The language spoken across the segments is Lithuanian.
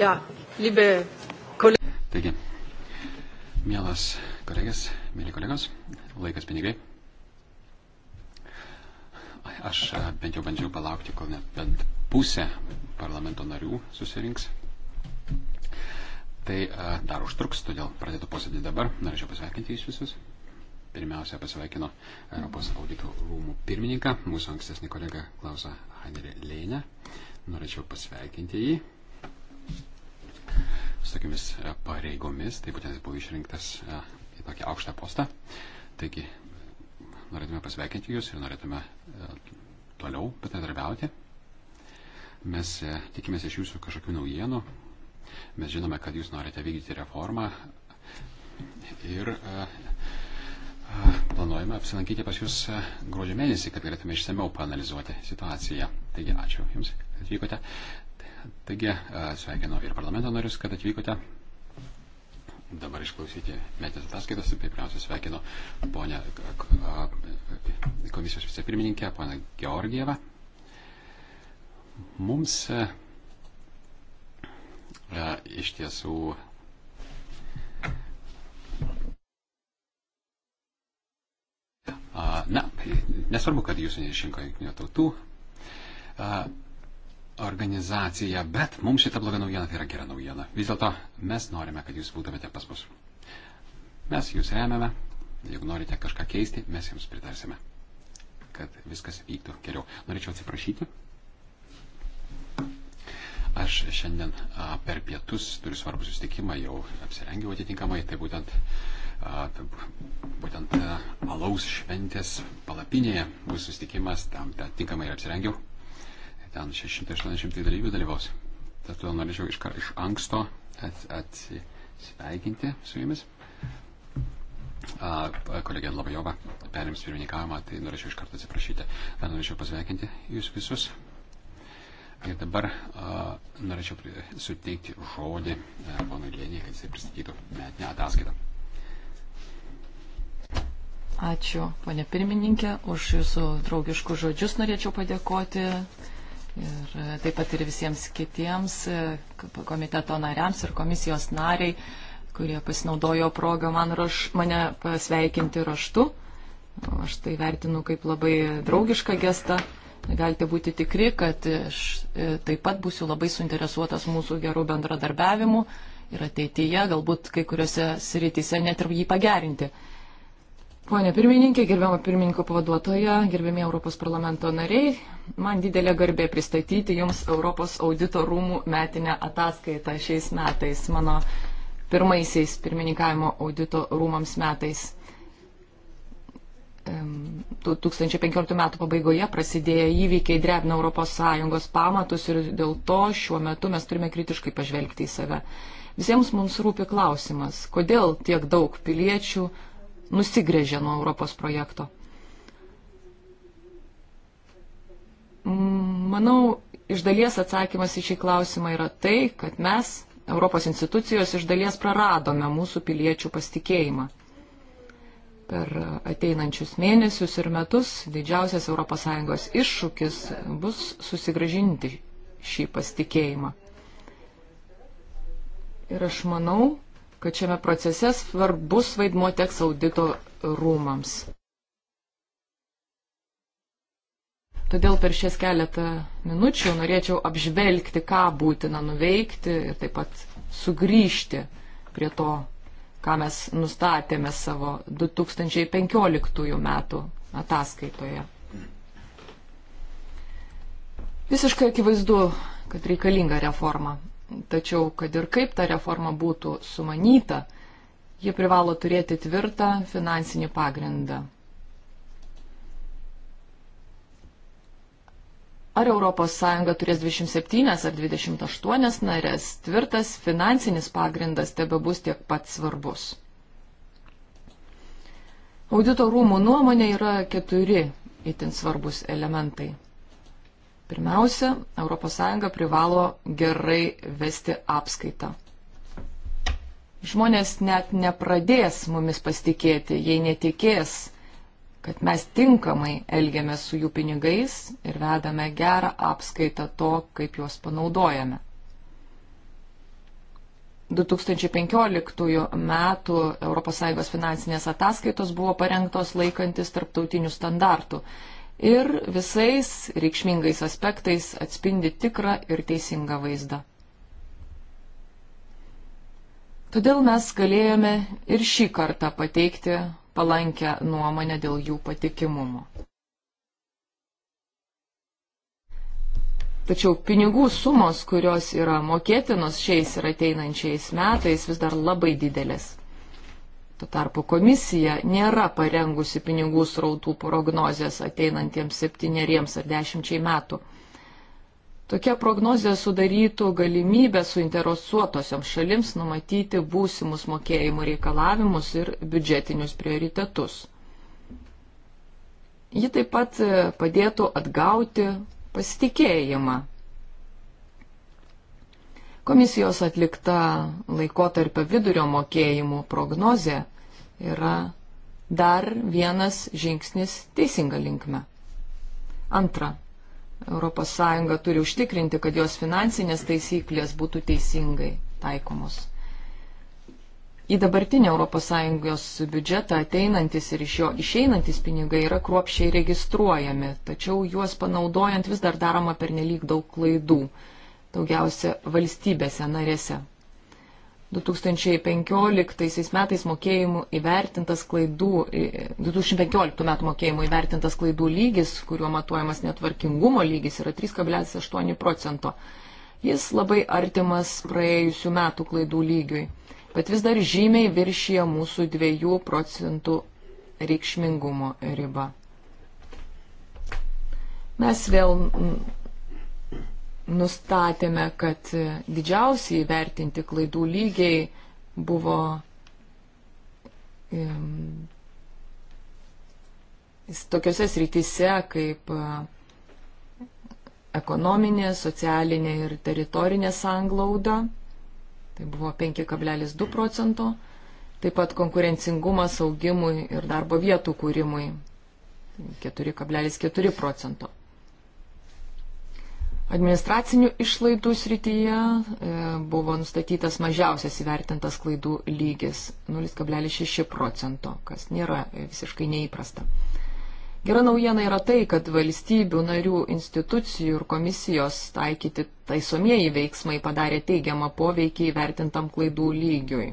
Ja, liebe kolegos. Taigi, mielas kolegės, mėly kolegos, laikas pinigai. Aš bent jau bandžiau palaukti, kol net bent pusė parlamento narių susirinks. Tai dar užtruks, todėl pradedu posėdį dabar. Norėčiau pasveikinti jūs visus. Pirmiausia, pasveikino Europos audito rūmų pirmininką, mūsų ankstesnį kolegą Klausą Hainerį Leinę. Norėčiau pasveikinti jį su tokiamis e, pareigomis, tai būtent jis buvo išrinktas e, į tokį aukštą postą. Taigi norėtume pasveikinti Jūs ir norėtume e, toliau bendradarbiauti. Mes tikimės iš Jūsų kažkokių naujienų. Mes žinome, kad Jūs norite vykdyti reformą ir planuojame apsilankyti pas Jūs gruodžio mėnesį, kad galėtume išsameu panalizuoti situaciją. Taigi ačiū Jums, kad atvykote. Taigi, e, sveikinu ir parlamento narius, kad atvykote. Dabar išklausyti metės ataskaitos. Tai pirmiausia, sveikinu ponę komisijos vicepirmininkę, ponę Georgievą. Mums e, e, iš tiesų Na, nesvarbu, kad jūsų neišrinko jungtinių tautų organizacija, bet mums šita bloga naujiena tai yra gera naujiena. Vis dėlto mes norime, kad jūs būtumėte pas mus. Mes jūs remiame, jeigu norite kažką keisti, mes jums pritarsime, kad viskas vyktų geriau. Norėčiau atsiprašyti. Aš šiandien a, per pietus turiu svarbų susitikimą, jau apsirengiau atitinkamai, tai būtent, a, tai būtent a, alaus šventės palapinėje bus susitikimas, tam tinkamai ir apsirengiau ten 680 dalyvių dalyvaus. Tad todėl norėčiau iš, kar, iš anksto at, atsisveikinti su jumis. Kolegė Labajova perims pirmininkavimą, tai norėčiau iš karto atsiprašyti. Dar norėčiau pasveikinti jūs visus. Ir dabar a, norėčiau pri, suteikti žodį ponui Lėniai, kad jisai pristatytų metinę ataskaitą. Ačiū, ponė pirmininkė, už jūsų draugiškus žodžius norėčiau padėkoti Ir e, taip pat ir visiems kitiems e, komiteto nariams ir komisijos nariai, kurie pasinaudojo progą man raš, mane pasveikinti raštu. Aš tai vertinu kaip labai draugišką gestą. Galite būti tikri, kad aš e, taip pat būsiu labai suinteresuotas mūsų gerų bendradarbiavimų ir ateityje galbūt kai kuriuose srityse net ir jį pagerinti. Pone pirmininkė, gerbiamo pirmininko pavaduotoja, gerbiami Europos parlamento nariai, man didelė garbė pristatyti Jums Europos audito rūmų metinę ataskaitą šiais metais, mano pirmaisiais pirmininkavimo audito rūmams metais. 2015 metų pabaigoje prasidėjo įvykiai drebina ES pamatus ir dėl to šiuo metu mes turime kritiškai pažvelgti į save. Visiems mums rūpi klausimas, kodėl tiek daug piliečių nusigrėžė nuo Europos projekto. Mm, manau, iš dalies atsakymas į šį klausimą yra tai, kad mes, Europos institucijos, iš dalies praradome mūsų piliečių pasitikėjimą. Per ateinančius mėnesius ir metus didžiausias ES iššūkis bus susigražinti šį pasitikėjimą. Ir aš manau, kad šiame procese svarbus vaidmuo teks audito rūmams. Todėl per šias keletą minučių norėčiau apžvelgti, ką būtina nuveikti ir taip pat sugrįžti prie to, ką mes nustatėme savo 2015 metų ataskaitoje. Visiškai akivaizdu, kad reikalinga reforma. Tačiau, kad ir kaip ta reforma būtų sumanyta, ji privalo turėti tvirtą finansinį pagrindą. Ar ES turės 27 ar 28 narės, tvirtas finansinis pagrindas tebe bus tiek pat svarbus. Audito rūmų nuomonė yra keturi itin svarbus elementai. Pirmiausia, ES privalo gerai vesti apskaitą. Žmonės net nepradės mumis pasitikėti, jei netikės, kad mes tinkamai elgiame su jų pinigais ir vedame gerą apskaitą to, kaip juos panaudojame. 2015 metų ES finansinės ataskaitos buvo parengtos laikantis tarptautinių standartų ir visais reikšmingais aspektais atspindi tikrą ir teisingą vaizdą. Todėl mes galėjome ir šį kartą pateikti palankę nuomonę dėl jų patikimumo. Tačiau pinigų sumos, kurios yra mokėtinos šiais ir ateinančiais metais, vis dar labai didelės. Tuo tarpu komisija nėra parengusi pinigų srautų prognozės ateinantiems septyneriems ar dešimčiai metų. Tokia prognozija sudarytų galimybę suinteresuotosioms šalims numatyti būsimus mokėjimų reikalavimus ir biudžetinius prioritetus. Ji taip pat padėtų atgauti pasitikėjimą Komisijos atlikta laikotarpio vidurio mokėjimų prognozė yra dar vienas žingsnis teisinga linkme. Antra, ES turi užtikrinti, kad jos finansinės taisyklės būtų teisingai taikomos. Į dabartinę ES biudžetą ateinantis ir iš jo išeinantis pinigai yra kruopščiai registruojami, tačiau juos panaudojant vis dar daroma pernelyg daug klaidų daugiausia valstybėse narėse. 2015 metais mokėjimų įvertintas klaidų, 2015 metų mokėjimų įvertintas klaidų lygis, kuriuo matuojamas netvarkingumo lygis, yra 3,8 procento. Jis labai artimas praėjusių metų klaidų lygiui, bet vis dar žymiai viršyje mūsų 2 procentų reikšmingumo ribą. Mes vėl nustatėme, kad didžiausiai vertinti klaidų lygiai buvo tokiuose srityse kaip ekonominė, socialinė ir teritorinė sanglauda. Tai buvo 5,2 procento. Taip pat konkurencingumas augimui ir darbo vietų kūrimui 4,4 procento. Administracinių išlaidų srityje e, buvo nustatytas mažiausias įvertintas klaidų lygis 0,6 procento, kas nėra e, visiškai neįprasta. Gera naujiena yra tai, kad valstybių narių institucijų ir komisijos taikyti taisomieji veiksmai padarė teigiamą poveikį įvertintam klaidų lygiui.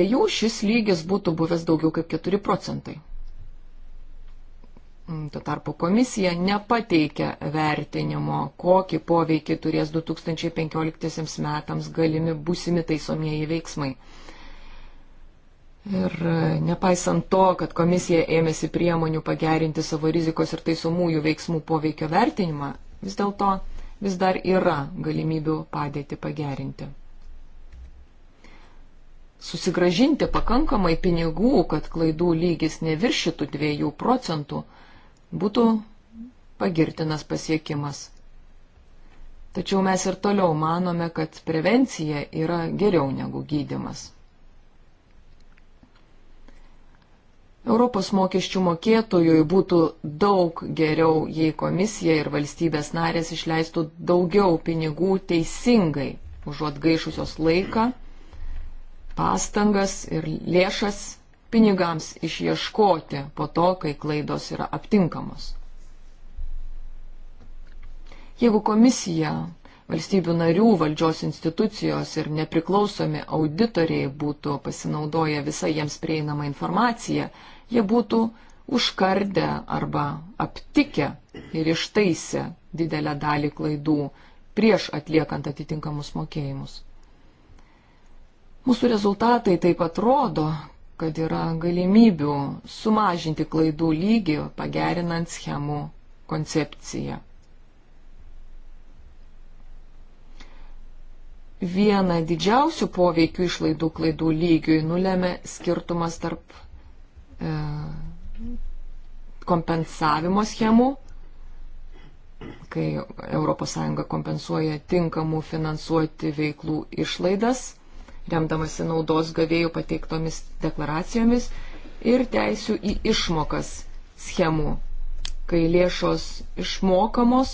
Be jų šis lygis būtų buvęs daugiau kaip 4 procentai. Mm, tuo tarpu komisija nepateikia vertinimo, kokį poveikį turės 2015 metams galimi būsimi taisomieji veiksmai. Ir e, nepaisant to, kad komisija ėmėsi priemonių pagerinti savo rizikos ir taisomųjų veiksmų poveikio vertinimą, vis dėlto vis dar yra galimybių padėti pagerinti. Susigražinti pakankamai pinigų, kad klaidų lygis neviršytų 2 procentų, būtų pagirtinas pasiekimas. Tačiau mes ir toliau manome, kad prevencija yra geriau negu gydimas. Europos mokesčių mokėtojui būtų daug geriau, jei komisija ir valstybės narės išleistų daugiau pinigų teisingai, užuot gaišusios laiką, pastangas ir lėšas pinigams išieškoti po to, kai klaidos yra aptinkamos. Jeigu komisija, valstybių narių, valdžios institucijos ir nepriklausomi auditoriai būtų pasinaudoję visą jiems prieinamą informaciją, jie būtų užkardę arba aptikę ir ištaisę didelę dalį klaidų prieš atliekant atitinkamus mokėjimus. Mūsų rezultatai taip pat rodo, kad yra galimybių sumažinti klaidų lygį, pagerinant schemų koncepciją. Vieną didžiausių poveikių išlaidų klaidų lygiui nulėmė skirtumas tarp e, kompensavimo schemų, kai ES kompensuoja tinkamų finansuoti veiklų išlaidas remdamasi naudos gavėjų pateiktomis deklaracijomis ir teisių į išmokas schemų, kai lėšos išmokamos,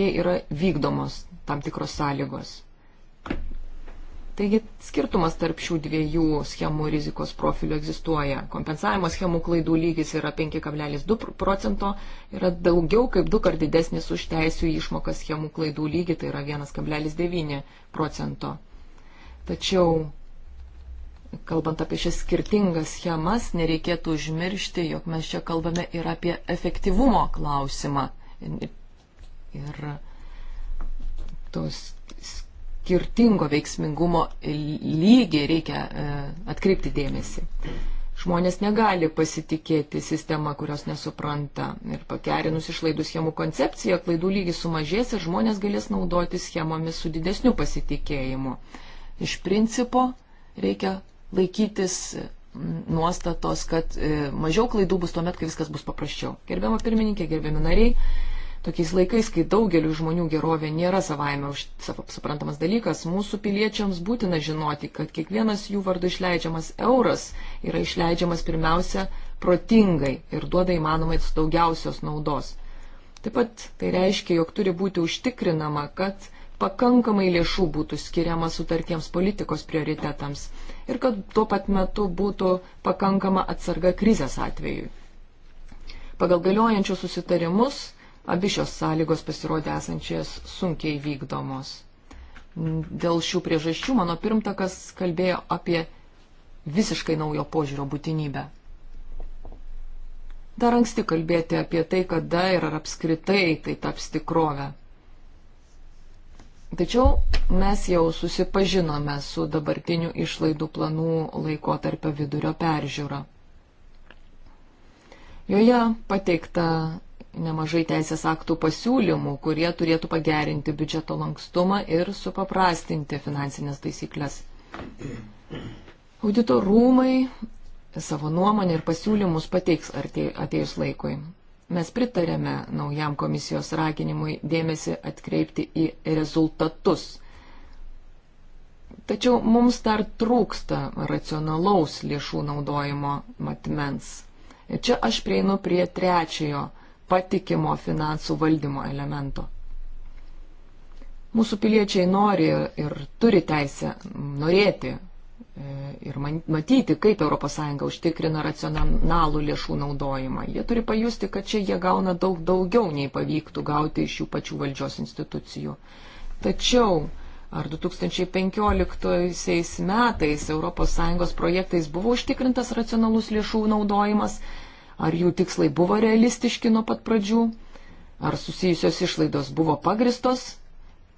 jie yra vykdomos tam tikros sąlygos. Taigi skirtumas tarp šių dviejų schemų rizikos profilių egzistuoja. Kompensavimo schemų klaidų lygis yra 5,2 procento, yra daugiau kaip du kart didesnis už teisų išmokas schemų klaidų lygį, tai yra 1,9 procento. Tačiau, kalbant apie šias skirtingas schemas, nereikėtų užmiršti, jog mes čia kalbame ir apie efektyvumo klausimą. Ir tos skirtingo veiksmingumo lygį reikia e, atkreipti dėmesį. Žmonės negali pasitikėti sistema, kurios nesupranta. Ir pakerinus išlaidų schemų koncepciją, klaidų lygis sumažės ir žmonės galės naudoti schemomis su didesniu pasitikėjimu. Iš principo reikia laikytis nuostatos, kad e, mažiau klaidų bus tuomet, kai viskas bus paprasčiau. Gerbiama pirmininkė, gerbiami nariai, tokiais laikais, kai daugeliu žmonių gerovė nėra savaime suprantamas dalykas, mūsų piliečiams būtina žinoti, kad kiekvienas jų vardu išleidžiamas euras yra išleidžiamas pirmiausia protingai ir duoda įmanomai daugiausios naudos. Taip pat tai reiškia, jog turi būti užtikrinama, kad pakankamai lėšų būtų skiriama sutartiems politikos prioritetams ir kad tuo pat metu būtų pakankama atsarga krizės atveju. Pagal galiojančius susitarimus abi šios sąlygos pasirodė esančias sunkiai vykdomos. Dėl šių priežasčių mano pirmtakas kalbėjo apie visiškai naujo požiūrio būtinybę. Dar anksti kalbėti apie tai, kada ir ar apskritai tai taps tikrovę. Tačiau mes jau susipažinome su dabartiniu išlaidų planų laikotarpio vidurio peržiūra. Joje pateikta nemažai teisės aktų pasiūlymų, kurie turėtų pagerinti biudžeto lankstumą ir supaprastinti finansinės taisyklės. Audito rūmai savo nuomonę ir pasiūlymus pateiks atėjus laikui. Mes pritarėme naujam komisijos raginimui dėmesį atkreipti į rezultatus. Tačiau mums dar trūksta racionalaus lėšų naudojimo matmens. Ir čia aš prieinu prie trečiojo patikimo finansų valdymo elemento. Mūsų piliečiai nori ir turi teisę norėti ir matyti, kaip ES užtikrina racionalų lėšų naudojimą. Jie turi pajusti, kad čia jie gauna daug daugiau, nei pavyktų gauti iš jų pačių valdžios institucijų. Tačiau ar 2015 metais ES projektais buvo užtikrintas racionalus lėšų naudojimas, ar jų tikslai buvo realistiški nuo pat pradžių, ar susijusios išlaidos buvo pagristos,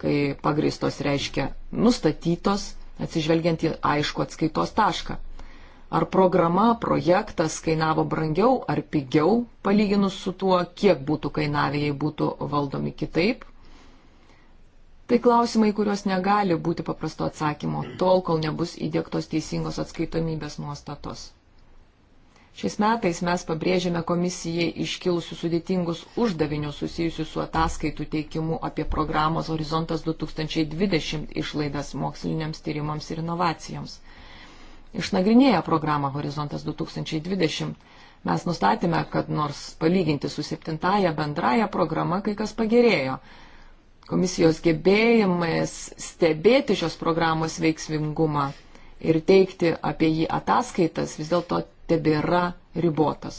kai pagristos reiškia nustatytos atsižvelgiant į aišku atskaitos tašką. Ar programa, projektas kainavo brangiau ar pigiau, palyginus su tuo, kiek būtų kainavę, jei būtų valdomi kitaip? Tai klausimai, kuriuos negali būti paprasto atsakymo, tol, kol nebus įdėktos teisingos atskaitomybės nuostatos. Šiais metais mes pabrėžėme komisijai iškilusius sudėtingus uždavinius susijusius su ataskaitų teikimu apie programos Horizontas 2020 išlaidas moksliniams tyrimams ir inovacijoms. Išnagrinėję programą Horizontas 2020, mes nustatėme, kad nors palyginti su septintaja bendraja programa kai kas pagerėjo. Komisijos gebėjimas stebėti šios programos veiksmingumą ir teikti apie jį ataskaitas vis dėlto tebėra ribotas.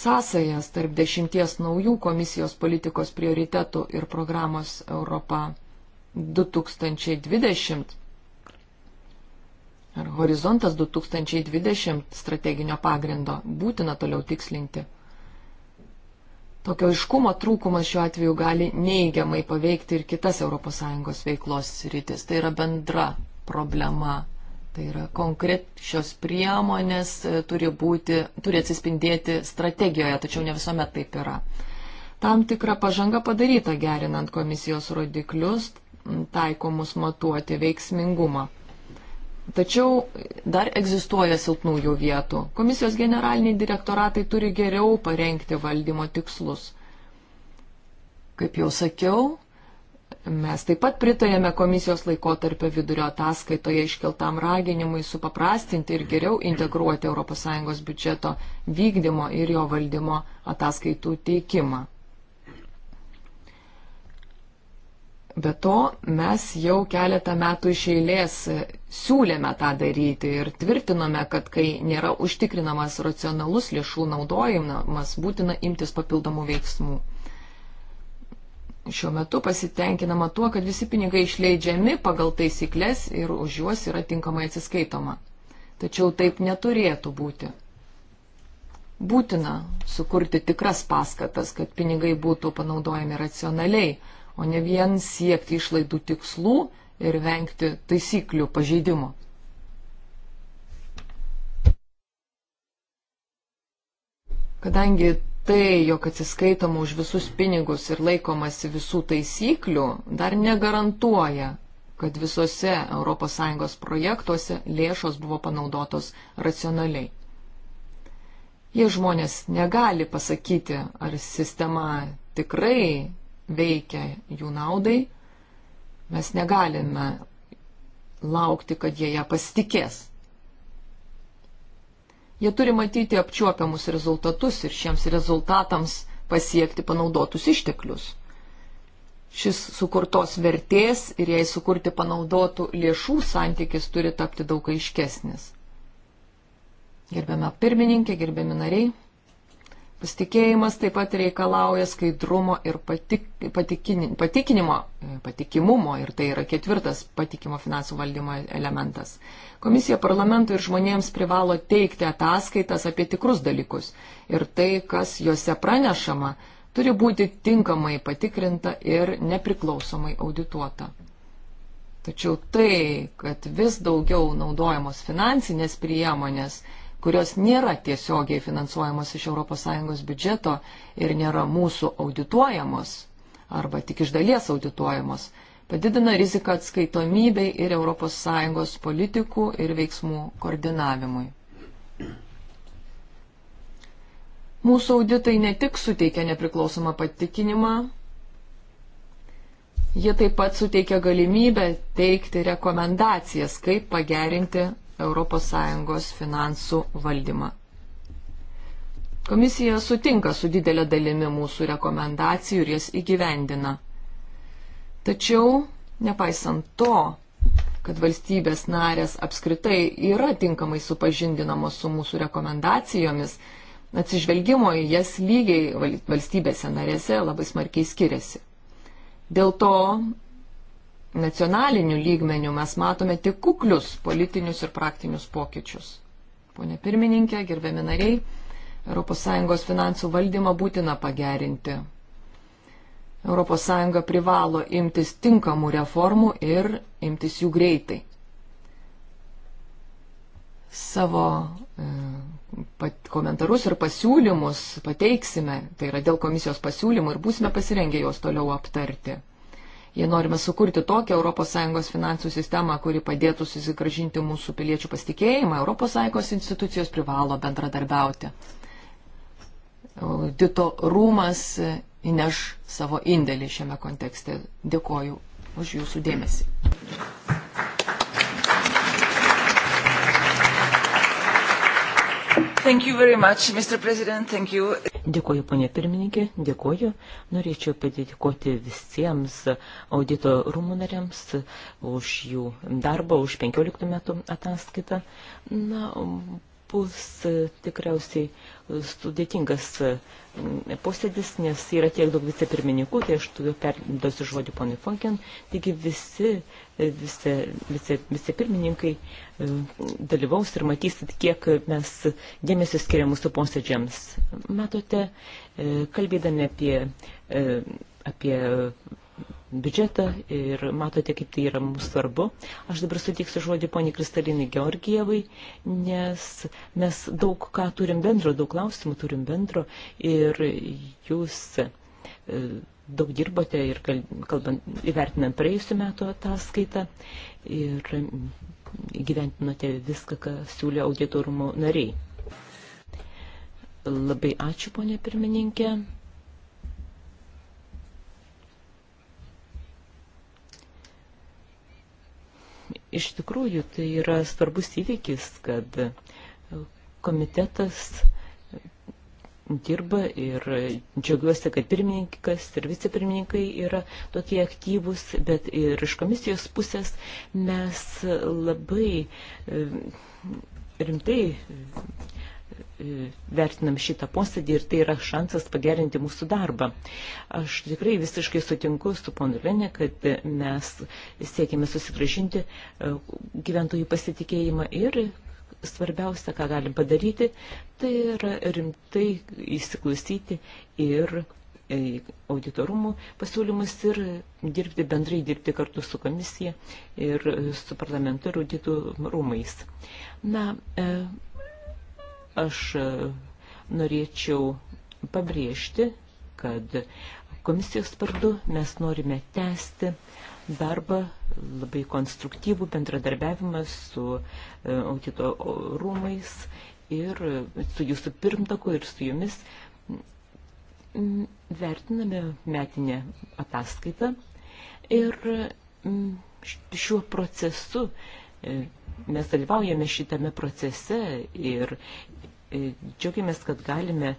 Sąsajas tarp dešimties naujų komisijos politikos prioritetų ir programos Europa 2020 ar horizontas 2020 strateginio pagrindo būtina toliau tikslinti. Tokio iškumo trūkumas šiuo atveju gali neigiamai paveikti ir kitas ES veiklos rytis. Tai yra bendra problema Tai yra konkrečios priemonės e, turi, būti, turi atsispindėti strategijoje, tačiau ne visuomet taip yra. Tam tikra pažanga padaryta gerinant komisijos rodiklius, taikomus matuoti veiksmingumą. Tačiau dar egzistuoja silpnųjų vietų. Komisijos generaliniai direktoratai turi geriau parengti valdymo tikslus. Kaip jau sakiau, Mes taip pat pritarėme komisijos laikotarpio vidurio ataskaitoje iškeltam raginimui supaprastinti ir geriau integruoti ES biudžeto vykdymo ir jo valdymo ataskaitų teikimą. Be to, mes jau keletą metų iš eilės siūlėme tą daryti ir tvirtinome, kad kai nėra užtikrinamas racionalus lėšų naudojimas, būtina imtis papildomų veiksmų šiuo metu pasitenkinama tuo, kad visi pinigai išleidžiami pagal taisyklės ir už juos yra tinkamai atsiskaitoma. Tačiau taip neturėtų būti. Būtina sukurti tikras paskatas, kad pinigai būtų panaudojami racionaliai, o ne vien siekti išlaidų tikslų ir vengti taisyklių pažeidimo. Kadangi tai, jog atsiskaitoma už visus pinigus ir laikomasi visų taisyklių, dar negarantuoja, kad visose ES projektuose lėšos buvo panaudotos racionaliai. Jie žmonės negali pasakyti, ar sistema tikrai veikia jų naudai, mes negalime laukti, kad jie ją pasitikės. Jie turi matyti apčiuopiamus rezultatus ir šiems rezultatams pasiekti panaudotus išteklius. Šis sukurtos vertės ir jai sukurti panaudotų lėšų santykis turi tapti daug aiškesnis. Gerbiama pirmininkė, gerbiami nariai. Pasitikėjimas taip pat reikalauja skaidrumo ir patik, patikinimo, patikimumo ir tai yra ketvirtas patikimo finansų valdymo elementas. Komisija parlamentui ir žmonėms privalo teikti ataskaitas apie tikrus dalykus ir tai, kas juose pranešama, turi būti tinkamai patikrinta ir nepriklausomai audituota. Tačiau tai, kad vis daugiau naudojamos finansinės priemonės, kurios nėra tiesiogiai finansuojamos iš ES biudžeto ir nėra mūsų audituojamos arba tik iš dalies audituojamos, padidina riziką atskaitomybei ir ES politikų ir veiksmų koordinavimui. Mūsų auditai ne tik suteikia nepriklausomą patikinimą, jie taip pat suteikia galimybę teikti rekomendacijas, kaip pagerinti ES finansų valdymą. Komisija sutinka su didelė dalimi mūsų rekomendacijų ir jas įgyvendina. Tačiau, nepaisant to, kad valstybės narės apskritai yra tinkamai supažindinamos su mūsų rekomendacijomis, atsižvelgimo į jas lygiai valstybėse narėse labai smarkiai skiriasi. Dėl to nacionaliniu lygmeniu mes matome tik kuklius politinius ir praktinius pokyčius. Pone pirmininkė, gerbiami nariai, ES finansų valdymą būtina pagerinti. ES privalo imtis tinkamų reformų ir imtis jų greitai. Savo e, komentarus ir pasiūlymus pateiksime, tai yra dėl komisijos pasiūlymų ir būsime pasirengę juos toliau aptarti. Jei norime sukurti tokią ES finansų sistemą, kuri padėtų susigražinti mūsų piliečių pasitikėjimą, ES institucijos privalo bendradarbiauti. Tito rūmas įneš savo indėlį šiame kontekste. Dėkoju už jūsų dėmesį. Much, dėkuoju, ponė pirmininkė, dėkuoju. Norėčiau padėkoti visiems audito rūmų nariams už jų darbą, už 15 metų ataskaitą. Na, bus tikriausiai sudėtingas posėdis, nes yra tiek daug vicepirmininkų, tai aš turiu perduosiu žodį ponui Fonken. Taigi visi vicepirmininkai vice, vice dalyvaus ir matysit, kiek mes dėmesio skiriam mūsų posėdžiams. Matote, e, kalbėdami apie, e, apie biudžetą ir matote, kaip tai yra mums svarbu. Aš dabar sutiksiu žodį poniai Kristalinai Georgievai, nes mes daug ką turim bendro, daug klausimų turim bendro ir jūs e, daug dirbote ir kalbant, įvertinant praėjusiu metu ataskaitą ir gyventinote viską, ką siūlė auditorumo nariai. Labai ačiū, ponė pirmininkė. Iš tikrųjų, tai yra svarbus įvykis, kad komitetas dirba ir džiaugiuosi, kad pirmininkas ir vicepirmininkai yra tokie aktyvūs, bet ir iš komisijos pusės mes labai e, rimtai e, vertinam šitą posėdį ir tai yra šansas pagerinti mūsų darbą. Aš tikrai visiškai sutinku su ponu Lenė, kad mes siekime susigražinti e, gyventojų pasitikėjimą ir svarbiausia, ką galim padaryti, tai yra rimtai įsiklausyti ir e, auditorumų pasiūlymus ir dirbti bendrai, dirbti kartu su komisija ir su parlamentu ir auditų rūmais. Na, e, aš norėčiau pabrėžti, kad komisijos vardu mes norime tęsti darbą, labai konstruktyvų bendradarbiavimą su uh, E, audito rūmais ir su jūsų pirmtaku ir su jumis vertiname metinę ataskaitą ir šiuo procesu e, mes dalyvaujame šitame procese ir e, džiaugiamės, kad galime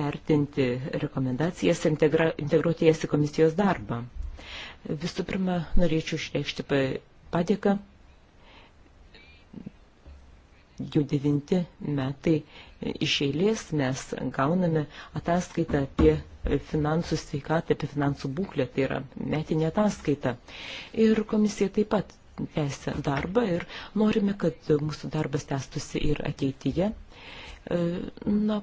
vertinti rekomendacijas integra, integruoti jas į komisijos darbą. Visų pirma, norėčiau išreikšti padėką jau devinti metai iš eilės mes gauname ataskaitą apie finansų sveikatą, apie finansų būklę, tai yra metinė ataskaita. Ir komisija taip pat tęsia darbą ir norime, kad mūsų darbas tęstusi ir ateityje. E, na,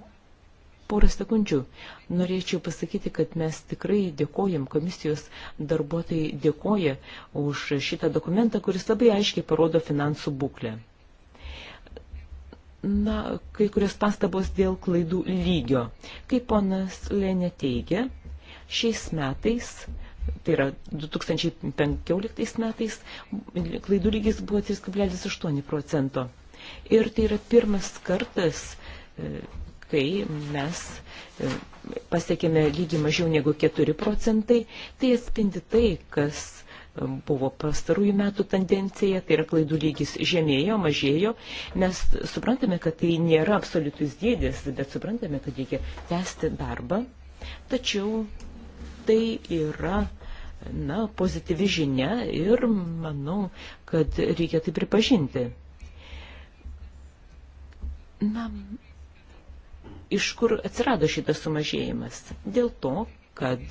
porą sekundžių. Norėčiau pasakyti, kad mes tikrai dėkojam, komisijos darbuotojai dėkoja už šitą dokumentą, kuris labai aiškiai parodo finansų būklę. Na, kai kurios pastabos dėl klaidų lygio. Kaip ponas Lenė teigia, šiais metais, tai yra 2015 metais, klaidų lygis buvo 3,8 procento. Ir tai yra pirmas kartas, e, kai mes e, pasiekėme lygį mažiau negu 4 procentai. Tai atspindi tai, kas buvo pastarųjų metų tendencija, tai yra klaidų lygis žemėjo, mažėjo. Mes suprantame, kad tai nėra absoliutus dėdės, bet suprantame, kad reikia tęsti darbą. Tačiau tai yra na, pozityvi žinia ir manau, kad reikia tai pripažinti. Na, iš kur atsirado šitas sumažėjimas? Dėl to, kad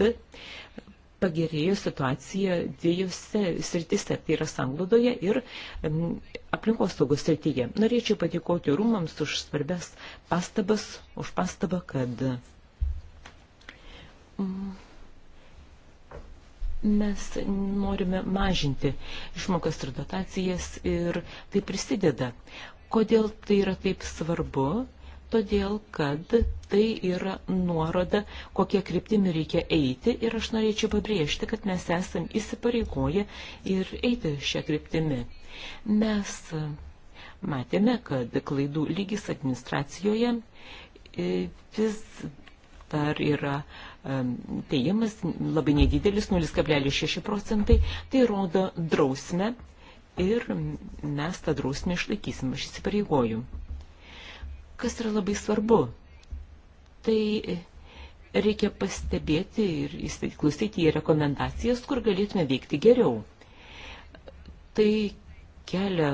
pagerėjo situacija dviejose sritise, tai yra sanglodoje ir aplinkos saugos srityje. Norėčiau patikoti rūmams už svarbės pastabas, už pastabą, kad mm, mes norime mažinti išmokas ir dotacijas ir tai prisideda. Kodėl tai yra taip svarbu? todėl kad tai yra nuoroda, kokie kryptimi reikia eiti ir aš norėčiau pabrėžti, kad mes esam įsipareigoję ir eiti šią kryptimį. Mes matėme, kad klaidų lygis administracijoje e, vis dar yra teigiamas, labai nedidelis, 0,6 procentai, tai rodo drausmę ir mes tą drausmę išlaikysim, aš įsipareigoju. Kas yra labai svarbu? Tai reikia pastebėti ir įsiklausyti į rekomendacijas, kur galėtume veikti geriau. Tai kelia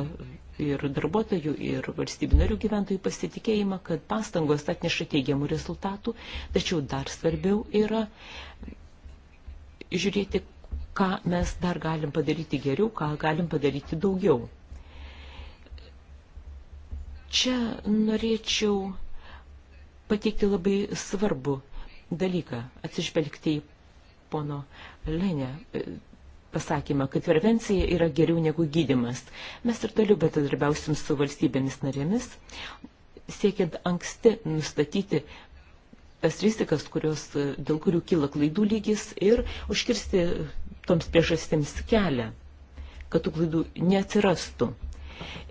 ir darbuotojų, ir valstybių narių gyventojų pasitikėjimą, kad pastangos atneša teigiamų rezultatų, tačiau dar svarbiau yra žiūrėti, ką mes dar galim padaryti geriau, ką galim padaryti daugiau. Čia norėčiau pateikti labai svarbu dalyką, atsižvelgti į pono Lenę e, pasakymą, kad prevencija yra geriau negu gydimas. Mes ir toliau bendradarbiausim su valstybėmis narėmis, siekiant anksti nustatyti tas rizikas, kurios, e, dėl kurių kyla klaidų lygis ir užkirsti toms priežastėms kelią, kad tų klaidų neatsirastų.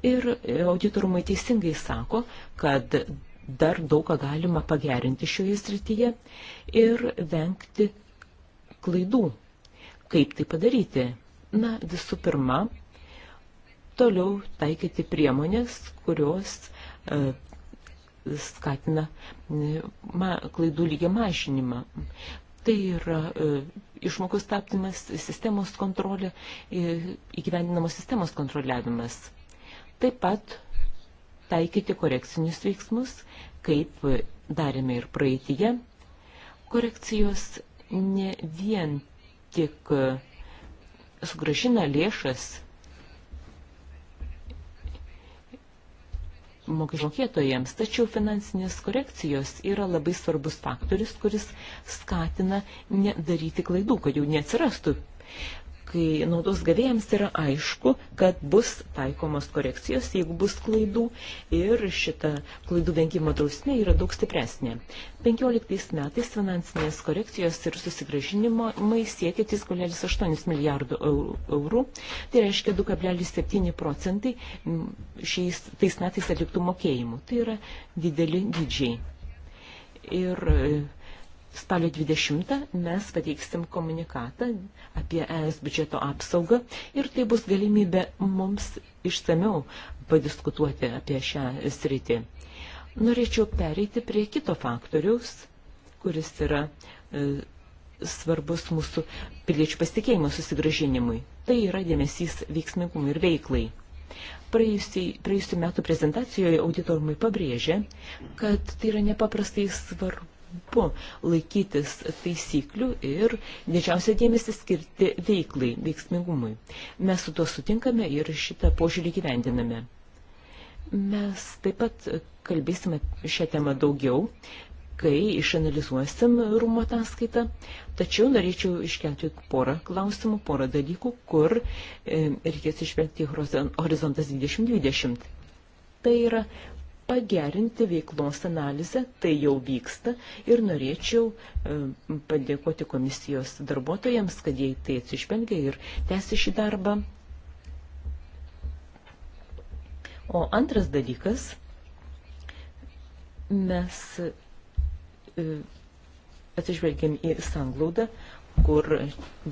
Ir auditorumai teisingai sako, kad dar daug ką galima pagerinti šioje srityje ir vengti klaidų. Kaip tai padaryti? Na, visų pirma, toliau taikyti priemonės, kurios e, skatina e, ma, klaidų lygio mažinimą. Tai yra e, išmokos taptimas, sistemos kontrolė, e, įgyvendinamos sistemos kontroliavimas. Taip pat taikyti korekcinius veiksmus, kaip darėme ir praeitie. Korekcijos ne vien tik sugražina lėšas mokėtojams, tačiau finansinės korekcijos yra labai svarbus faktorius, kuris skatina nedaryti klaidų, kad jau neatsirastų kai naudos gavėjams yra aišku, kad bus taikomos korekcijos, jeigu bus klaidų ir šita klaidų vengimo drausmė yra daug stipresnė. 15 metais finansinės korekcijos ir susigražinimai siekia 3,8 milijardų eurų, tai reiškia 2,7 procentai šiais tais metais atliktų mokėjimų. Tai yra dideli dydžiai. Ir spalio 20 mes pateiksim komunikatą apie ES biudžeto apsaugą ir tai bus galimybė mums išsameu padiskutuoti apie šią sritį. Norėčiau pereiti prie kito faktoriaus, kuris yra e, svarbus mūsų piliečių pasitikėjimo susigražinimui. Tai yra dėmesys veiksmingumui ir veiklai. Praėjusių metų prezentacijoje auditorumai pabrėžė, kad tai yra nepaprastai svarbu svarbu laikytis taisyklių ir didžiausia dėmesį skirti veiklai, veiksmingumui. Mes su tuo sutinkame ir šitą požiūrį gyvendiname. Mes taip pat kalbėsime šią temą daugiau, kai išanalizuosim rūmo ataskaitą, tačiau norėčiau iškelti porą klausimų, porą dalykų, kur e, reikės išvelgti horizontas 2020. Tai yra pagerinti veiklos analizę, tai jau vyksta ir norėčiau e, padėkoti komisijos darbuotojams, kad jie tai atsižvelgia ir tęsi šį darbą. O antras dalykas, mes e, atsižvelgiam į sanglaudą, kur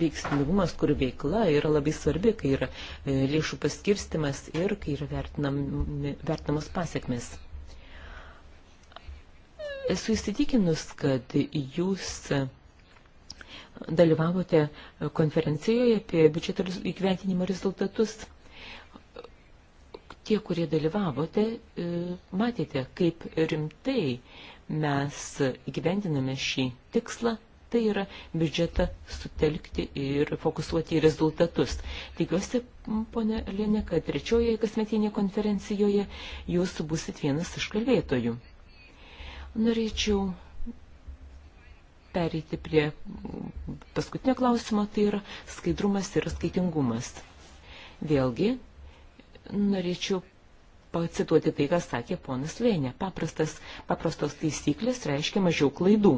veiksmingumas, kur veikla yra labai svarbi, kai yra e, lėšų paskirstimas ir kai yra vertinam, vertinamos pasiekmes. Esu įsitikinus, kad jūs dalyvavote konferencijoje apie biudžeto įgyventinimo rezultatus. Tie, kurie dalyvavote, e, matėte, kaip rimtai mes įgyvendiname šį tikslą, tai yra biudžetą sutelkti ir fokusuoti į rezultatus. Tikiuosi, ponė Lenė, kad trečiojoje kasmetinėje konferencijoje jūs busit vienas iš kalbėtojų. Norėčiau pereiti prie paskutinio klausimo, tai yra skaidrumas ir skaitingumas. Vėlgi, norėčiau pacituoti tai, ką sakė ponas Lėnė. Paprastas, paprastos taisyklės reiškia mažiau klaidų.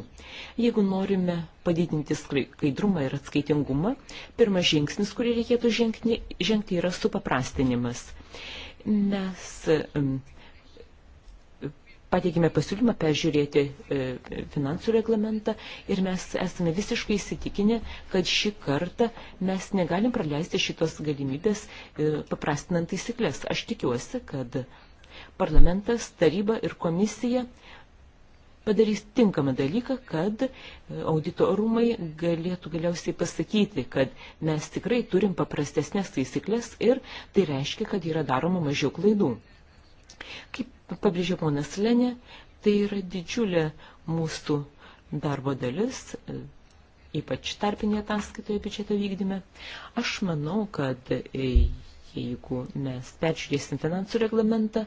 Jeigu norime padidinti skaidrumą ir atskaitingumą, pirmas žingsnis, kurį reikėtų žengti, žengti yra supaprastinimas. Mes um, pateikime pasiūlymą peržiūrėti e, finansų reglamentą ir mes esame visiškai įsitikinę, kad šį kartą mes negalim praleisti šitos galimybės e, paprastinant taisyklės. Aš tikiuosi, kad parlamentas, taryba ir komisija padarys tinkamą dalyką, kad e, audito rūmai galėtų galiausiai pasakyti, kad mes tikrai turim paprastesnės taisyklės ir tai reiškia, kad yra daroma mažiau klaidų. Kaip pabrėžė ponas Lenė, tai yra didžiulė mūsų darbo dalis, ypač tarpinė ataskaitoje biudžeto vykdyme. Aš manau, kad e, jeigu mes peržiūrėsim finansų reglamentą,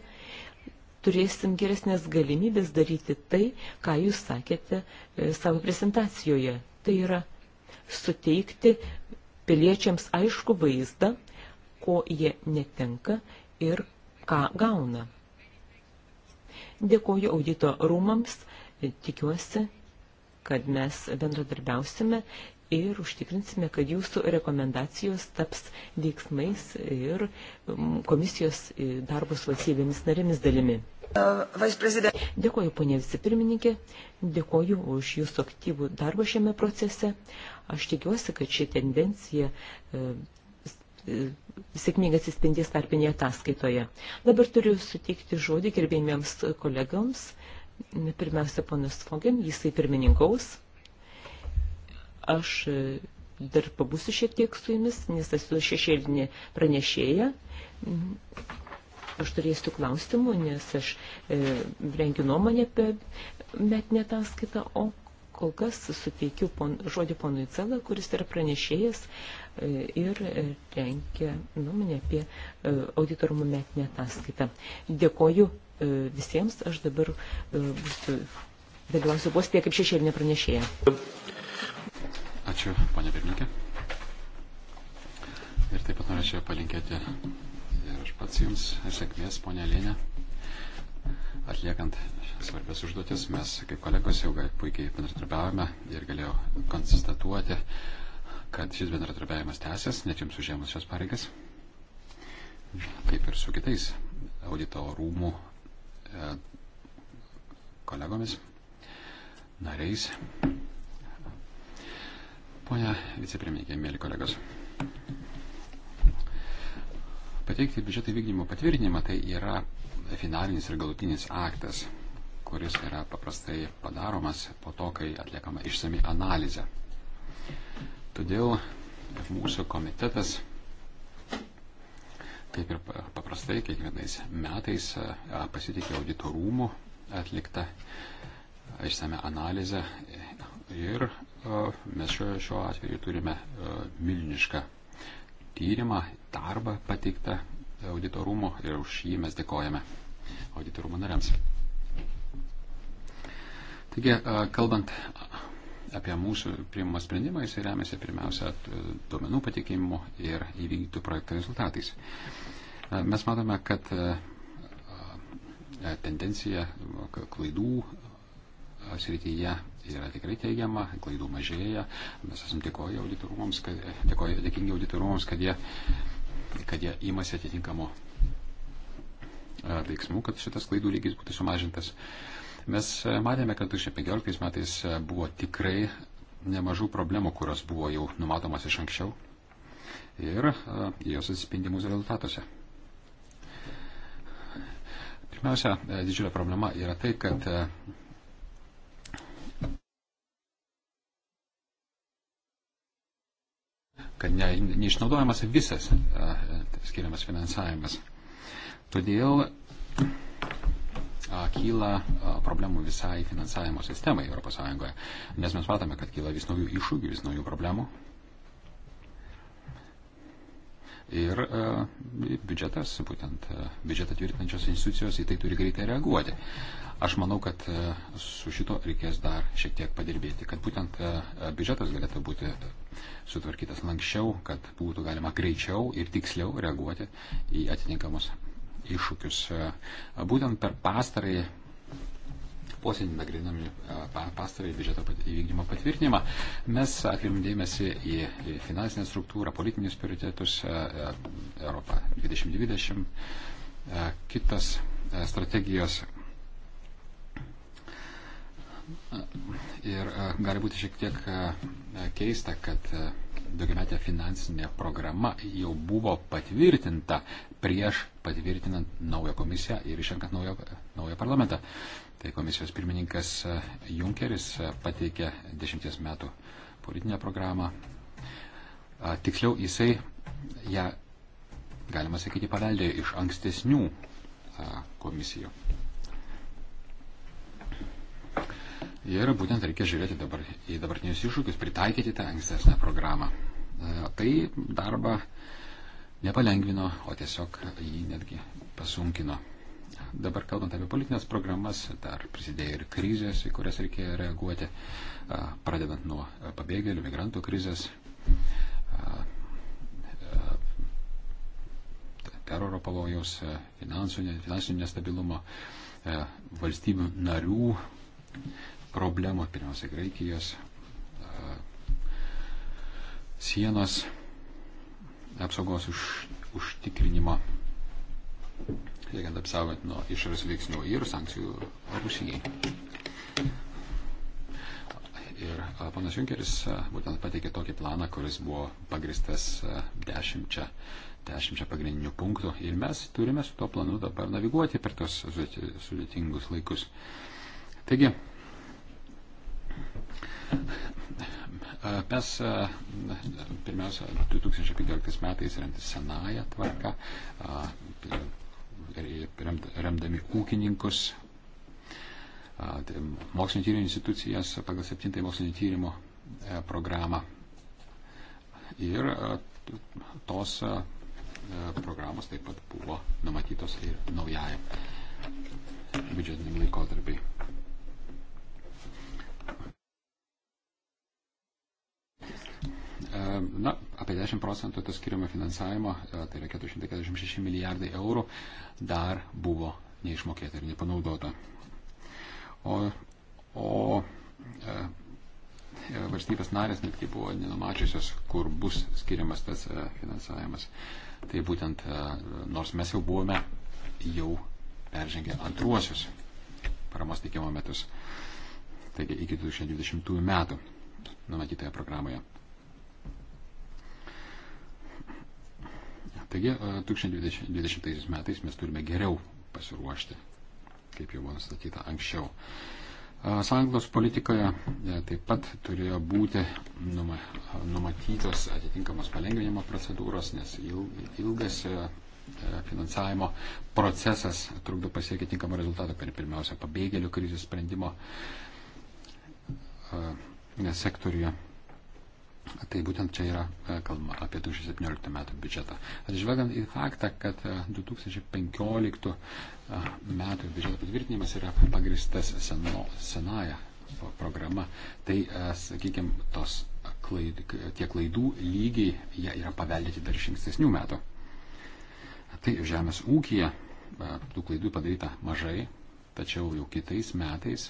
turėsim geresnės galimybės daryti tai, ką jūs sakėte e, savo prezentacijoje. Tai yra suteikti piliečiams aišku vaizdą, ko jie netenka ir ką gauna. Dėkuoju audito rūmams, tikiuosi, kad mes bendradarbiausime ir užtikrinsime, kad jūsų rekomendacijos taps veiksmais ir mm, komisijos e, darbus valstybėmis narėmis dalimi. Dėkoju, ponė vicepirmininkė, dėkoju už jūsų aktyvų darbą šiame procese. Aš tikiuosi, kad ši tendencija e, E, sėkmingai atsispindės tarpinėje ataskaitoje. Dabar turiu suteikti žodį gerbėjimiems kolegoms. Pirmiausia, ponas Fogin, jisai pirmininkaus. Aš e, dar pabūsiu šiek tiek su jumis, nes esu šešėlinė pranešėja. Aš turėsiu klausimų, nes aš e, rengiu nuomonę apie metinę ataskaitą, o kol kas suteikiu pon, žodį ponui Celą, kuris yra pranešėjas e, ir e, renkia nuomonę apie e, auditorumų metinę ataskaitą. Dėkoju visiems, aš dabar būsiu, dalyvausiu postėje kaip šešėlinė pranešėja. Ačiū, ponė pirmininkė. Ir taip pat norėčiau palinkėti ir aš pats jums sėkmės, ponė Lėnė Atliekant svarbias užduotis, mes kaip kolegos jau puikiai bendradarbiavome ir galėjau konstatuoti, kad šis bendradarbiavimas tęsis, net jums užėmus šios pareigas, kaip ir su kitais audito rūmų e, kolegomis, nariais. Pone vicepirmininkė, mėly kolegos. Pateikti biudžeto vykdymo patvirtinimą tai yra finalinis ir galutinis aktas, kuris yra paprastai padaromas po to, kai atliekama išsami analizė. Todėl mūsų komitetas, kaip ir paprastai, kiekvienais metais pasitikė auditorumų atliktą išsame analizę ir mes šiuo, šiuo atveju turime milžinišką tyrimą, darbą pateiktą auditorumo ir už jį mes dėkojame auditorumo nariams. Taigi, kalbant apie mūsų priimamą sprendimą, jis remiasi pirmiausia duomenų patikimu ir įvykdytų projektų rezultatais. Mes matome, kad tendencija klaidų srityje yra tikrai teigiama, klaidų mažėja. Mes esame dėkoja auditorumams, kad, dėkoja, dėkingi auditorumams, kad jie kad jie įmasi atitinkamo e, veiksmų, kad šitas klaidų lygis būtų sumažintas. Mes e, matėme, kad 2015 metais e, buvo tikrai nemažų problemų, kurios buvo jau numatomas iš anksčiau ir jos atsispindi mūsų rezultatuose. Pirmiausia, didžiulė problema yra tai, kad kad ne, neišnaudojamas visas a, skiriamas finansavimas. Todėl a, kyla a, problemų visai finansavimo sistemai ES, nes mes matome, kad kyla vis naujų iššūkių, vis naujų problemų. Ir a, biudžetas, būtent a, biudžetą tvirtinančios institucijos į tai turi greitai reaguoti. Aš manau, kad a, su šito reikės dar šiek tiek padirbėti, kad būtent a, biudžetas galėtų būti sutvarkytas lankščiau, kad būtų galima greičiau ir tiksliau reaguoti į atitinkamus iššūkius. E, būtent per pastarąjį posėdį nagrinami e, pastarąjį biudžeto įvykdymo patvirtinimą mes atkreipim dėmesį į finansinę struktūrą, politinius prioritetus, e, Europą 2020, kitas strategijos Ir e, gali būti šiek tiek e, keista, kad e, daugiametė finansinė programa jau buvo patvirtinta prieš patvirtinant naują komisiją ir išrenkant naują, naują parlamentą. Tai komisijos pirmininkas Junkeris pateikė dešimties metų politinę programą. Tiksliau, jisai ją, galima sakyti, paveldėjo iš ankstesnių komisijų. Ir būtent reikia žiūrėti dabar į dabartinius iššūkius, pritaikyti tą ankstesnę programą. E, tai darbą nepalengvino, o tiesiog jį netgi pasunkino. Dabar kalbant apie politinės programas, dar prisidėjo ir krizės, į kurias reikėjo reaguoti, e, pradedant nuo pabėgėlių, migrantų krizės, e, teroro pavojaus, finansinio nestabilumo, valstybių narių problemų, pirmiausia, Graikijos e, sienos apsaugos už, užtikrinimo, siekiant apsaugoti nuo išorės veiksnių ir sankcijų Rusijai. Ir e, panas Junkeris e, būtent pateikė tokį planą, kuris buvo pagristas dešimčia, dešimčia pagrindinių punktų. Ir mes turime su tuo planu dabar naviguoti per tos sudėtingus laikus. Taigi, Mes pirmiausia 2015 metais remtis senąją tvarką, remdami ūkininkus, tai mokslinio tyrimo institucijas pagal 7 mokslinio tyrimo e, programą. Ir tos e, programos taip pat buvo numatytos ir naujajam biudžetiniam laikotarpiai. E, na, apie 10 procentų to skiriamo finansavimo, e, tai yra 446 milijardai eurų, dar buvo neišmokėta ir nepanaudota. O, o e, e, valstybės narės netgi buvo nenumačiusios, kur bus skiriamas tas e, finansavimas. Tai būtent, e, nors mes jau buvome jau peržengę antruosius paramos teikimo metus, taigi iki 2020 metų numatytoje programoje. Taigi 2020 e, metais mes turime geriau pasiruošti, kaip jau buvo nustatyta anksčiau. E, sąjungos politikoje e, taip pat turėjo būti numatytos atitinkamos palengvinimo procedūros, nes ilgas finansavimo procesas trukdo pasiekti tinkamą rezultatą per pirmiausia pabėgėlių krizės sprendimo sektoriuje. Tai būtent čia yra e, kalba apie 2017 metų biudžetą. Atsižvelgiant į faktą, kad 2015 e, e, metų biudžeto patvirtinimas yra pagristas seno, senaja programa, tai, sakykime, tos klaid, tie klaidų lygiai jie yra paveldėti dar iš ankstesnių metų. Tai žemės ūkija tų klaidų padaryta mažai, tačiau jau kitais metais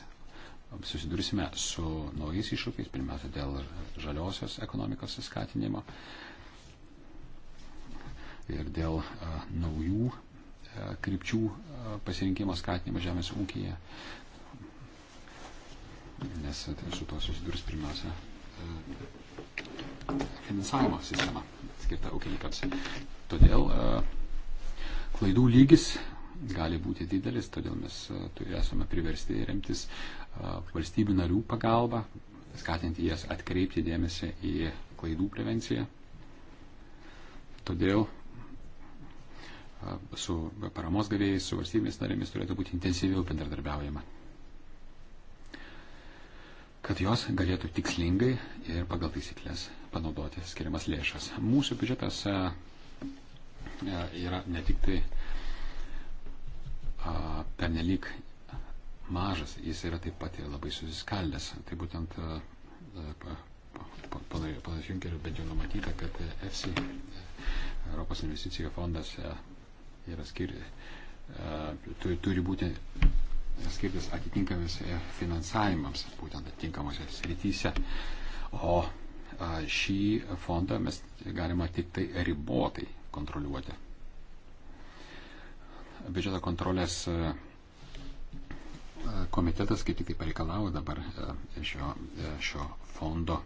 susidursime su naujais iššūkiais, pirmiausia, dėl žaliosios ekonomikos skatinimo ir dėl a, naujų a, krypčių a, pasirinkimo skatinimo žemės ūkyje, nes tai, su to susidurs pirmiausia finansavimo sistema skirta ūkininkams. Todėl klaidų lygis gali būti didelis, todėl mes esame priversti remtis valstybių narių pagalbą, skatinti jas atkreipti dėmesį į klaidų prevenciją. Todėl su paramos gavėjais, su valstybės narėmis turėtų būti intensyviau bendradarbiaujama, kad jos galėtų tikslingai ir pagal taisyklės panaudoti skiriamas lėšas. Mūsų biudžetas yra ne tik tai pernelyg mažas, jis yra taip pat labai susiskaldęs. Tai būtent e, panas Junkeris bent jau numatyta, kad EFSI, e, Europos investicijų fondas, e, yra skir, turi, turi būti skirtis atitinkamis finansavimams, būtent atitinkamose srityse. O šį fondą mes galima tik tai ribotai kontroliuoti. Biudžeto kontrolės uh, komitetas kaip tik tai pareikalavo dabar e, šio, e, šio fondo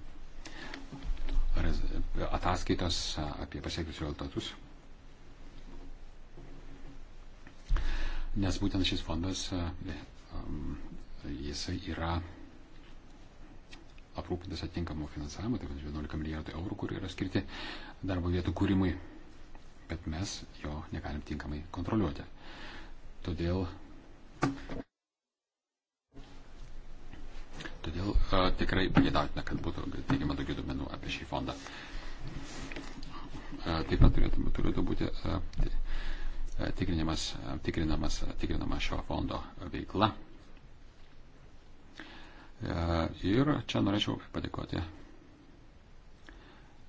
ataskaitos e, apie pasiektus rezultatus. Nes būtent šis fondas, jisai yra aprūpintas atitinkamų finansavimų, tai 11 milijardų eurų, kur yra skirti darbo vietų kūrimui, bet mes jo negalim tinkamai kontroliuoti. Todėl Todėl a, e, tikrai pagėdautina, kad būtų teigiama daugiau duomenų apie šį fondą. A, e, taip pat turėtų, turėtų būti a, e, tikrinimas, tikrinamas, tikrinama šio fondo veikla. Ir čia norėčiau padėkoti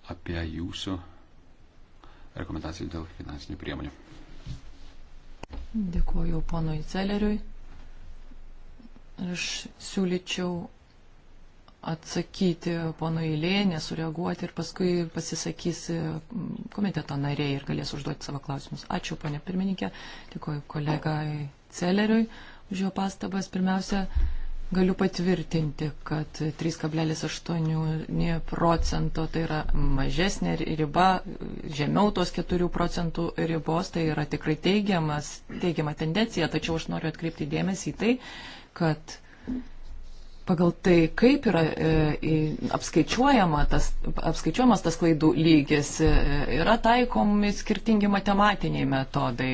apie jūsų rekomendacijų dėl finansinių priemonių. Dėkuoju ponui Celeriui. Aš siūlyčiau atsakyti ponui Lėnė, sureaguoti ir paskui pasisakys mm, komiteto nariai ir galės užduoti savo klausimus. Ačiū, ponė pirmininkė, dėkoju kolegai Celeriui už jo pastabas. Pirmiausia, galiu patvirtinti, kad 3,8 procento tai yra mažesnė riba, žemiau tos 4 procentų ribos, tai yra tikrai teigiamas, teigiama tendencija, tačiau aš noriu atkreipti dėmesį į tai, kad pagal tai, kaip yra e, apskaičiuojama tas, apskaičiuojamas tas klaidų lygis, e, yra taikomi skirtingi matematiniai metodai,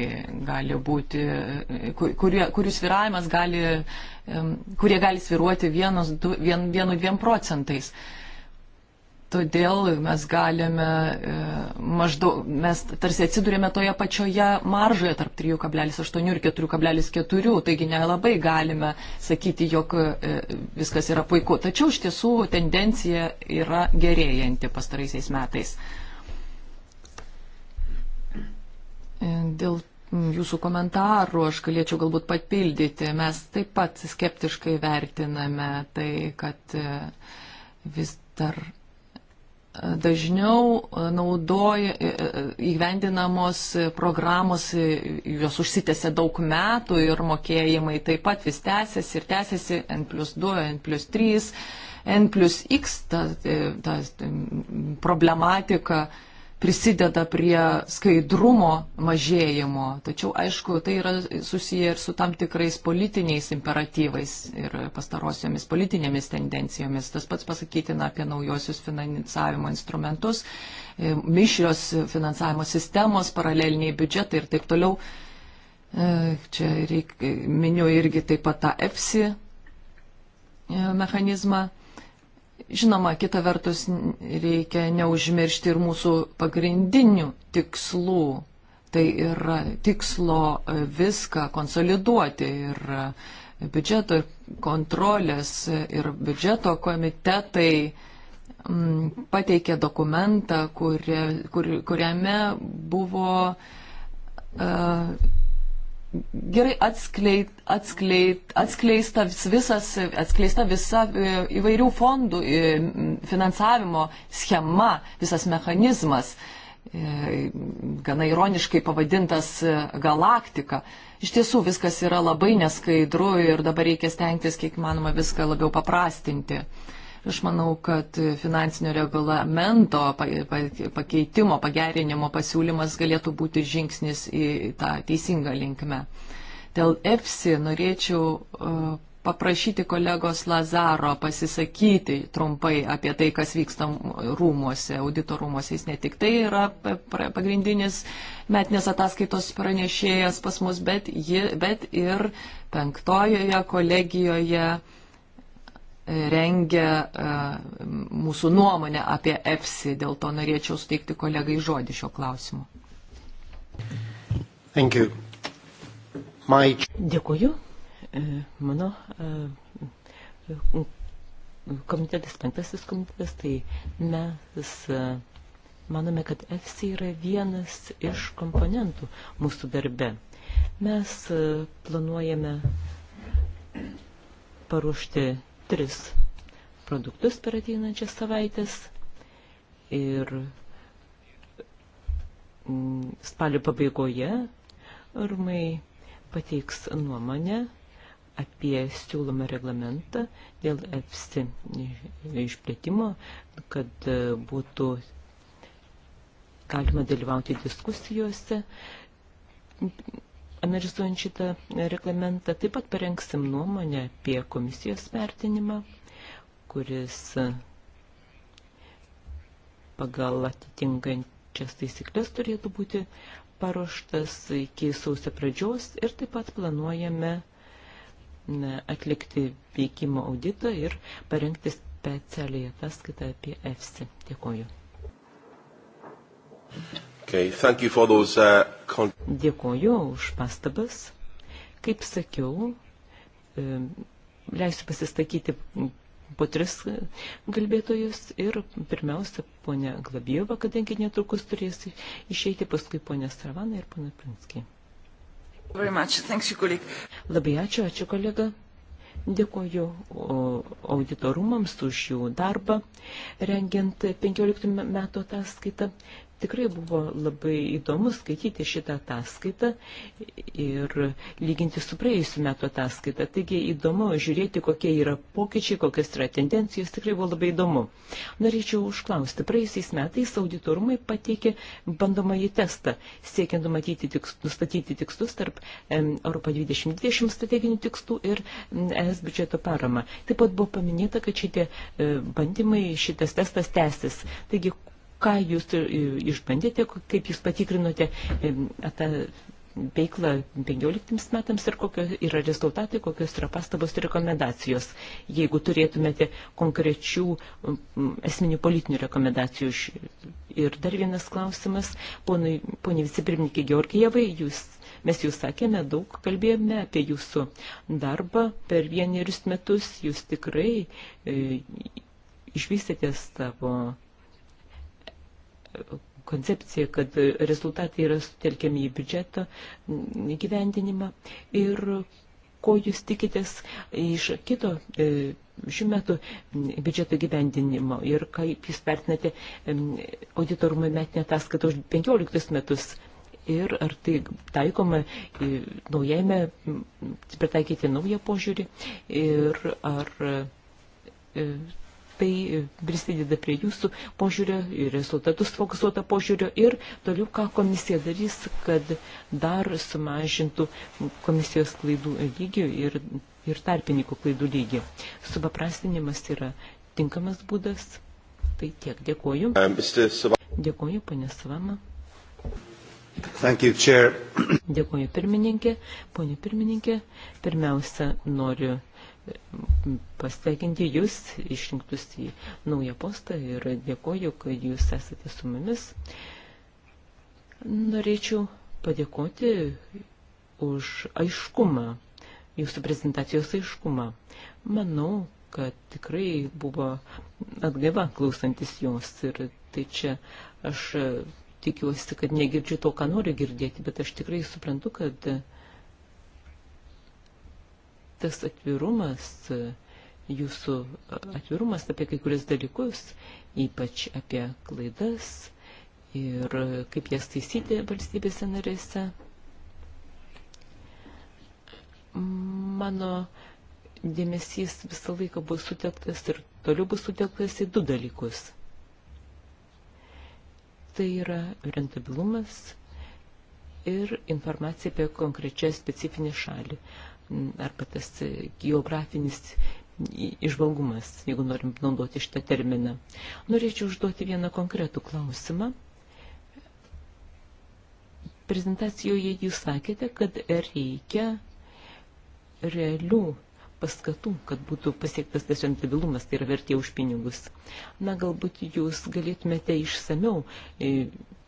gali būti, e, kurie, kurių sviravimas gali, e, kurie gali sviruoti vienos, du, vien, vienu dviem procentais. E, Todėl mes galime e, maždaug, mes tarsi atsidurėme toje pačioje maržoje tarp 3,8 ir 4,4, taigi nelabai galime sakyti, jog e, viskas yra puiku. Tačiau iš tiesų tendencija yra gerėjanti pastaraisiais metais. E, dėl jūsų komentarų aš galėčiau galbūt papildyti. Mes taip pat skeptiškai vertiname tai, kad vis dar dažniau e, naudoja, e, e, įgyvendinamos programos, jos užsitęsia daug metų ir mokėjimai taip pat vis tęsiasi ir tęsiasi N plus 2, N plus 3, N plus X, ta, ta problematika prisideda prie skaidrumo mažėjimo, tačiau aišku, tai yra susiję ir su tam tikrais politiniais imperatyvais ir pastarosiomis politinėmis tendencijomis. Tas pats pasakytina apie naujosius finansavimo instrumentus, e, mišrios finansavimo sistemos, paraleliniai biudžetai ir taip toliau. E, čia reik, e, miniu irgi taip pat tą EFSI mechanizmą. Žinoma, kita vertus reikia neužmiršti ir mūsų pagrindinių tikslų. Tai yra tikslo e, viską konsoliduoti ir e, biudžeto kontrolės e, ir biudžeto komitetai pateikė dokumentą, kurie, kur, kuriame buvo uh, gerai atskleid, atskleid, atskleista, visas, atskleista visa e, įvairių fondų e, finansavimo schema, visas mechanizmas, e, gana ironiškai pavadintas galaktika. Iš tiesų viskas yra labai neskaidru ir dabar reikia stengtis, kiek manoma, viską labiau paprastinti. Uh, Aš manau, kad finansinio regulamento pakeitimo, pagerinimo pasiūlymas galėtų būti žingsnis į tą teisingą linkmę. Dėl EFSI norėčiau e, paprašyti kolegos Lazaro pasisakyti trumpai apie tai, kas vyksta rūmuose, audito rūmuose. Jis ne tik tai yra pagrindinis metinės ataskaitos pranešėjas pas mus, bet, ji, bet ir penktojoje kolegijoje rengia e, mūsų nuomonę apie EFSI, dėl to norėčiau suteikti kolegai žodį šio klausimu. My... Dėkuoju. E, mano e, komitetas, penktasis komitetas, tai mes manome, kad EFSI yra vienas iš komponentų mūsų darbe. Mes planuojame paruošti tris produktus per ateinančias savaitės ir mm, spalio pabaigoje rūmai pateiks nuomonę apie siūlomą reglamentą dėl EFSI išplėtimo, kad e, būtų galima dalyvauti diskusijose Analizuojant šitą reglamentą, taip pat parengsim nuomonę apie komisijos vertinimą, kuris pagal atitinkančias taisyklės turėtų būti paruoštas iki sausio pradžios ir taip pat planuojame atlikti veikimo auditą ir parengti specialiai ataskaitą apie EFSI. Dėkoju. Okay, thank you for those, uh, con... Dėkuoju už pastabas. Kaip sakiau, leisiu pasistatyti po tris kalbėtojus ir pirmiausia ponė Glabieva, kadangi netrukus turės išeiti, paskui ponė Stravana ir ponė Prinskiai. Labai ačiū, ačiū kolega. Dėkuoju auditorumams už jų darbą, rengiant 15 metų ataskaitą. Tikrai buvo labai įdomu skaityti šitą ataskaitą ir lyginti su praėjusiu metu ataskaitą. Taigi įdomu žiūrėti, kokie yra pokyčiai, kokios yra tendencijos. Tikrai buvo labai įdomu. Norėčiau užklausti. Praėjusiais metais auditorumai pateikė bandomąjį testą, siekiant tiks, nustatyti tikslus tarp Europo 2020 strateginių tikslų ir ES e biudžeto paramą. Taip pat buvo paminėta, kad šitie e, bandymai, šitas testas tęsis. Taigi, ką jūs e, išbandėte, kaip jūs patikrinote e, tą veiklą 15 metams ir kokios yra rezultatai, kokios yra pastabos ir rekomendacijos, jeigu turėtumėte konkrečių esminių politinių rekomendacijų. Ir dar vienas klausimas, ponai, poniai vicepirmininkė Georgijevai, jūs, mes jūs sakėme, daug kalbėjome apie jūsų darbą per vienerius metus, jūs tikrai e, išvystėte savo koncepcija, kad rezultatai yra sutelkiami į biudžeto gyvendinimą ir ko jūs tikitės iš kito e, šių metų biudžeto gyvendinimo ir kaip jūs vertinate auditorumai metinę ataskaitą už 15 metus ir ar tai taikoma e, naujame, pritaikyti naują požiūrį ir ar e, tai e, prisideda prie jūsų požiūrio ir rezultatus fokusuoto požiūrio ir toliau, ką komisija darys, kad dar sumažintų komisijos klaidų lygį ir, ir tarpininkų klaidų lygį. Supaprastinimas yra tinkamas būdas. Tai tiek, dėkoju. Uh, dėkoju, ponė Savama. You, Dėkoju pirmininkė. Pone pirmininkė, pirmiausia, noriu pasveikinti jūs išrinktus į naują postą ir dėkoju, kad jūs esate su mumis. Norėčiau padėkoti už aiškumą, jūsų prezentacijos aiškumą. Manau, kad tikrai buvo atgaiva klausantis jos ir tai čia aš tikiuosi, kad negirdžiu to, ką noriu girdėti, bet aš tikrai suprantu, kad tas atvirumas, jūsų atvirumas apie kai kurias dalykus, ypač apie klaidas ir kaip jas taisyti valstybėse narėse. Mano dėmesys visą laiką buvo sutelktas ir toliau bus sutelktas į du dalykus. Tai yra rentabilumas ir informacija apie konkrečią specifinį šalį arba tas geografinis išvalgumas, jeigu norim naudoti šitą terminą. Norėčiau užduoti vieną konkretų klausimą. Prezentacijoje jūs sakėte, kad reikia realių paskatų, kad būtų pasiektas tas rentabilumas, tai yra vertė už pinigus. Na, galbūt jūs galėtumėte išsameu e,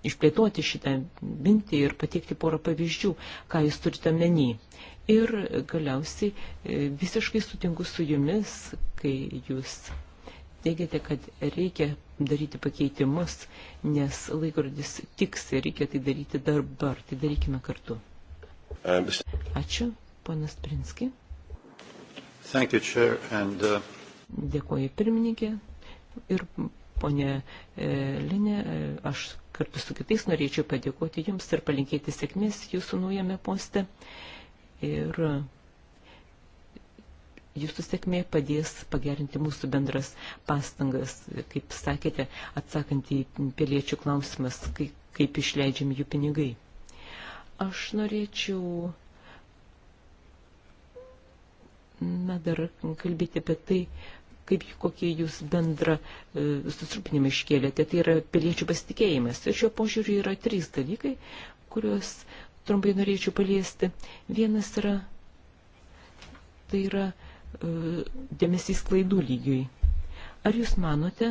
išplėtoti šitą mintį ir pateikti porą pavyzdžių, ką jūs turite menį. Ir galiausiai e, visiškai sutinku su jumis, kai jūs teigiate, kad reikia daryti pakeitimus, nes laikrodis tiks ir reikia tai daryti dabar. Tai darykime kartu. Uh, Ačiū, ponas Prinski. Thank you, Chair, and, uh... Dėkuoju pirmininkė ir ponė e, Linė, e, aš kartu su kitais norėčiau padėkoti Jums ir palinkėti sėkmės Jūsų naujame poste. Uh, ir jūsų sėkmė padės pagerinti mūsų bendras pastangas, kaip sakėte, atsakant į piliečių klausimas, kaip, kaip išleidžiami jų pinigai. Aš norėčiau, na, dar kalbėti apie tai, kaip kokie jūs bendra e, susirūpinimą iškėlėte, tai yra piliečių pasitikėjimas. Ir šiuo požiūriu yra trys dalykai, kuriuos trumpai norėčiau paliesti. Vienas yra, tai yra e, dėmesys klaidų lygiui. Ar jūs manote,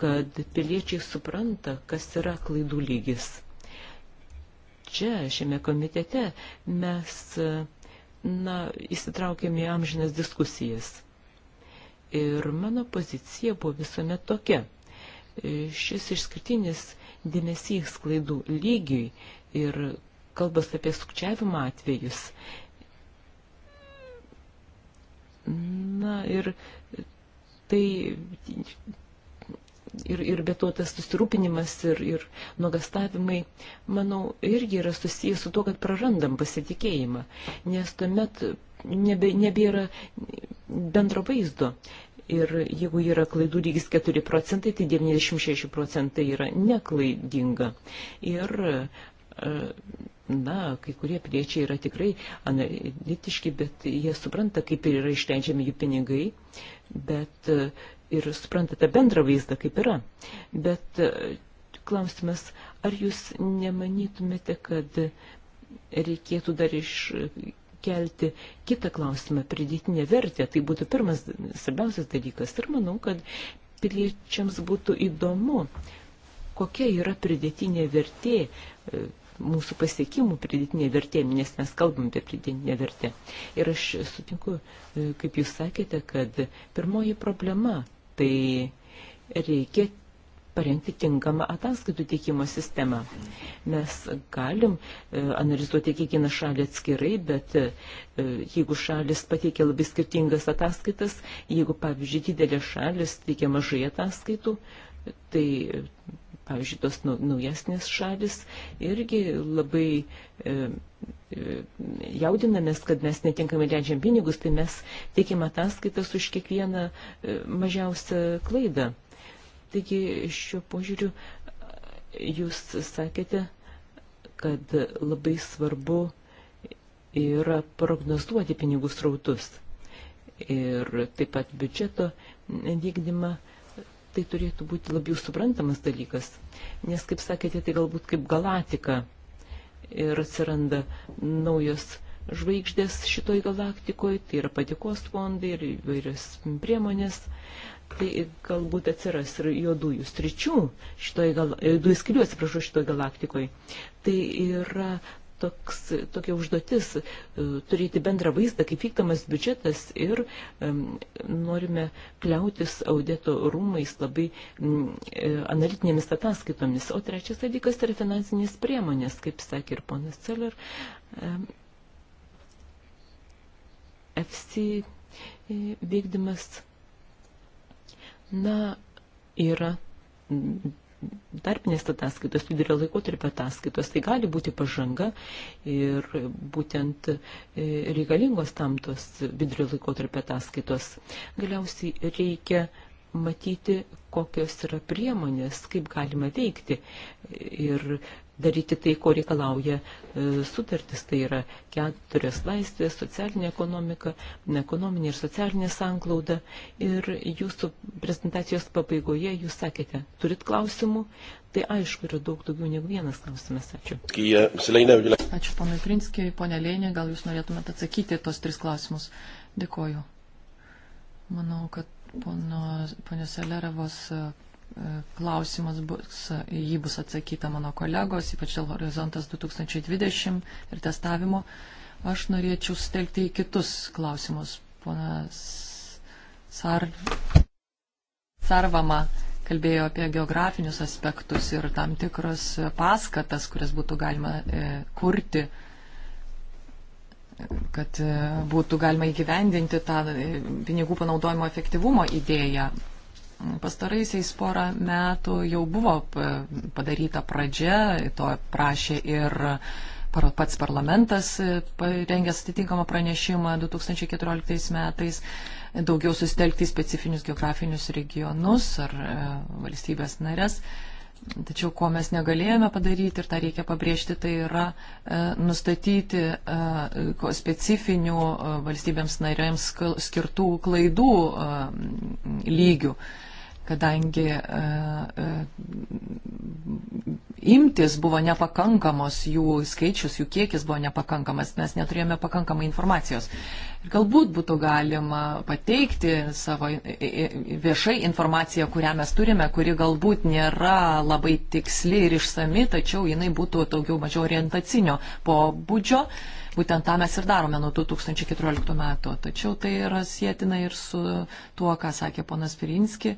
kad piliečiai supranta, kas yra klaidų lygis? Čia, šiame komitete, mes na, įsitraukėme į amžinas diskusijas. Ir mano pozicija buvo visuomet tokia. E, šis išskirtinis dėmesys klaidų lygiui ir kalbas apie sukčiavimo atvejus. Na ir tai ir, ir be to tas susirūpinimas ir, ir nuogastavimai, manau, irgi yra susijęs su to, kad prarandam pasitikėjimą, nes tuomet nebe, nebėra bendro vaizdo. Ir jeigu yra klaidų lygis 4 procentai, tai 96 procentai yra neklaidinga. Ir na, kai kurie priečiai yra tikrai analitiški, bet jie supranta, kaip yra išleidžiami jų pinigai, bet e, ir supranta tą bendrą vaizdą, kaip yra. Bet e, klausimas, ar jūs nemanytumėte, kad reikėtų dar iškelti kitą klausimą, pridėtinę vertę, tai būtų pirmas svarbiausias dalykas ir manau, kad piliečiams būtų įdomu, kokia yra pridėtinė vertė e, mūsų pasiekimų pridėtinė vertė, nes mes kalbam apie pridėtinę vertę. Ir aš sutinku, e, kaip jūs sakėte, kad pirmoji problema tai reikia parengti tinkamą ataskaitų teikimo sistemą. Mes galim e, analizuoti kiekvieną šalį atskirai, bet e, jeigu šalis pateikia labai skirtingas ataskaitas, jeigu, pavyzdžiui, didelė šalis teikia mažai ataskaitų, tai pavyzdžiui, tos naujesnės šalis, irgi labai e, e, jaudinamės, kad mes netinkamai leidžiam pinigus, tai mes teikiam ataskaitas už kiekvieną e, mažiausią klaidą. Taigi šiuo požiūriu jūs sakėte, kad labai svarbu yra prognozuoti pinigų srautus ir taip pat biudžeto vykdymą tai turėtų būti labiau suprantamas dalykas. Nes, kaip sakėte, tai galbūt kaip galaktika ir atsiranda naujos žvaigždės šitoj galaktikoje, tai yra patikos fondai ir įvairios priemonės. Tai galbūt atsiras ir juodųjų stričių, juodųjų skilių, atsiprašau, šitoj galaktikoje. Tai yra toks, tokia užduotis e, turėti bendrą vaizdą, kaip vykdomas biudžetas ir um, norime kliautis audito rūmais labai um, analitinėmis ataskaitomis. O trečias dalykas tai yra finansinės priemonės, kaip sakė ir ponas Celler. Um, FC e, vykdymas, na, yra tarpinės ataskaitos, vidurio laikotarpio ataskaitos, tai gali būti pažanga ir būtent e, reikalingos tam tos vidurio laikotarpio ataskaitos. Galiausiai reikia matyti, kokios yra priemonės, kaip galima veikti ir daryti tai, ko reikalauja e, sutartis, tai yra keturios laisvės, socialinė ekonomika, ekonominė ir socialinė sanklauda. Ir jūsų prezentacijos pabaigoje jūs sakėte, turit klausimų, tai aišku yra daug daugiau negu vienas klausimas. Ačiū. Ačiū ponui Prinskijui, ponė Leinė, gal jūs norėtumėte atsakyti tos tris klausimus. Dėkoju. Manau, kad pono, ponios Eleravos E, klausimas bus, jį bus atsakyta mano kolegos, ypač dėl horizontas 2020 ir testavimo. Aš norėčiau stelkti į kitus klausimus. Ponas Sar... Sarvama kalbėjo apie geografinius aspektus ir tam tikras paskatas, kurias būtų galima e, kurti kad e, būtų galima įgyvendinti tą e, pinigų panaudojimo efektyvumo idėją. Pastaraisiais porą metų jau buvo padaryta pradžia, to prašė ir pats parlamentas e, parengęs atitinkamą pranešimą 2014 metais, daugiau susitelkti į specifinius geografinius regionus ar e, valstybės narės. Tačiau ko mes negalėjome padaryti ir tą reikia pabrėžti, tai yra e, nustatyti e, specifinių e, valstybėms narėms skirtų klaidų e, lygių. E, kadangi e, e, imtis buvo nepakankamos, jų skaičius, jų kiekis buvo nepakankamas, mes neturėjome pakankamai informacijos. Ir galbūt būtų galima pateikti savo e, e, e, viešai informaciją, kurią mes turime, kuri galbūt nėra labai tiksli ir išsami, tačiau jinai būtų daugiau mažiau orientacinio pobūdžio. Būtent tą mes ir darome nuo 2014 metų. Tačiau tai yra sėtina ir su tuo, ką sakė ponas Pirinski.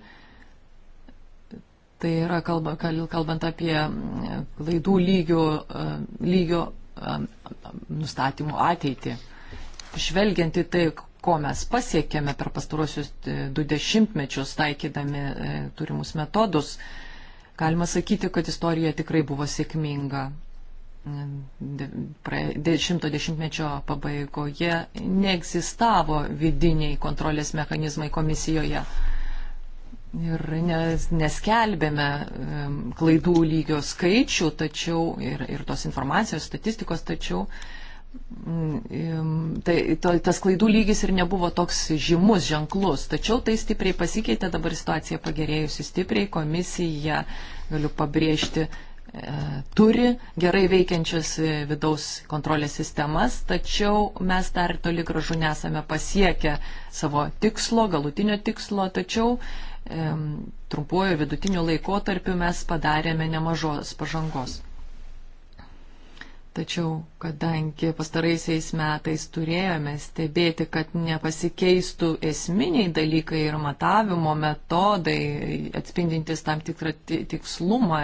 Tai yra kalba, kalbant apie klaidų mm, e, lygio, lygio e, nustatymų ateitį. Žvelgiant į tai, ko mes pasiekėme per pastarosius e, du dešimtmečius taikydami turimus metodus, galima sakyti, kad istorija tikrai buvo sėkminga. Mm, Dešimto dešimtmečio pabaigoje neegzistavo vidiniai kontrolės mechanizmai komisijoje Ir nes, neskelbėme klaidų lygio skaičių, tačiau ir, ir tos informacijos, statistikos, tačiau mm, tai, to, tas klaidų lygis ir nebuvo toks žymus, ženklus. Tačiau tai stipriai pasikeitė, dabar situacija pagerėjusi stipriai, komisija, galiu pabrėžti, e, turi gerai veikiančias e, vidaus kontrolės sistemas, tačiau mes dar toli gražu nesame pasiekę savo tikslo, galutinio tikslo, tačiau uh, trumpuoju vidutiniu laikotarpiu mes padarėme nemažos pažangos. Tačiau, kadangi pastaraisiais metais turėjome stebėti, kad nepasikeistų esminiai dalykai ir matavimo metodai, atspindintis tam tikrą tikslumą,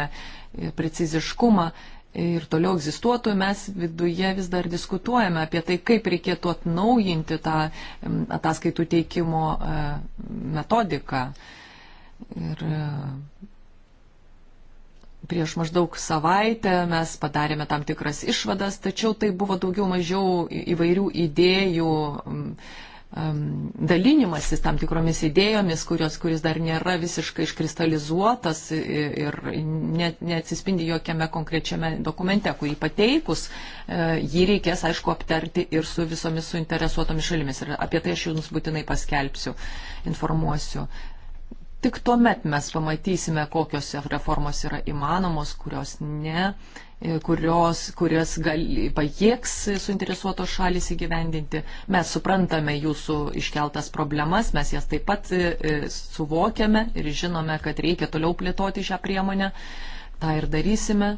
preciziškumą, ir toliau egzistuotų, mes viduje vis dar diskutuojame apie tai, kaip reikėtų atnaujinti tą ataskaitų teikimo e, metodiką. Uh, Ir e, prieš maždaug savaitę mes padarėme tam tikras išvadas, tačiau tai buvo daugiau mažiau įvairių idėjų dalinimasis tam tikromis idėjomis, kurios, kuris dar nėra visiškai iškristalizuotas ir net, neatsispindi jokiame konkrečiame dokumente, kurį pateikus, e, jį reikės, aišku, aptarti ir su visomis suinteresuotomis šalimis. Ir apie tai aš jums būtinai paskelbsiu, informuosiu. Tik tuomet mes pamatysime, kokios reformos yra įmanomos, kurios ne, e, kurios, kurias gali, pajėgs suinteresuotos šalis įgyvendinti. Mes suprantame jūsų iškeltas problemas, mes jas taip pat e, e, suvokiame ir žinome, kad reikia toliau plėtoti šią priemonę. Ta ir darysime.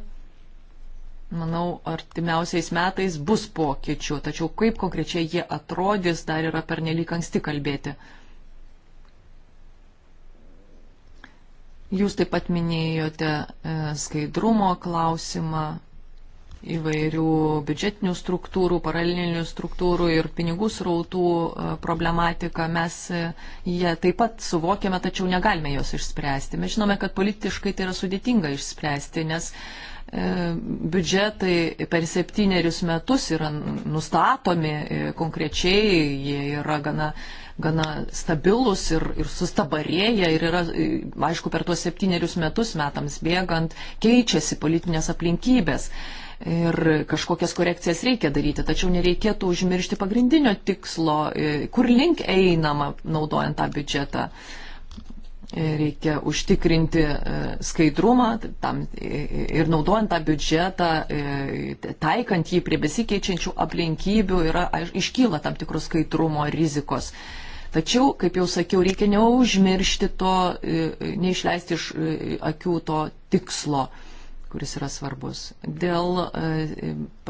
Manau, artimiausiais metais bus pokyčių, tačiau kaip konkrečiai jie atrodys, dar yra pernelyg anksti kalbėti. Jūs taip pat minėjote e, skaidrumo klausimą įvairių biudžetinių struktūrų, paralelinių struktūrų ir pinigų srautų e, problematiką. Mes e, ją taip pat suvokiame, tačiau negalime jos išspręsti. Mes žinome, kad politiškai tai yra sudėtinga išspręsti, nes biudžetai per septynerius metus yra nustatomi konkrečiai, jie yra gana gana stabilus ir, ir sustabarėję ir yra, aišku, per tuos septynerius metus metams bėgant keičiasi politinės aplinkybės. Ir kažkokias korekcijas reikia daryti, tačiau nereikėtų užmiršti pagrindinio tikslo, e, kur link einama naudojant tą biudžetą e, reikia užtikrinti e, skaidrumą tam, ir naudojant tą biudžetą, taikant jį prie besikeičiančių aplinkybių, yra, iškyla tam tikros skaidrumo rizikos. Tačiau, kaip jau sakiau, reikia neužmiršti to, e, e, neišleisti iš e, akių to tikslo kuris yra svarbus. Dėl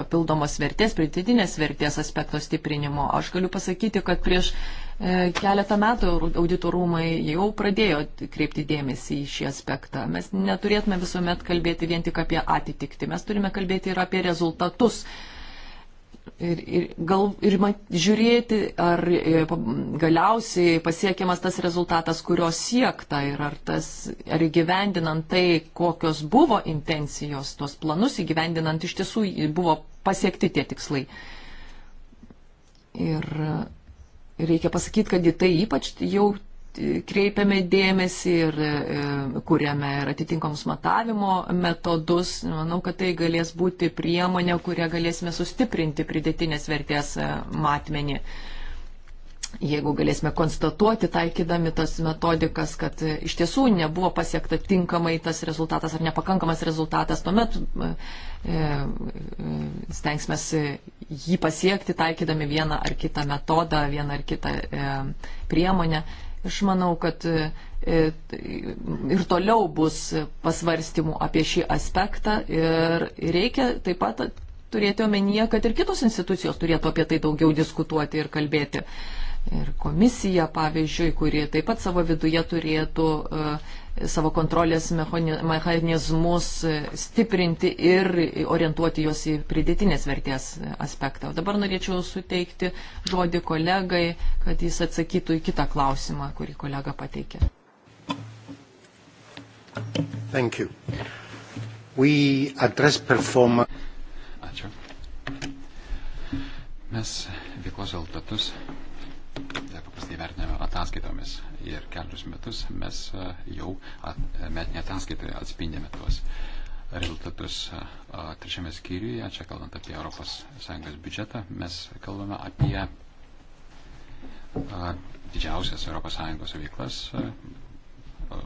papildomos vertės, pridėtinės vertės aspekto stiprinimo, aš galiu pasakyti, kad prieš keletą metų auditorumai jau pradėjo kreipti dėmesį į šį aspektą. Mes neturėtume visuomet kalbėti vien tik apie atitikti, mes turime kalbėti ir apie rezultatus Ir, ir, gal, ir mat, žiūrėti, ar e, galiausiai pasiekiamas tas rezultatas, kurio siekta ir ar, tas, ar įgyvendinant tai, kokios buvo intencijos, tuos planus įgyvendinant iš tiesų buvo pasiekti tie tikslai. Ir reikia pasakyti, kad į tai ypač jau kreipiame dėmesį ir e, kuriame ir atitinkamus matavimo metodus. Manau, kad tai galės būti priemonė, kurią galėsime sustiprinti pridėtinės vertės e, matmenį. Jeigu galėsime konstatuoti, taikydami tas metodikas, kad e, iš tiesų nebuvo pasiekta tinkamai tas rezultatas ar nepakankamas rezultatas, tuomet stengsime jį pasiekti, taikydami vieną ar kitą metodą, vieną ar kitą priemonę. Aš manau, kad e, e, ir toliau bus pasvarstymų apie šį aspektą ir reikia taip pat turėti omenyje, kad ir kitos institucijos turėtų apie tai daugiau diskutuoti ir kalbėti. Ir komisija, pavyzdžiui, kuri taip pat savo viduje turėtų uh, savo kontrolės mechanizmus stiprinti ir orientuoti juos į pridėtinės vertės aspektą. O dabar norėčiau suteikti žodį kolegai, kad jis atsakytų į kitą klausimą, kurį kolega pateikė. Ačiū. Mes veiklos rezultatus paprastai vertiname ataskaitomis ir kelius metus mes e, jau metinė ataskaitoje atspindėme tuos rezultatus e, trečiame skyriuje, čia kalbant apie ES biudžetą, mes kalbame apie e, didžiausias ES veiklas.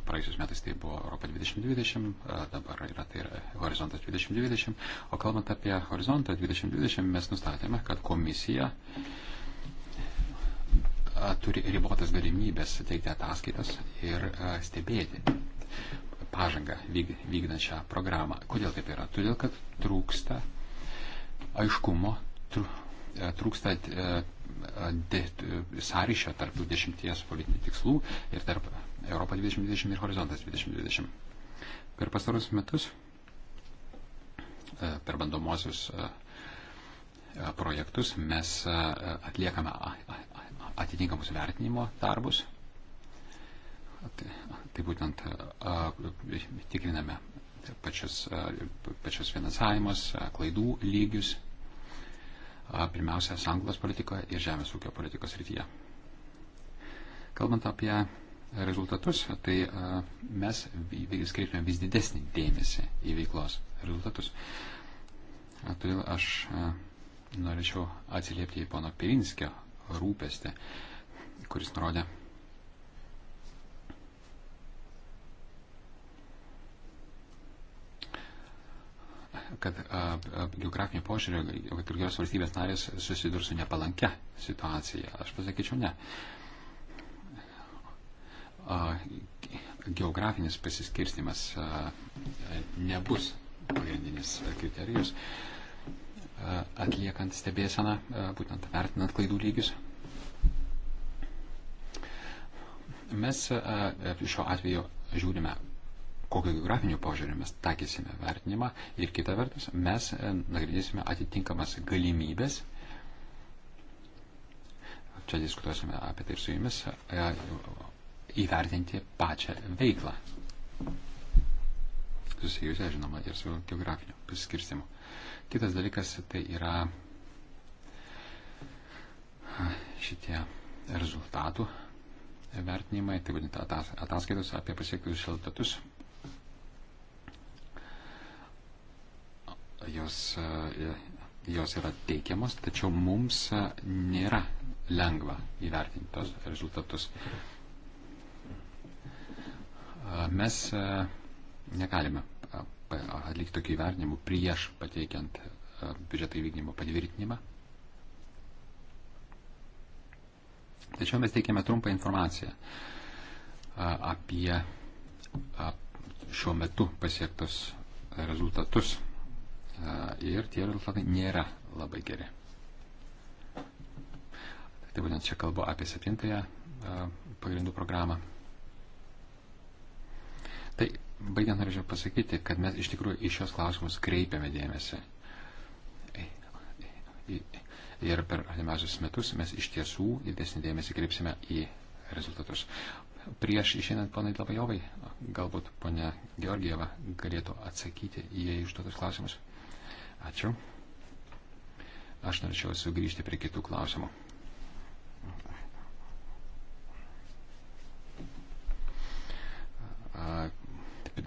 Praėjusius metais tai buvo Europa 2020, dabar yra tai yra Horizontas 2020. O kalbant apie Horizontą 2020, mes nustatėme, kad komisija uh, turi ribotas galimybės teikti ataskaitas ir stebėti pažangą vykdant šią programą. Kodėl taip yra? Todėl, kad trūksta aiškumo, trūksta sąryšio tarp 20 politinių tikslų ir tarp Europą 2020 ir Horizontas 2020. Per pastarus metus, per bandomosius projektus mes atliekame atitinkamus vertinimo darbus. Tai, tai būtent a, tikriname pačias, a, pačias finansavimas, a, klaidų lygius, a, pirmiausia, sanglas politikoje ir žemės ūkio politikos rytyje. Kalbant apie rezultatus, tai a, mes skreipiame vis didesnį dėmesį į veiklos rezultatus. A, todėl aš a, norėčiau atsiliepti į pono Pirinskio rūpestį, kuris nurodė. kad geografinių požiūrių kiekvienos valstybės narės susidurs su nepalankia situacija. Aš pasakyčiau ne. A, geografinis pasiskirstimas a, nebus pagrindinis kriterijus. A, atliekant stebėseną, e, būtent vertinant klaidų lygius. Mes e, e, šiuo atveju žiūrime, kokio geografinių požiūrį mes takysime vertinimą ir kita vertus mes nagrinėsime atitinkamas galimybės. Čia diskutuosime apie tai su jumis įvertinti pačią veiklą. Susijusia, žinoma, ir su geografiniu pasiskirstimu. Kitas dalykas tai yra šitie rezultatų vertinimai, tai vadinti ataskaitos apie pasiektus rezultatus. Jos, jos yra teikiamos, tačiau mums nėra lengva įvertinti tos rezultatus. Mes negalime atlikti tokį įvertinimą prieš pateikiant e, biudžeto įvykdymo patvirtinimą. Tačiau mes teikėme trumpą informaciją apie šiuo metu pasiektus rezultatus ir tie rezultatai nėra labai geri. Tai būtent čia kalbu apie septintąją pagrindų programą. Tai Baigiant norėčiau pasakyti, kad mes iš tikrųjų į šios klausimus kreipiame dėmesį. Ir per artimiausius metus mes iš tiesų didesnį dėmesį kreipsime į rezultatus. Prieš išeinant ponai Labajovai, galbūt ponia Georgieva galėtų atsakyti į išduotus klausimus. Ačiū. Aš norėčiau sugrįžti prie kitų klausimų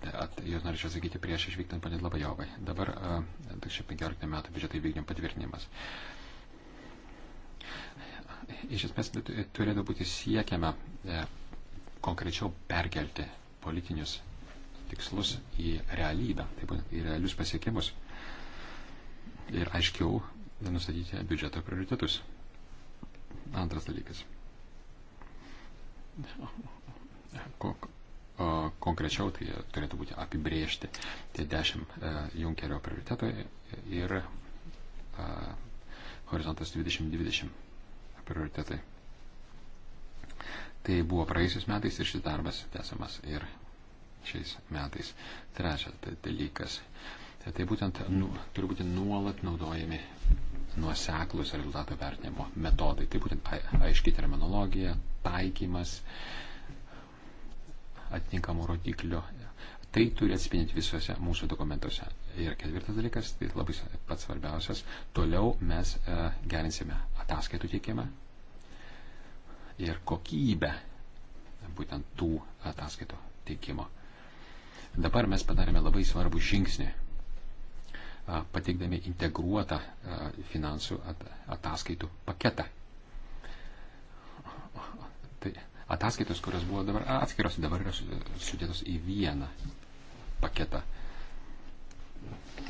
at, jūs norėčiau sakyti prieš išvyktant panit labai jovai. Dabar 2015 metų biudžeto įvykdymo patvirtinimas. Iš esmės turėtų būti siekiama e, konkrečiau perkelti politinius tikslus į realybę, taip pat į realius pasiekimus ir aiškiau nustatyti biudžeto prioritetus. Antras dalykas konkrečiau, tai turėtų būti apibriežti tie dešimt e, Junkerio prioritetų ir e, horizontas 2020 prioritetai. Tai buvo praėjusiais metais ir šis darbas tęsiamas ir šiais metais. Trečias dalykas. Tai, tai būtent nu, turi būti nuolat naudojami nuoseklus rezultato vertinimo metodai. Tai būtent aiški terminologija, taikymas, uh, atitinkamų rodiklių. Tai turi atspindėti visose mūsų dokumentuose. Ir ketvirtas dalykas, tai labai pats svarbiausias, toliau mes e, gerinsime ataskaitų tiekimą ir kokybę būtent tų ataskaitų teikimo. Dabar mes padarėme labai svarbų žingsnį, e, pateikdami integruotą e, finansų ataskaitų paketą. Tai, ataskaitos, kurios buvo dabar atskiros, dabar yra sudėtos į vieną paketą.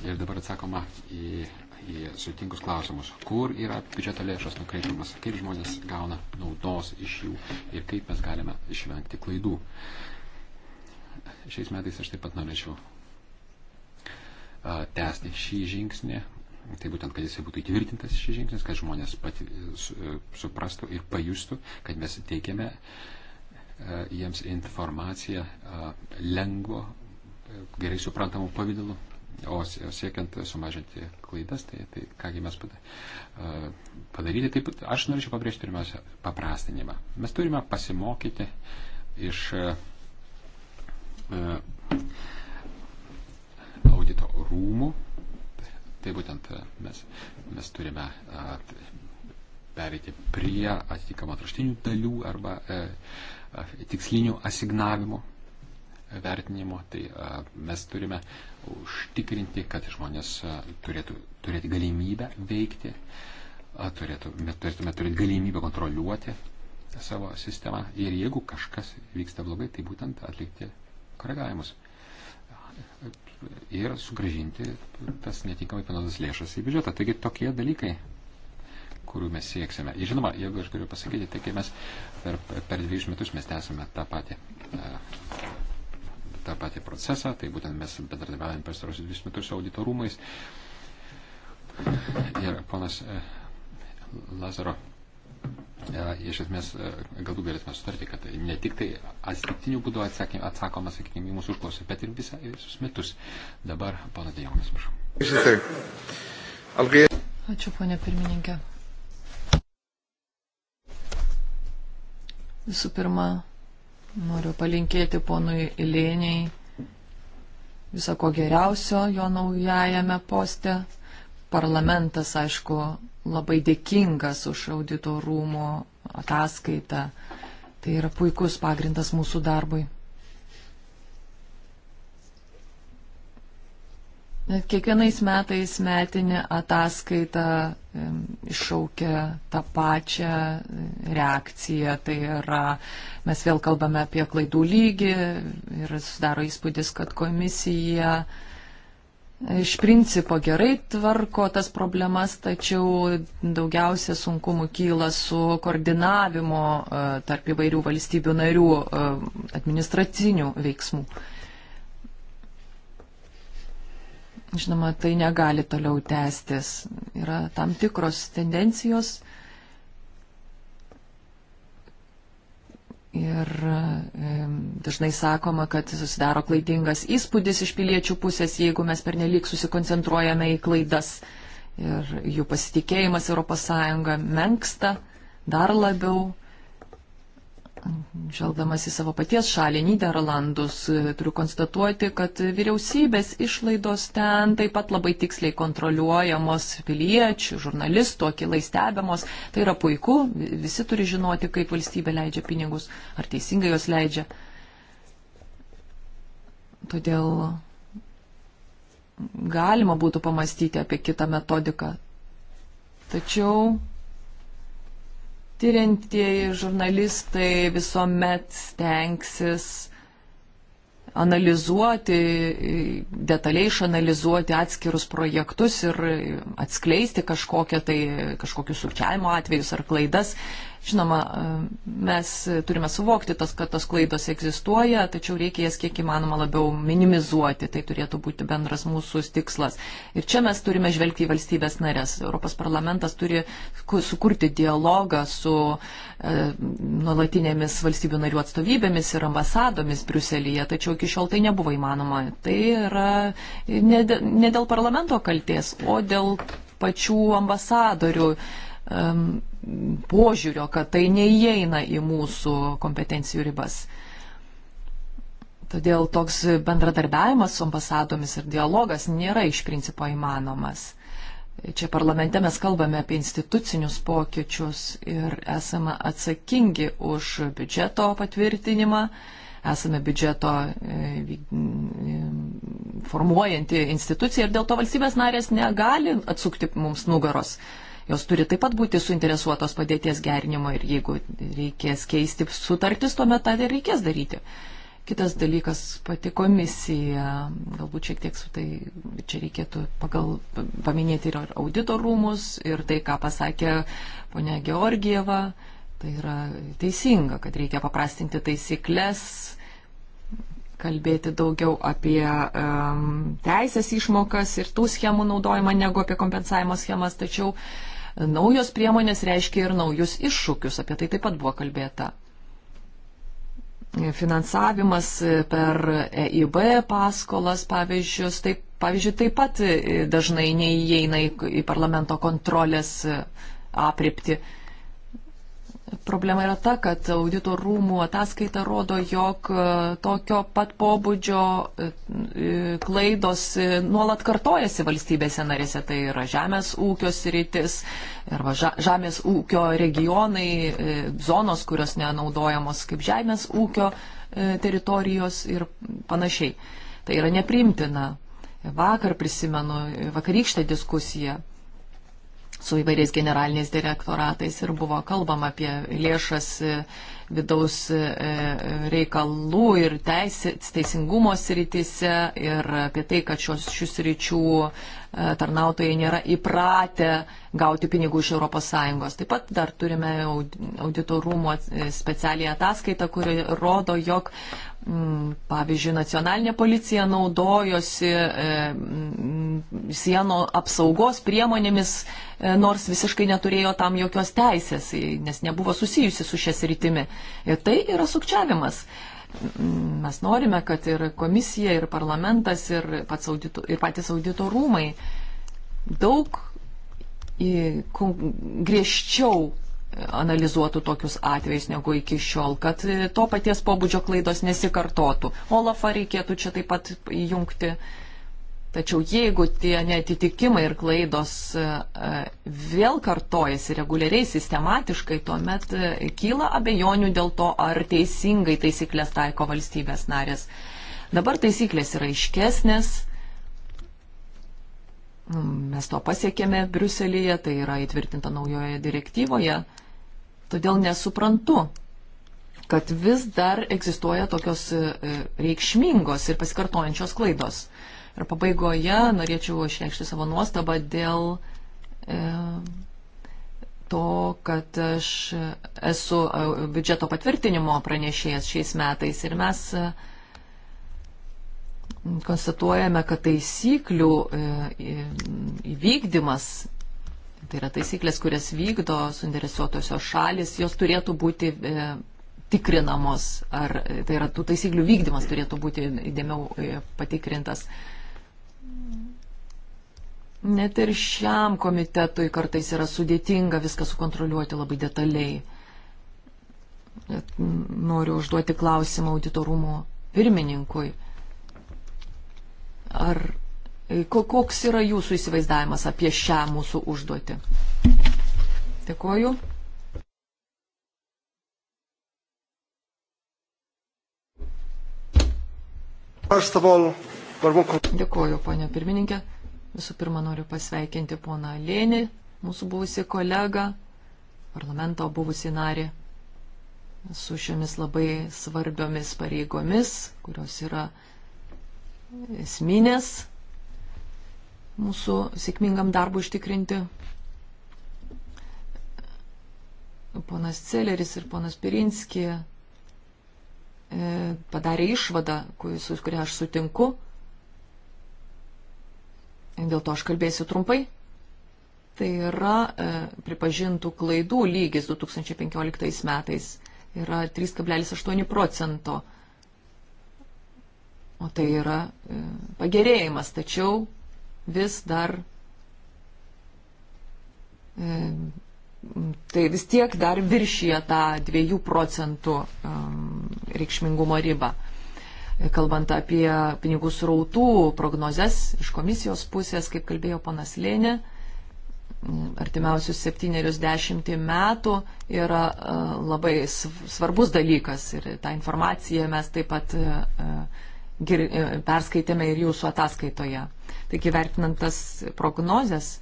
Ir dabar atsakoma į, į sutinkus klausimus, kur yra biudžeto lėšos nukreipiamas, kaip žmonės gauna naudos iš jų ir kaip mes galime išvengti klaidų. Šiais metais aš taip pat norėčiau tęsti šį žingsnį, Tai būtent, kad jisai būtų įtvirtintas šis žingsnis, kad žmonės pati e, suprastų ir pajustų, kad mes teikiame e, jiems informaciją e, lengvo, gerai suprantamų pavydalų, o siekiant sumažinti klaidas, tai, tai kągi mes padaryti. Taip, aš norėčiau pabrėžti pirmiausia paprastinimą. Mes turime pasimokyti iš Tai būtent e, mes, mes turime pereiti prie atitinkamų atraštinių dalių arba e, tikslinių asignavimų e, vertinimo, tai mes turime užtikrinti, kad žmonės turėtų turėti galimybę veikti, turėtume, turėtume turėti galimybę kontroliuoti savo sistemą ir jeigu kažkas vyksta blogai, tai būtent atlikti koregavimus ir sugražinti tas netinkamai panaudotas lėšas į biudžetą. Taigi tokie dalykai, kurių mes sieksime. Ir žinoma, jeigu aš galiu pasakyti, tai kai mes per, per dviejus metus mes tęsime tą patį, tą patį procesą, tai būtent mes bendradarbiavame per starosius dviejus metus su auditorumais. Ir ponas e, Lazaro E, iš esmės e, galbūt galėtume sutarti, kad ne tik tai atsitiktiniu būdu atsakym, atsakoma, sakykime, į mūsų užklausą, bet ir visą, visus metus. Dabar, pana Dėjomis, prašau. Ačiū, ponė pirmininkė. Visų pirma, noriu palinkėti ponui Ilėniai visako geriausio jo naujajame poste. Parlamentas, aišku, labai dėkingas už audito rūmo ataskaitą. Tai yra puikus pagrindas mūsų darbui. Net kiekvienais metais metinė ataskaita iššaukia tą pačią reakciją. Tai yra, mes vėl kalbame apie klaidų lygį ir susidaro įspūdis, kad komisija uh, iš principo gerai tvarko tas problemas, tačiau daugiausia sunkumų kyla su koordinavimo e, tarp įvairių valstybių narių e, administracinių veiksmų. Žinoma, tai negali toliau tęstis. Yra tam tikros tendencijos Ir e, dažnai sakoma, kad susidaro klaidingas įspūdis iš piliečių pusės, jeigu mes pernelyg susikoncentruojame į klaidas ir jų pasitikėjimas ES menksta dar labiau. Žaldamas į savo paties šalį, Niderlandus, e, turiu konstatuoti, kad vyriausybės išlaidos ten taip pat labai tiksliai kontroliuojamos piliečių, žurnalistų, akilai stebiamos. Tai yra puiku, visi turi žinoti, kaip valstybė leidžia pinigus, ar teisingai jos leidžia. Todėl galima būtų pamastyti apie kitą metodiką. Tačiau Tyrintieji žurnalistai visuomet stengsis analizuoti, detaliai išanalizuoti atskirus projektus ir atskleisti kažkokią tai, kažkokius sukčiavimo atvejus ar klaidas, Žinoma, mes turime suvokti, tas, kad tos klaidos egzistuoja, tačiau reikia jas kiek įmanoma labiau minimizuoti. Tai turėtų būti bendras mūsų tikslas. Ir čia mes turime žvelgti į valstybės narės. Europos parlamentas turi sukurti dialogą su e, nuolatinėmis valstybių narių atstovybėmis ir ambasadomis Briuselyje, tačiau iki šiol tai nebuvo įmanoma. Tai yra ne, ne dėl parlamento kalties, o dėl pačių ambasadorių. Um, požiūrio, kad tai neįeina į mūsų kompetencijų ribas. Todėl toks bendradarbiavimas su ambasadomis ir dialogas nėra iš principo įmanomas. Čia parlamente mes kalbame apie institucinius pokyčius ir esame atsakingi už biudžeto patvirtinimą, esame biudžeto e, formuojanti institucija ir dėl to valstybės narės negali atsukti mums nugaros. Jos turi taip pat būti suinteresuotos padėties gerinimo ir jeigu reikės keisti sutartis, tuomet tą ir reikės daryti. Kitas dalykas pati komisija, galbūt šiek tiek su tai, čia reikėtų pagal, paminėti ir auditorumus, ir tai, ką pasakė ponia Georgieva, tai yra teisinga, kad reikia paprastinti taisyklės, kalbėti daugiau apie um, teisės išmokas ir tų schemų naudojimą negu apie kompensavimo schemas, tačiau uh, naujos priemonės reiškia ir naujus iššūkius, apie tai taip pat buvo kalbėta. Finansavimas per EIB paskolas, pavyzdžius, taip, pavyzdžiui, taip pat dažnai neįeina į parlamento kontrolės e, apripti. Problema yra ta, kad audito rūmų ataskaita rodo, jog e, tokio pat pobūdžio e, e, klaidos nuolat kartojasi valstybėse narėse. Tai yra žemės ūkio sritis arba žemės ūkio regionai, zonos, kurios nenaudojamos kaip žemės ūkio teritorijos ir panašiai. Tai yra neprimtina. Vakar prisimenu vakarykštę diskusiją su įvairiais generaliniais direktoratais ir buvo kalbama apie lėšas vidaus e, reikalų ir teisės, teisingumo srityse ir apie tai, kad šios, šių sričių e, tarnautojai nėra įpratę gauti pinigų iš ES. Taip pat dar turime auditorumo e, specialią ataskaitą, kuri rodo, jog mm, Pavyzdžiui, nacionalinė policija naudojosi e, mm, sienų apsaugos priemonėmis, e, nors visiškai neturėjo tam jokios teisės, nes nebuvo susijusi su šias rytimi. Ir tai yra sukčiavimas. Mes norime, kad ir komisija, ir parlamentas, ir, pats audito, ir patys audito rūmai daug į, griežčiau analizuotų tokius atvejus negu iki šiol, kad to paties pobūdžio klaidos nesikartotų. Olafą reikėtų čia taip pat įjungti Tačiau jeigu tie netitikimai ir klaidos e, e, vėl kartojasi reguliariai, sistematiškai, tuomet e, kyla abejonių dėl to, ar teisingai taisyklės taiko valstybės narės. Dabar taisyklės yra iškesnės. Mes to pasiekėme Briuselėje, tai yra įtvirtinta naujoje direktyvoje. Todėl nesuprantu, kad vis dar egzistuoja tokios reikšmingos ir pasikartojančios klaidos. Ir pabaigoje norėčiau išreikšti savo nuostabą dėl e, to, kad aš esu e, biudžeto patvirtinimo pranešėjas šiais metais ir mes e, konstatuojame, kad taisyklių e, įvykdymas, tai yra taisyklės, kurias vykdo suinteresuotosios šalis, jos turėtų būti tikrinamos, ar tai yra tų taisyklių vykdymas turėtų būti įdėmiau patikrintas. Net ir šiam komitetui kartais yra sudėtinga viską sukontroliuoti labai detaliai. Noriu užduoti klausimą auditorumo pirmininkui. Ar koks yra jūsų įsivaizdavimas apie šią mūsų užduotį? Dėkoju. First of all, Dėkuoju, ponė pirmininkė. Visų pirma, noriu pasveikinti poną Lėnį, mūsų buvusi kolega, parlamento buvusi narė, su šiomis labai svarbiomis pareigomis, kurios yra esminės mūsų sėkmingam darbui užtikrinti. Ponas Celeris ir ponas Pirinski e, padarė išvadą, su kuria aš sutinku dėl to aš kalbėsiu trumpai. Tai yra e, pripažintų klaidų lygis 2015 metais yra 3,8 procento. O tai yra e, pagerėjimas, tačiau vis dar e, tai vis tiek dar viršyje tą 2 procentų reikšmingumo ribą kalbant apie pinigų srautų prognozes iš komisijos pusės, kaip kalbėjo panas Lėnė, artimiausius septynerius dešimtį metų yra e, labai svarbus dalykas ir tą informaciją mes taip pat e, e, perskaitėme ir jūsų ataskaitoje. Taigi vertinant tas prognozes,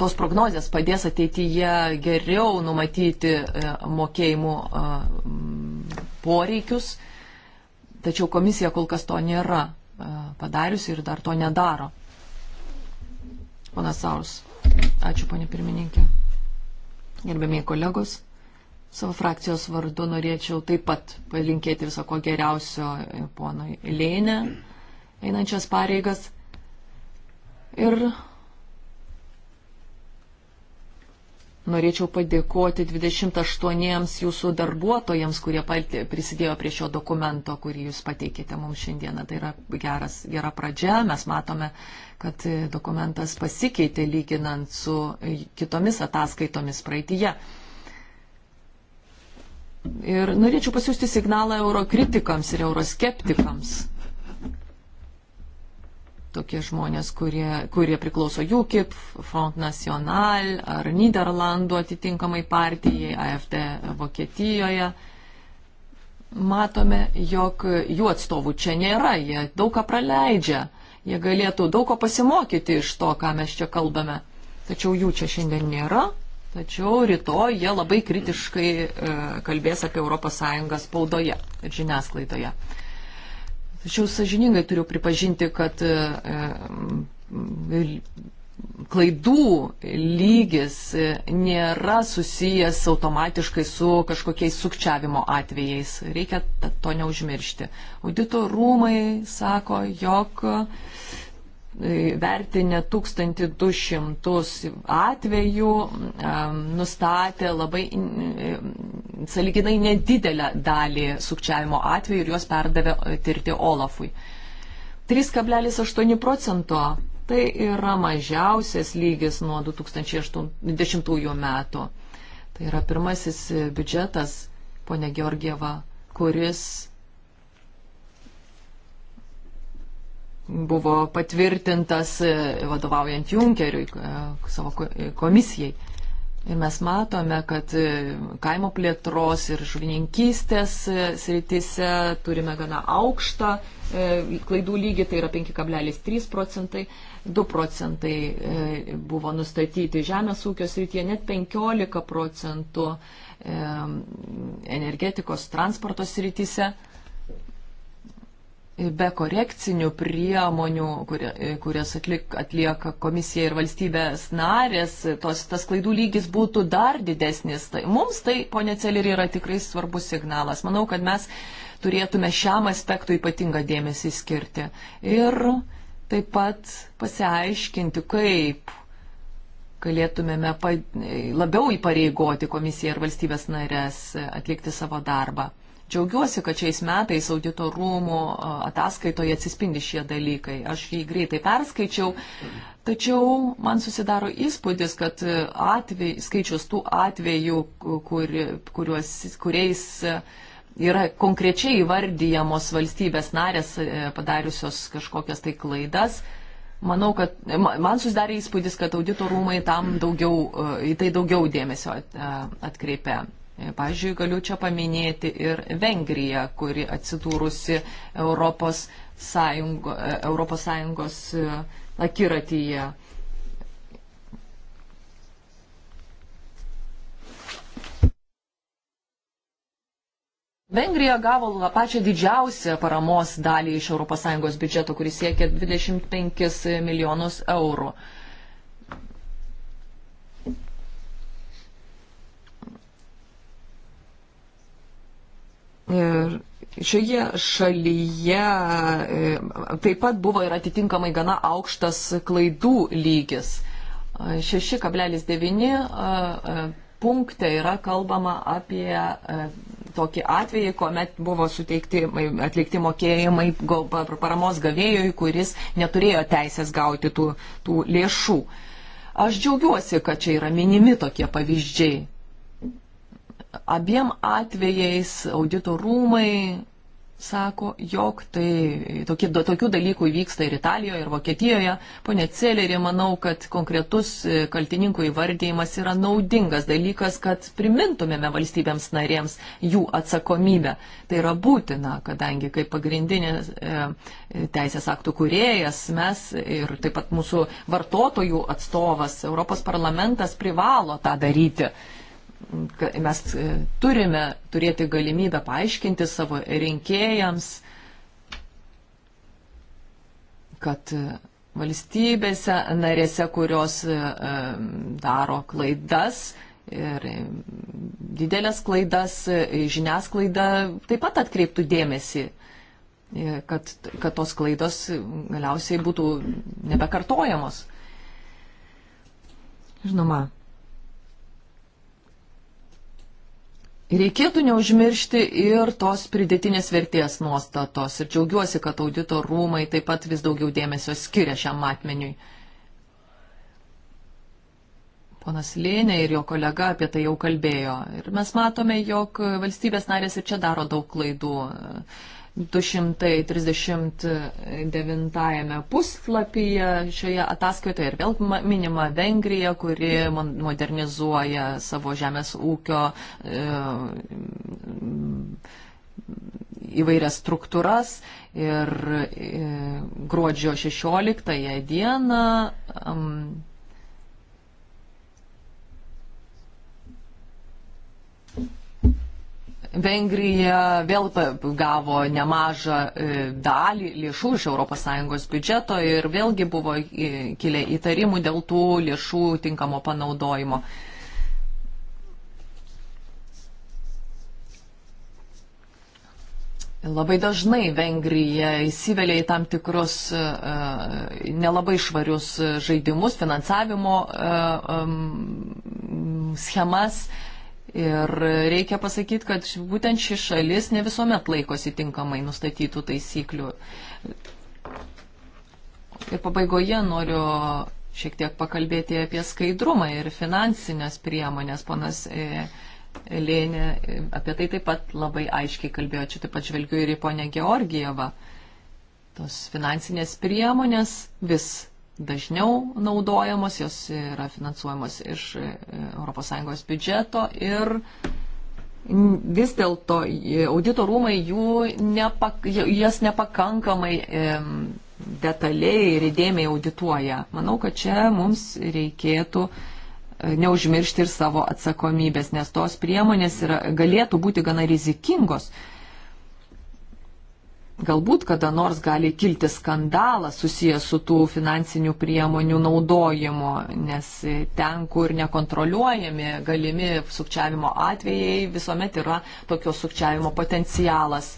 tos prognozijas padės ateityje geriau numatyti e, mokėjimų e, poreikius, tačiau komisija kol kas to nėra e, padariusi ir dar to nedaro. Ponas Saus, ačiū ponė pirmininkė. Gerbėmiai kolegos, savo frakcijos vardu norėčiau taip pat palinkėti viso ko geriausio ponui Lėnė einančias pareigas. Ir Norėčiau padėkoti 28 jūsų darbuotojams, kurie prisidėjo prie šio dokumento, kurį jūs pateikėte mums šiandieną. Tai yra geras, gera pradžia. Mes matome, kad dokumentas pasikeitė lyginant su kitomis ataskaitomis praeitįje. Ir norėčiau pasiūsti signalą eurokritikams ir euroskeptikams, tokie žmonės, kurie, kurie priklauso UKIP, Front National ar Niderlandų atitinkamai partijai, AFD Vokietijoje. Matome, jog jų atstovų čia nėra, jie daug ką praleidžia, jie galėtų daug ko pasimokyti iš to, ką mes čia kalbame. Tačiau jų čia šiandien nėra, tačiau rytoj jie labai kritiškai e, kalbės apie ES spaudoje ir žiniasklaidoje. Tačiau sažiningai turiu pripažinti, kad e, e, klaidų lygis e, nėra susijęs automatiškai su kažkokiais sukčiavimo atvejais. Reikia to neužmiršti. Audito rūmai sako, jog uh, vertinę 1200 atvejų, nustatė labai saliginai nedidelę dalį sukčiavimo atvejų ir juos perdavė tirti Olafui. 3,8 procento tai yra mažiausias lygis nuo 2010 metų. Tai yra pirmasis biudžetas, ponė Georgieva, kuris buvo patvirtintas e, vadovaujant Junkeriui e, savo e, komisijai. Ir mes matome, kad kaimo plėtros ir žuvininkystės sritise turime gana aukštą klaidų lygį, tai yra 5,3 procentai, 2 procentai buvo nustatyti žemės ūkio srityje, net 15 procentų energetikos transporto srityse be korekcinių priemonių, kurie, kurias atlik, atlieka komisija ir valstybės narės, tos, tas klaidų lygis būtų dar didesnis. Tai mums tai, ponė Celerį, yra tikrai svarbus signalas. Manau, kad mes turėtume šiam aspektui ypatingą dėmesį skirti. Ir taip pat pasiaiškinti, kaip galėtumėme labiau įpareigoti komisiją ir valstybės narės atlikti savo darbą. Džiaugiuosi, kad šiais metais audito rūmų ataskaitoje atsispindi šie dalykai. Aš jį greitai perskaičiau, tačiau man susidaro įspūdis, kad atvej, skaičius tų atvejų, kur, kuriuos, kuriais yra konkrečiai įvardyjamos valstybės narės e, padariusios kažkokias tai klaidas. Manau, kad man susidarė įspūdis, kad audito rūmai tam daugiau, e, į tai daugiau dėmesio atkreipia. E, pavyzdžiui, galiu čia paminėti ir Vengriją, kuri atsidūrusi Europos, Sąjungo, e, Europos Sąjungos e, akiratyje. Vengrija gavo la pačią didžiausią paramos dalį iš ES biudžeto, kuris siekia 25 milijonus eurų. Ir šioje šalyje e, taip pat buvo ir atitinkamai gana aukštas klaidų lygis. 6,9 e, e, punkte yra kalbama apie tokį atvejį, kuomet buvo suteikti, atlikti mokėjimai paramos gavėjui, kuris neturėjo teisės gauti tų, tų lėšų. Aš džiaugiuosi, kad čia yra minimi tokie pavyzdžiai. Abiem atvejais audito rūmai sako, jog tai tokie, tokių dalykų vyksta ir Italijoje, ir Vokietijoje. Pone Celerį, manau, kad konkretus e, kaltininkų įvardėjimas yra naudingas dalykas, kad primintumėme valstybėms narėms jų atsakomybę. Tai yra būtina, kadangi kaip pagrindinis e, teisės aktų kuriejas mes ir taip pat mūsų vartotojų atstovas Europos parlamentas privalo tą daryti mes e, turime turėti galimybę paaiškinti savo rinkėjams, kad e, valstybėse narėse, kurios e, daro klaidas ir didelės klaidas, žiniasklaida taip pat atkreiptų dėmesį, kad, kad tos klaidos galiausiai būtų nebekartojamos. Žinoma, Reikėtų neužmiršti ir tos pridėtinės vertės nuostatos ir džiaugiuosi, kad audito rūmai taip pat vis daugiau dėmesio skiria šiam matmeniui. Ponas Lėnė ir jo kolega apie tai jau kalbėjo. Ir mes matome, jog valstybės narės ir čia daro daug klaidų. 239 puslapyje šioje ataskaitoje ir vėl minima Vengrija, kuri modernizuoja savo žemės ūkio e, įvairias struktūras ir e, gruodžio 16 dieną Vengrija vėl gavo nemažą e, dalį lėšų iš ES biudžeto ir vėlgi buvo e, kilę įtarimų dėl tų lėšų tinkamo panaudojimo. Labai dažnai Vengrija įsivelia į tam tikrus e, nelabai švarius žaidimus, finansavimo schemas. Um, Ir reikia pasakyti, kad būtent ši šalis ne visuomet laikosi tinkamai nustatytų taisyklių. Ir pabaigoje noriu šiek tiek pakalbėti apie skaidrumą ir finansinės priemonės. Ponas e, Lėnė e, apie tai taip pat labai aiškiai kalbėjo. Čia taip pat žvelgiu ir į ponę Georgijevą. Tos finansinės priemonės vis dažniau naudojamos, jos yra finansuojamos iš e, ES biudžeto ir vis dėlto audito rūmai nepak, jas nepakankamai detaliai ir įdėmiai audituoja. Manau, kad čia mums reikėtų e, neužmiršti ir savo atsakomybės, nes tos priemonės yra, galėtų būti gana rizikingos galbūt kada nors gali kilti skandalas susijęs su tų finansinių priemonių naudojimu, nes ten, kur nekontroliuojami galimi sukčiavimo atvejai, visuomet yra tokio sukčiavimo potencialas.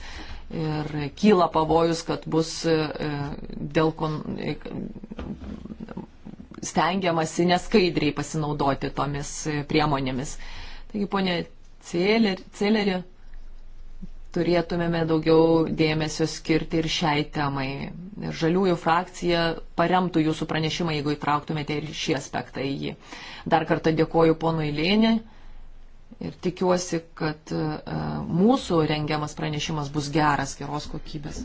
Ir kyla pavojus, kad bus e, dėl kon... E, stengiamasi neskaidriai pasinaudoti tomis e, priemonėmis. Taigi, ponė Celeri, turėtumėme daugiau dėmesio skirti ir šiai temai. Ir žaliųjų frakcija paremtų jūsų pranešimą, jeigu įtrauktumėte ir šį aspektą į jį. Dar kartą dėkoju ponui Lėnį ir tikiuosi, kad e, mūsų rengiamas pranešimas bus geras, geros kokybės.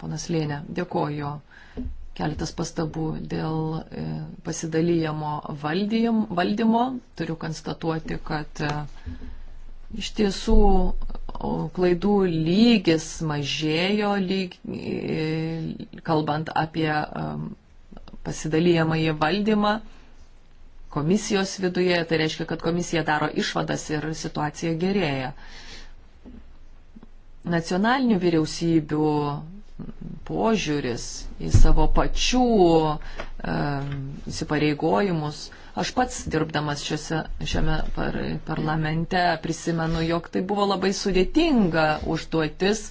Ponas Lėnė, dėkoju. Keletas pastabų dėl e, pasidalyjamo valdymo. Turiu konstatuoti, kad e, Iš tiesų, klaidų lygis mažėjo, lyg, e, kalbant apie pasidalyjamą į valdymą komisijos viduje, tai reiškia, kad komisija daro išvadas ir situacija gerėja. Nacionalinių vyriausybių požiūris, į savo pačių įsipareigojimus. Aš pats dirbdamas šiose, šiame par, parlamente prisimenu, jog tai buvo labai sudėtinga užduotis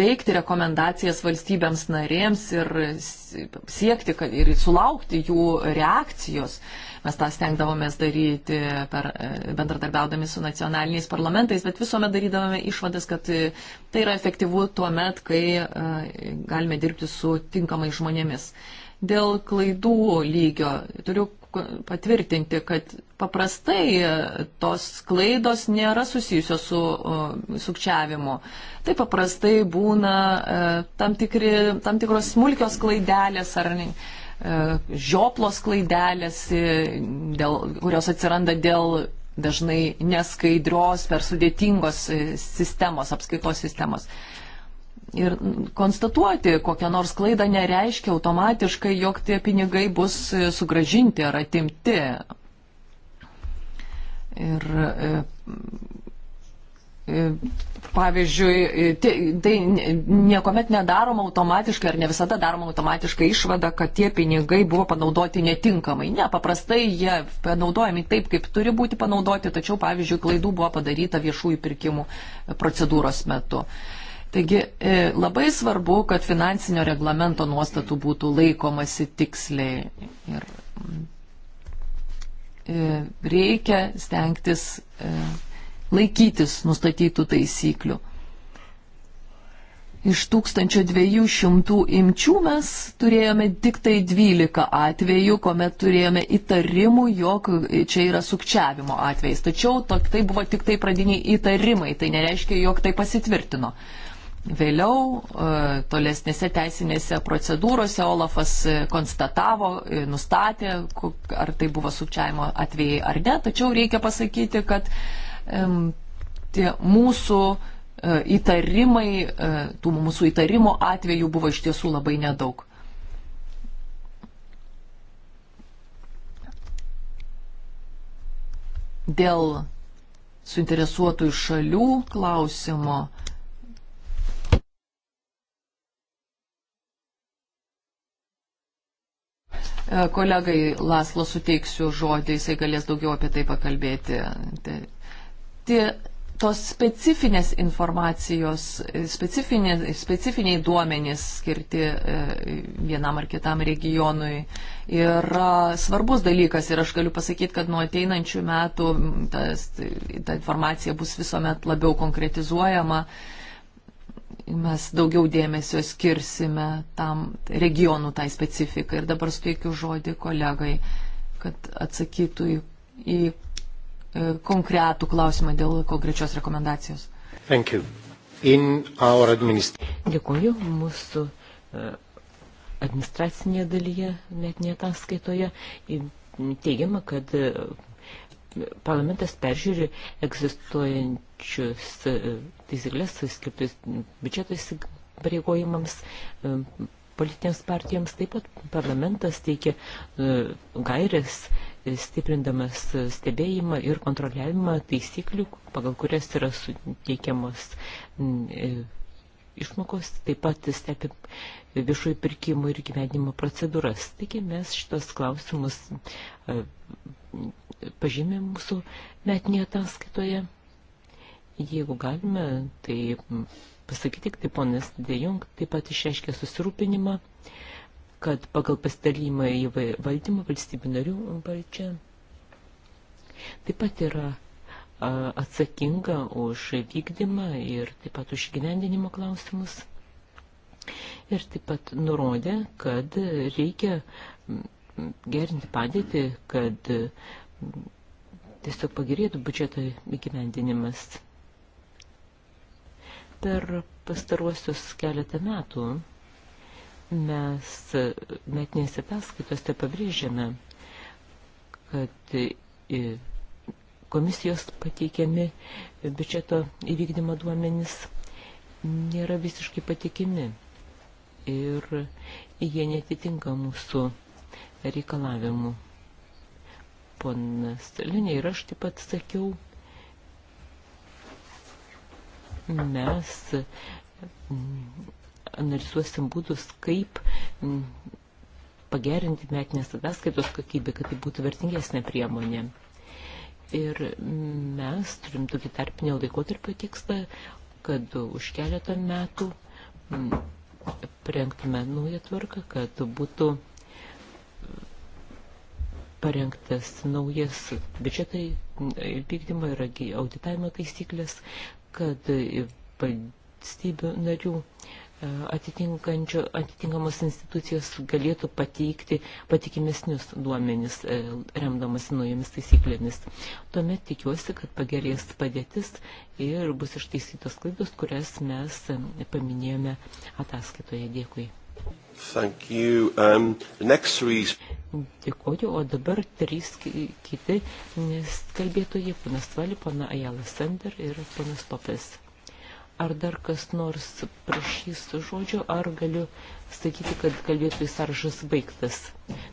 teikti rekomendacijas valstybėms narėms ir siekti kad, ir sulaukti jų reakcijos. Uh, Mes tą stengdavomės daryti per, e, bendradarbiaudami su nacionaliniais parlamentais, bet visuomet darydavome išvadas, kad e, tai yra efektyvu tuo met, kai e, galime dirbti su tinkamai žmonėmis. Dėl klaidų lygio turiu patvirtinti, kad paprastai tos klaidos nėra susijusios su sukčiavimu. Tai paprastai būna tam, tikri, tam tikros smulkios klaidelės ar E, žioplos klaidelės, e, dėl, kurios atsiranda dėl dažnai neskaidrios, per sudėtingos e, sistemos, apskaitos sistemos. Ir konstatuoti kokią nors klaidą nereiškia automatiškai, jog tie pinigai bus sugražinti ar atimti. Ir Pavyzdžiui, tai niekuomet nedaroma automatiškai ar ne visada daroma automatiškai išvada, kad tie pinigai buvo panaudoti netinkamai. Ne, paprastai jie panaudojami taip, kaip turi būti panaudoti, tačiau, pavyzdžiui, klaidų buvo padaryta viešųjų pirkimų procedūros metu. Taigi e, labai svarbu, kad finansinio reglamento nuostatų būtų laikomasi tiksliai. Ir e, reikia stengtis e, laikytis nustatytų taisyklių. Iš 1200 imčių mes turėjome tik tai 12 atvejų, kuomet turėjome įtarimų, jog čia yra sukčiavimo atvejais. Tačiau tai buvo tik tai pradiniai įtarimai, tai nereiškia, jog tai pasitvirtino. Vėliau e, tolesnėse teisinėse procedūrose Olafas e, konstatavo, e, nustatė, ar tai buvo sukčiavimo atvejai ar ne, tačiau reikia pasakyti, kad tie mūsų e, įtarimai, e, tų mūsų įtarimo atvejų buvo iš tiesų labai nedaug. Dėl suinteresuotųjų šalių klausimo. E, kolegai Laslo suteiksiu žodį, jisai galės daugiau apie tai pakalbėti. Tai tie, tos specifinės informacijos, specifiniai, specifiniai duomenys skirti e, vienam ar kitam regionui yra svarbus dalykas ir aš galiu pasakyti, kad nuo ateinančių metų tas, ta informacija bus visuomet labiau konkretizuojama. Mes daugiau dėmesio skirsime tam regionų tai specifikai. Ir dabar suteikiu žodį kolegai, kad atsakytų į, į E, konkretų klausimą dėl konkrečios rekomendacijos. Dėkuoju. Mūsų e, administracinėje dalyje, metinėje ataskaitoje, teigiama, kad e, parlamentas peržiūri egzistuojančius taisyklės skirtus biudžetais pareigojimams politinėms partijoms. Taip pat parlamentas teikia gairės stiprindamas stebėjimą ir kontroliavimą taisyklių, pagal kurias yra suteikiamos e, išmokos, taip pat stebim viešųjų pirkimų ir gyvenimo procedūras. Taigi mes šitos klausimus e, pažymėm mūsų metinėje ataskaitoje. Jeigu galime, tai pasakyti, kad tai ponas Dejung taip pat išreiškė susirūpinimą kad pagal pasitarimą į valdymą valstybių narių valdžia taip pat yra atsakinga už vykdymą ir taip pat už gyvendinimo klausimus. Ir taip pat nurodė, kad reikia gerinti padėtį, kad tiesiog pagerėtų biudžeto įgyvendinimas. Per pastaruosius keletą metų Mes e, metinėse paskaitose pabrėžiame, kad komisijos pateikiami biudžeto įvykdymo duomenys nėra visiškai patikimi ir jie netitinka mūsų reikalavimų. Ponas Linė ir aš taip pat sakiau, mes analizuosim būdus, kaip pagerinti metinės ataskaitos kokybę, kad tai būtų vertingesnė priemonė. Ir mes turim tokį tarpinio laikotarpio tikslą, kad už keletą metų parengtume naują tvarką, kad būtų parengtas naujas biudžetai vykdymo ir auditavimo taisyklės, kad valstybių narių atitinkamos institucijos galėtų pateikti patikimesnius duomenis, e, remdamasi naujomis taisyklėmis. Tuomet tikiuosi, kad pagerės padėtis ir bus ištaisytos klaidos, kurias mes e, paminėjome ataskaitoje. Dėkui. Thank you. Um, the next three... Dėkuoju, o dabar trys kiti kalbėtojai, panas Vali, pana Ajala Sender ir panas Topės. Ar dar kas nors prašys žodžio, ar galiu sakyti, kad kalbėtojų sąrašas baigtas.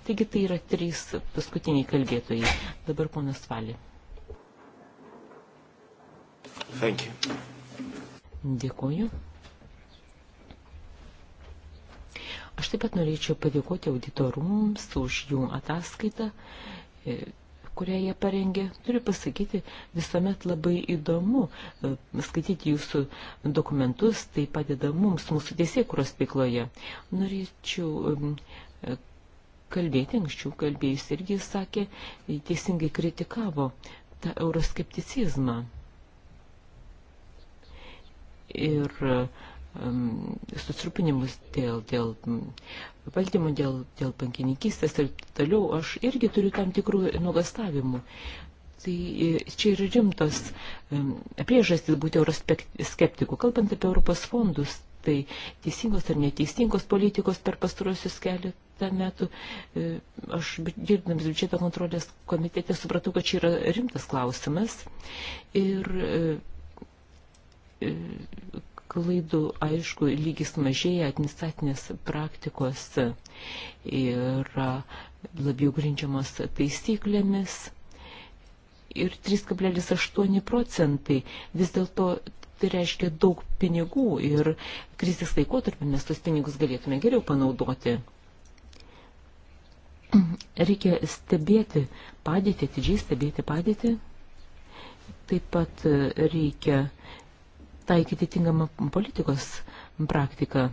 Taigi tai yra trys paskutiniai kalbėtojai. Dabar ponas Valė. Dėkuoju. Aš taip pat norėčiau padėkoti auditorumams už jų ataskaitą kurią jie parengė. Turiu pasakyti, visuomet labai įdomu e, skaityti jūsų dokumentus, tai padeda mums, mūsų tiesiekuros veikloje. Norėčiau e, kalbėti, anksčiau kalbėjus irgi sakė, e, teisingai kritikavo tą euroskepticizmą. Ir uh, Ehm, susirūpinimus dėl, dėl mm, valdymo, dėl, dėl bankininkystės ir toliau, aš irgi turiu tam tikrų nuogastavimų. Tai e, čia yra rimtos ehm, priežastys būti euroskeptikų. Kalbant apie Europos fondus, tai teisingos ar neteisingos politikos per pastarosius keletą metų, e, aš dirbdamas biudžeto kontrolės komitete supratau, kad čia yra rimtas klausimas. Ir e, klaidų, aišku, lygis mažėja, administratinės praktikos yra labiau grindžiamos taisyklėmis. Ir 3,8 procentai vis dėlto tai reiškia daug pinigų ir krizės laikotarpį mes tos pinigus galėtume geriau panaudoti. Reikia stebėti padėtį, atidžiai stebėti padėtį. Taip pat reikia taikyti tinkamą politikos praktiką,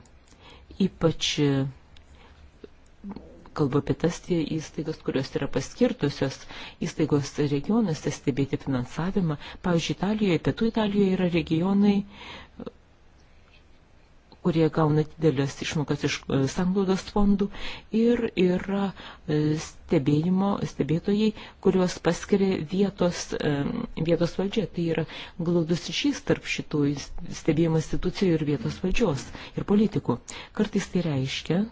ypač e, kalbu apie tas įstaigas, kurios yra paskirtusios įstaigos regionuose stebėti finansavimą. Pavyzdžiui, Italijoje, pietų Italijoje yra regionai, kurie gauna didelės išmokas iš e, sanglaudos fondų ir yra e, stebėjimo, stebėtojai, kuriuos paskiria vietos, e, vietos valdžia. Tai yra glaudus ryšys tarp šitų stebėjimo institucijų ir vietos valdžios ir politikų. Kartais tai reiškia,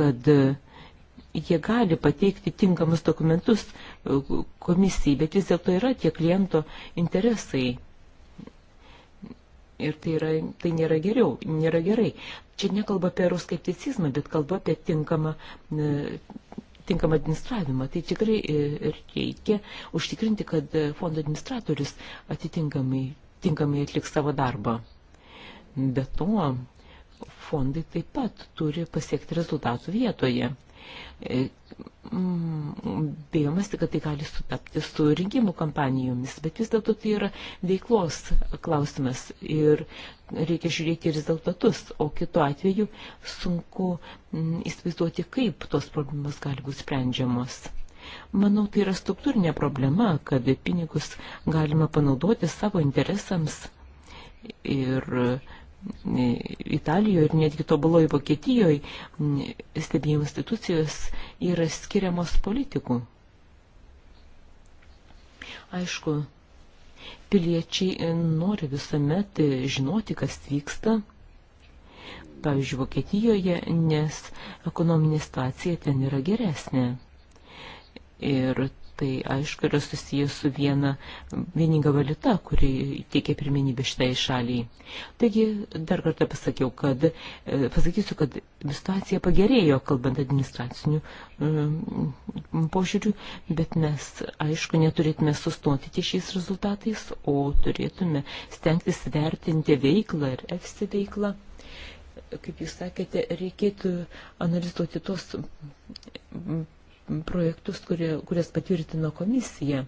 kad jie gali pateikti tinkamus dokumentus komisijai, bet vis dėlto yra tie kliento interesai Ir tai, yra, tai nėra, geriau, nėra gerai. Čia nekalba apie euroskepticizmą, bet kalba apie tinkamą, e, tinkamą administravimą. Tai tikrai e, reikia užtikrinti, kad fondo administratorius atitinkamai tinkamai atliks savo darbą. Be to, fondai taip pat turi pasiekti rezultatų vietoje. E, bijomasi, kad tai gali sutapti su rinkimų kampanijomis, bet vis dėlto tai yra veiklos klausimas ir reikia žiūrėti rezultatus, o kitu atveju sunku įsivaizduoti, kaip tos problemos gali būti sprendžiamos. Manau, tai yra struktūrinė problema, kad pinigus galima panaudoti savo interesams ir uh, Italijoje ir netgi tobuloje Vokietijoje stebėjimo institucijos yra skiriamos politikų. Aišku, piliečiai e, nori visuomet e, žinoti, kas vyksta, pavyzdžiui, Vokietijoje, nes ekonominė situacija ten yra geresnė. Ir Tai aišku yra susijęs su viena vieninga valiuta, kuri teikia pirmenybę šitai šaliai. Taigi dar kartą pasakiau, kad, e, pasakysiu, kad situacija pagerėjo, kalbant administracinių e, požiūrių, bet mes aišku neturėtume sustoti ties šiais rezultatais, o turėtume stengtis vertinti veiklą ir EFSI veiklą kaip jūs sakėte, reikėtų analizuoti tos projektus, kurie, kurias patvirtino komisija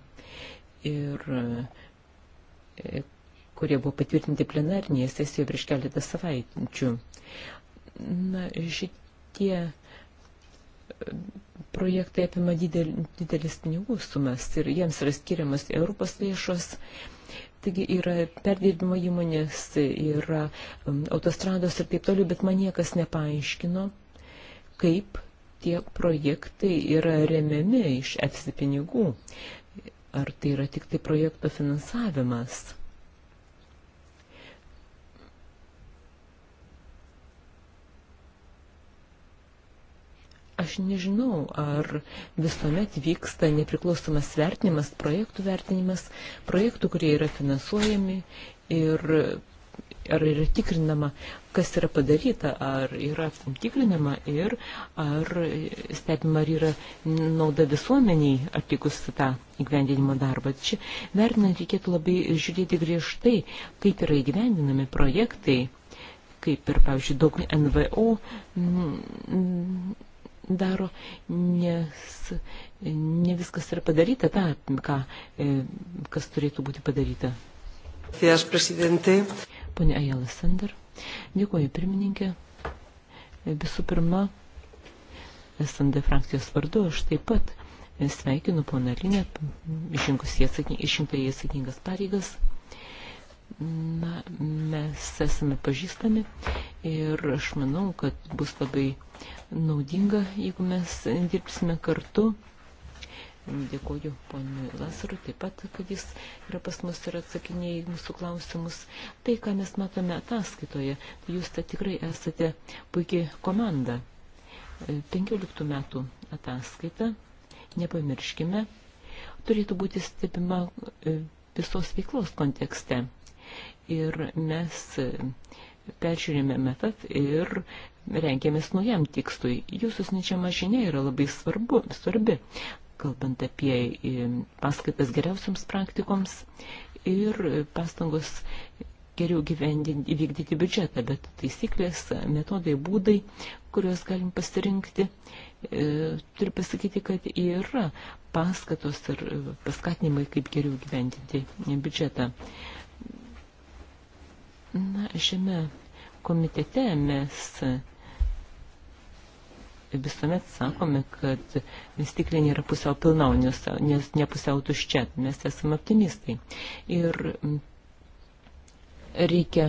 ir e, kurie buvo patvirtinti plenarnėje sesijoje prieš keletą savaičių. Na, šitie e, projektai apima didel, didelis pinigų sumas ir jiems yra skiriamas Europos lėšos. Taigi yra perdirbimo įmonės, yra autostrados ir taip toliau, bet man niekas nepaaiškino, kaip tie projektai yra remiami iš EFSI pinigų? Ar tai yra tik tai projekto finansavimas? Aš nežinau, ar visuomet vyksta nepriklausomas vertinimas, projektų vertinimas, projektų, kurie yra finansuojami ir ar yra tikrinama, kas yra padaryta, ar yra tikrinama ir ar stebima, ar yra nauda visuomeniai atlikus tą įgyvendinimo darbą. Čia vertinant reikėtų labai žiūrėti griežtai, kaip yra įgyvendinami projektai, kaip ir, pavyzdžiui, daug NVO mm, daro, nes ne viskas yra padaryta, ta, ką, e, kas turėtų būti padaryta. Gracias, presidente. Pone Ajala Sander. Dėkuoju, pirmininkė. Visų pirma, SND frakcijos vardu aš taip pat sveikinu poną Linę, išrinktą į atsakingas pareigas. Na, mes esame pažįstami ir aš manau, kad bus labai naudinga, jeigu mes dirbsime kartu Dėkoju ponui Lazarui taip pat, kad jis yra pas mus ir atsakinėja į mūsų klausimus. Tai, ką mes matome ataskaitoje, tai jūs tai tikrai esate puikiai komanda. 15 e, metų ataskaita, nepamirškime, turėtų būti stebima e, visos veiklos kontekste. Ir mes e, peržiūrėjome metod ir renkėmės naujam tikslui. Jūsų siunčiama žinia yra labai svarbu, svarbi kalbant apie e, paskaitas geriausiams praktikoms ir pastangos geriau gyvendinti, įvykdyti biudžetą, bet taisyklės, metodai, būdai, kuriuos galim pasirinkti, e, turiu pasakyti, kad yra paskatos ir paskatinimai, kaip geriau gyvendinti biudžetą. Na, šiame komitete mes visuomet sakome, kad stiklinė yra pusiau pilna, nes ne pusiau tuščia, mes esame optimistai. Ir mm, reikia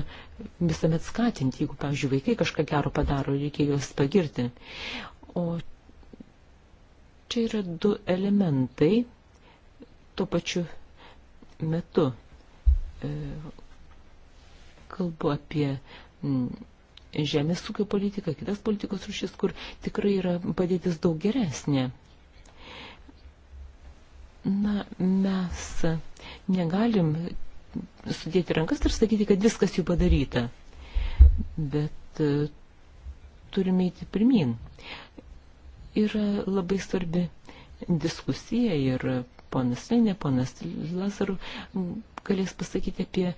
visuomet skatinti, jeigu, pavyzdžiui, vaikai kažką gero padaro, reikia juos pagirti. O čia yra du elementai tuo pačiu metu. E, kalbu apie mm, žemės ūkio politika, kitas politikos rušis, kur tikrai yra padėtis daug geresnė. Na, mes negalim sudėti rankas ir sakyti, kad viskas jau padaryta. Bet e, turime eiti pirmin. Yra labai svarbi diskusija ir ponas Lenė, ponas Lazarų galės pasakyti apie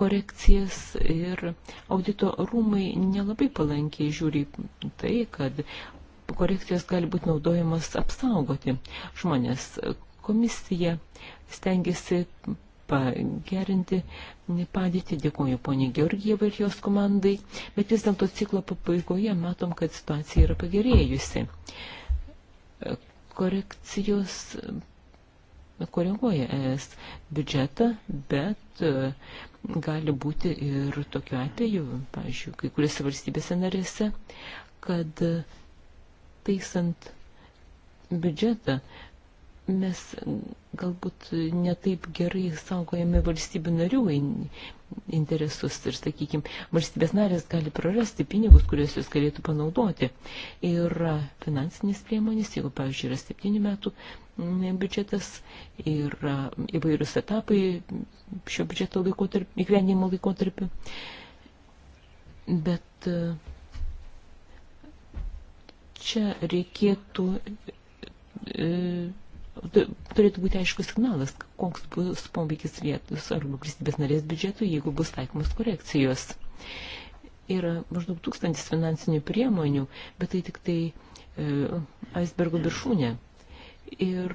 korekcijas ir audito rūmai nelabai palankiai žiūri tai, kad korekcijos gali būti naudojamos apsaugoti žmonės. Komisija stengiasi pagerinti padėtį. Dėkuoju poniai Georgievai ir jos komandai, bet vis dėlto ciklo pabaigoje matom, kad situacija yra pagerėjusi. Korekcijos koreguoja ES biudžetą, bet e, gali būti ir tokiu atveju, pavyzdžiui, kai kuriuose valstybėse narėse, kad e, taisant biudžetą mes galbūt netaip gerai saugojame valstybių narių interesus ir, sakykime, valstybės narės gali prarasti pinigus, kuriuos jūs galėtų panaudoti. Ir finansinės priemonės, jeigu, pavyzdžiui, yra septynių metų biudžetas ir įvairius etapai šio biudžeto laikotarp, įgyvenimo laikotarpiu. Bet e, čia reikėtų e, turėtų būti aiškus signalas, koks bus poveikis vietos arba valstybės narės biudžetų, jeigu bus taikomas korekcijos. Yra maždaug tūkstantis finansinių priemonių, bet tai tik tai e, aisbergo viršūnė. Ir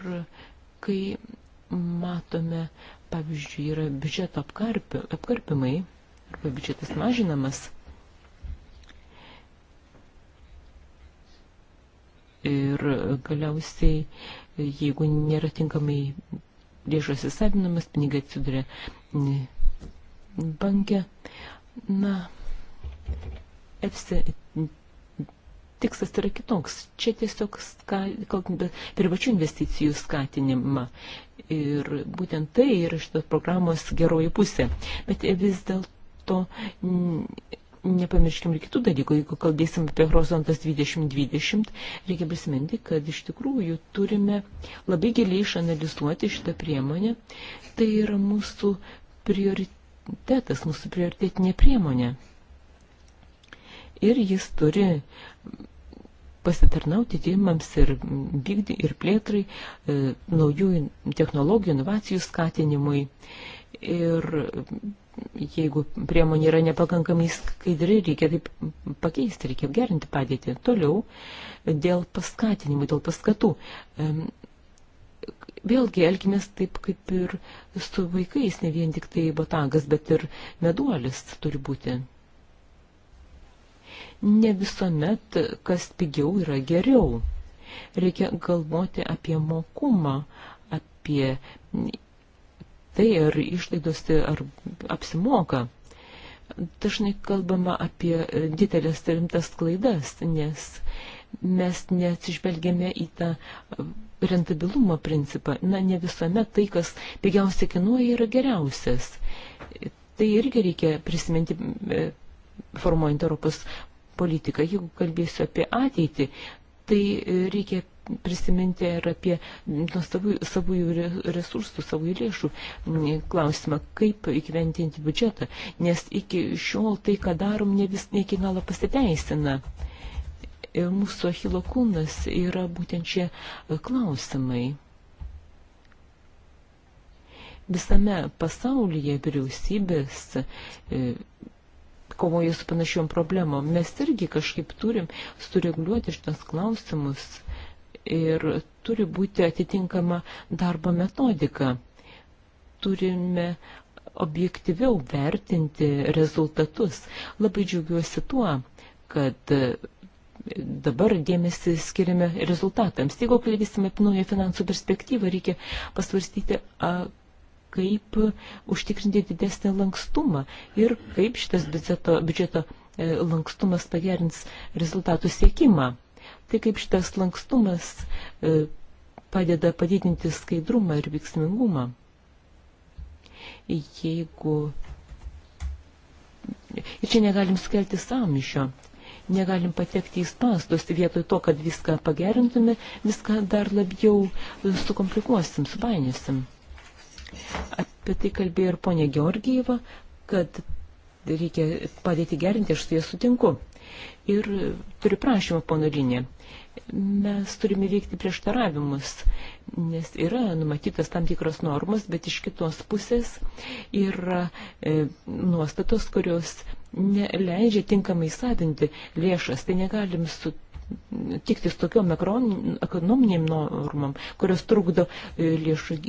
kai matome, pavyzdžiui, yra biudžeto apkarpimai arba biudžetas mažinamas, ir galiausiai, jeigu nėra tinkamai lėšos įsavinamas, pinigai atsiduria bankė. Na, EFSI tikslas yra kitoks. Čia tiesiog ska, privačių investicijų skatinimą. Ir būtent tai yra šitos programos geroji pusė. Bet vis dėlto nepamirškim ir kitų dalykų. Jeigu kalbėsim apie horizontas 2020, reikia prisiminti, kad iš tikrųjų turime labai giliai išanalizuoti šitą priemonę. Tai yra mūsų prioritetas, mūsų prioritetinė priemonė. Ir jis turi pasitarnauti tyrimams ir vykdy ir plėtrai, e, naujų technologijų, inovacijų skatinimui. Ir jeigu priemonė yra nepakankamai skaidri, reikia taip pakeisti, reikia gerinti padėtį. Toliau dėl paskatinimų, dėl paskatų. Vėlgi elgimės taip kaip ir su vaikais, ne vien tik tai botagas, bet ir meduolis turi būti. Ne visuomet, kas pigiau yra geriau. Reikia galvoti apie mokumą, apie apskritai, ar išlaidos tai ar apsimoka. Dažnai kalbama apie didelės rimtas klaidas, nes mes neatsižvelgėme į tą rentabilumo principą. Na, ne visuomet tai, kas pigiausiai kainuoja, yra geriausias. Tai irgi reikia prisiminti e, formuojant Europos politiką. Jeigu kalbėsiu apie ateitį, tai reikia prisiminti ir apie nu, savų, savųjų resursų, savųjų lėšų mm, klausimą, kaip įgyventinti biudžetą, nes iki šiol tai, ką darom, ne vis ne iki galo pasiteisina. Ir mūsų achilo kūnas yra būtent šie e, klausimai visame pasaulyje vyriausybės e, kovoja su panašiom problemom. Mes irgi kažkaip turim sureguliuoti šitas klausimus ir turi būti atitinkama darbo metodika. Turime objektyviau vertinti rezultatus. Labai džiaugiuosi tuo, kad dabar dėmesį skiriame rezultatams. Jeigu kalbėsime apie naują finansų perspektyvą, reikia pasvarstyti, a, kaip užtikrinti didesnį lankstumą ir kaip šitas biudžeto, biudžeto e, lankstumas pagerins rezultatų siekimą tai kaip šitas lankstumas e, padeda padidinti skaidrumą ir veiksmingumą. Jeigu. Ir čia negalim skelti samyšio, negalim patekti į spastus, vietoj to, kad viską pagerintume, viską dar labiau sukomplikuosim, subainėsim. Apie tai kalbėjo ir ponė Georgijeva, kad reikia padėti gerinti, aš su jie sutinku. Ir turiu prašymą, pono Linė mes turime veikti prieštaravimus, nes yra numatytas tam tikros normos, bet iš kitos pusės yra e, nuostatos, kurios neleidžia tinkamai savinti lėšas. Tai negalim su tiktis tokiom ekonominėm normam, kurios trukdo e, lėšų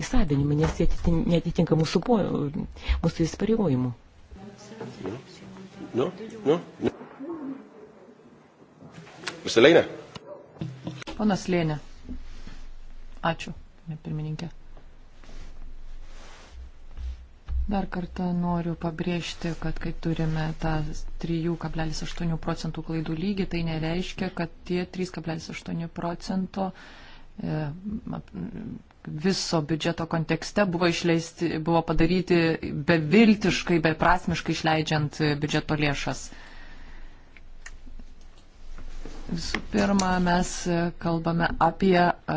įsavinimą, nes jie netitinka mūsų, po, mūsų įsipareigojimų. No, no, no. Mr. Leinė. Ponas Lėnė. Ačiū, pirmininkė. Dar kartą noriu pabrėžti, kad kai turime tą 3,8 procentų klaidų lygį, tai nereiškia, kad tie 3,8 procento e, viso biudžeto kontekste buvo, išleisti, buvo padaryti beviltiškai, beprasmiškai išleidžiant biudžeto lėšas. Visų pirma, mes e, kalbame apie e,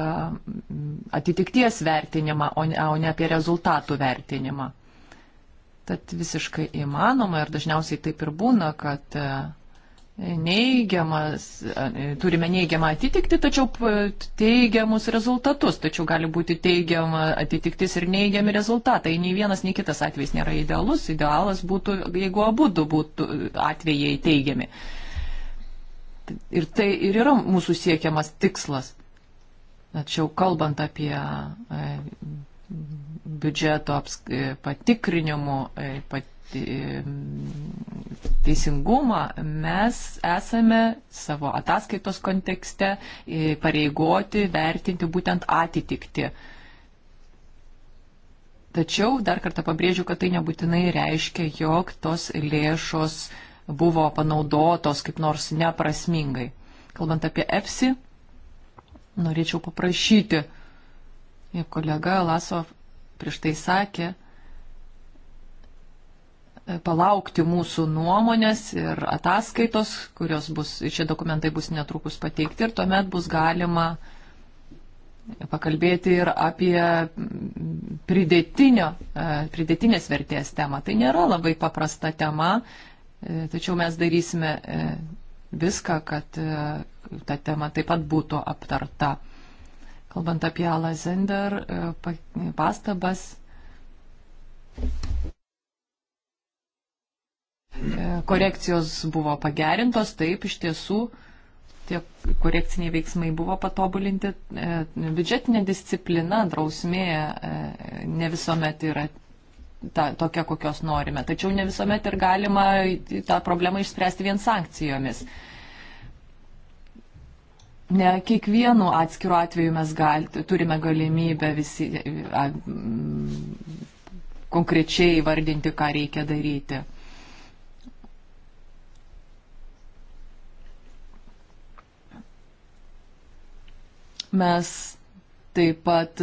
atitikties vertinimą, o ne, o ne apie rezultatų vertinimą. Tad visiškai įmanoma ir dažniausiai taip ir būna, kad e, neįgiamas, turime neįgiamą atitikti, tačiau teigiamus rezultatus, tačiau gali būti teigiama atitiktis ir neįgiami rezultatai. Nei vienas, nei kitas atvejis nėra idealus. Idealas būtų, jeigu abu būtų atvejai teigiami. Uh, Ir tai ir yra mūsų siekiamas tikslas. Tačiau kalbant apie e, biudžeto e, patikrinimų e, teisingumą, mes esame savo ataskaitos kontekste pareigoti vertinti būtent atitikti. Tačiau dar kartą pabrėžiu, kad tai nebūtinai reiškia, jog tos lėšos uh, buvo panaudotos kaip nors neprasmingai. Kalbant apie EPSI, norėčiau paprašyti, kaip kolega Lasov prieš tai sakė, palaukti mūsų nuomonės ir ataskaitos, kurios bus, šie dokumentai bus netrukus pateikti ir tuomet bus galima pakalbėti ir apie pridėtinės vertės temą. Tai nėra labai paprasta tema, E, tačiau mes darysime e, viską, kad e, ta tema taip pat būtų aptarta. Kalbant apie Alą Zender pastabas. Korekcijos buvo pagerintos, taip iš tiesų tie korekciniai veiksmai buvo patobulinti. Biudžetinė disciplina, drausmė ne visuomet yra ta, tokia, kokios norime. Tačiau ne visuomet ir galima tą problemą išspręsti vien sankcijomis. Ne kiekvienu atskiru atveju mes gal, turime galimybę visi a, m, konkrečiai vardinti, ką reikia daryti. Mes Taip pat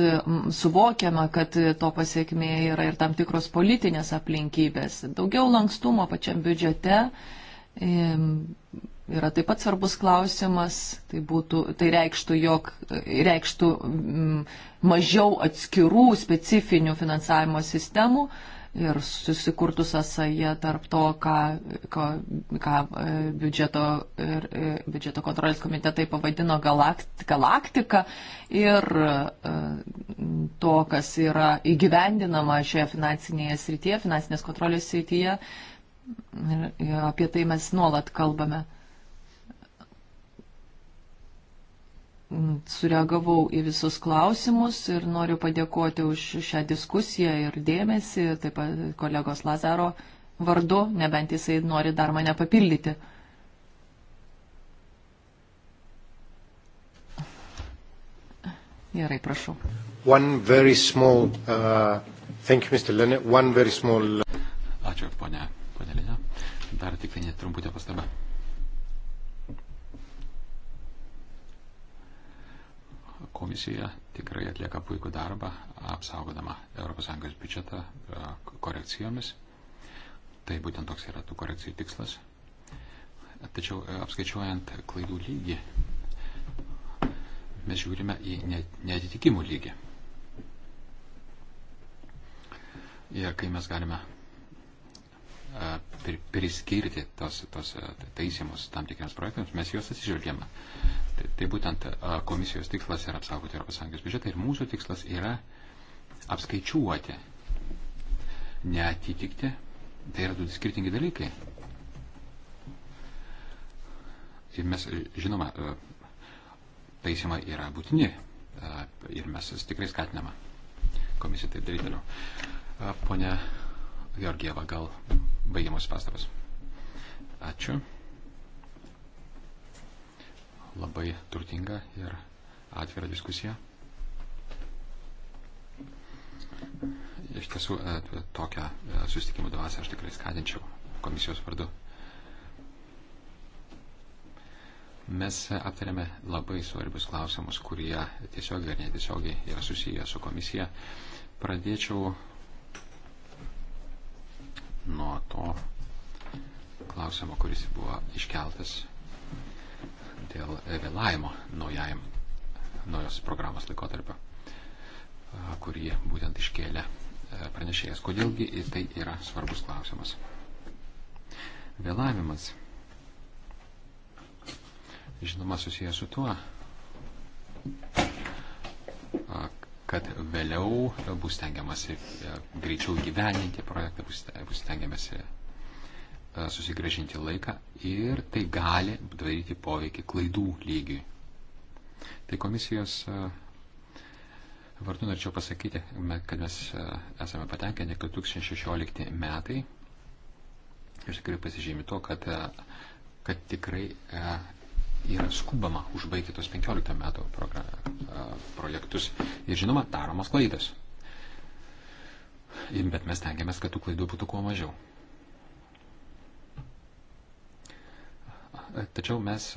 suvokiama, kad to pasiekmė yra ir tam tikros politinės aplinkybės. Daugiau lankstumo pačiam biudžete yra taip pat svarbus klausimas. Tai, būtų, tai reikštų, jog reikštų mažiau atskirų specifinių finansavimo sistemų ir susikurtų sąsąją tarp to, ką, ką, ką e, biudžeto, ir, e, biudžeto kontrolės komitetai pavadino galakt, galaktika ir e, to, kas yra įgyvendinama šioje finansinėje srityje, finansinės kontrolės srityje. Ir apie tai mes nuolat kalbame. sureagavau į visus klausimus ir noriu padėkoti už šią diskusiją ir dėmesį, taip pat kolegos Lazaro vardu, nebent jisai nori dar mane papildyti. Gerai, prašau. One very small, uh, thank you, Mr. Lenė, one very small. Ačiū, ponė, ponė Lenė. Dar tik vieną trumputę pastabą. Komisija tikrai atlieka puikų darbą, apsaugodama ES biudžetą e, korekcijomis. Tai būtent toks yra tų korekcijų tikslas. Tačiau e, apskaičiuojant klaidų lygį, mes žiūrime į netitikimų lygį. Ir kai mes galime priskirti tos, tos taisimus tam tikriems projektams, mes juos atsižvelgiame. Tai, tai būtent komisijos tikslas yra apsaugoti ES biudžetą ir mūsų tikslas yra apskaičiuoti neatitikti. Tai yra du skirtingi dalykai. Ir mes, žinoma, taisymai yra būtini ir mes tikrai skatinama komisiją tai daryti toliau. Pone Georgieva, gal baigiamos pastabas. Ačiū. Labai turtinga ir atvira diskusija. Iš tiesų, e, tokią e, susitikimų dvasę aš tikrai skatinčiau komisijos vardu. Mes aptarėme labai svarbius klausimus, kurie tiesiogiai ar netiesiogiai yra susiję su komisija. Pradėčiau nuo to klausimo, kuris buvo iškeltas dėl vėlavimo naujajam, naujos programos laikotarpio, kurį būtent iškėlė e, pranešėjas. Kodėlgi tai yra svarbus klausimas? Vėlavimas, žinoma, susijęs su tuo, kad vėliau bus tengiamasi e, greičiau gyveninti projektą, bus e, tengiamasi e, susigražinti laiką ir tai gali daryti poveikį klaidų lygiui. Tai komisijos vardu norėčiau pasakyti, kad mes esame patenkinti, kad 2016 metai iš tikrųjų pasižymi to, kad, kad tikrai yra skubama užbaigti tos 15 metų projektus ir žinoma, daromas klaidas. Bet mes tengiamės, kad tų klaidų būtų kuo mažiau. Tačiau mes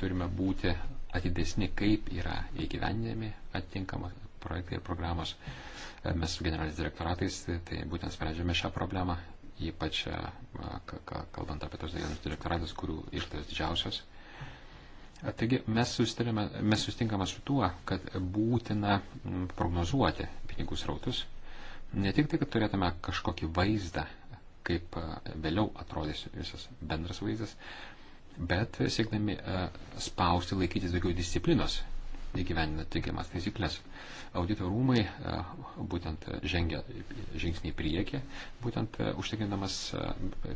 turime būti atidesni, kaip yra įgyvendinami atitinkama projektai ir programos. Mes su generalinis direktoratais tai, tai būtent sprendžiame šią problemą, ypač kalbant apie tos generalinius direktoratus, kurių išlaidos didžiausios. Taigi mes, mes sustinkame su tuo, kad būtina mm, prognozuoti pinigų srautus. Ne tik tai, kad turėtume kažkokį vaizdą, kaip vėliau atrodys visas bendras vaizdas, bet siekdami spausti laikytis daugiau disciplinos įgyvendinant teigiamas taisyklės. Audito rūmai būtent žengia žingsnį į priekį, būtent užtikrindamas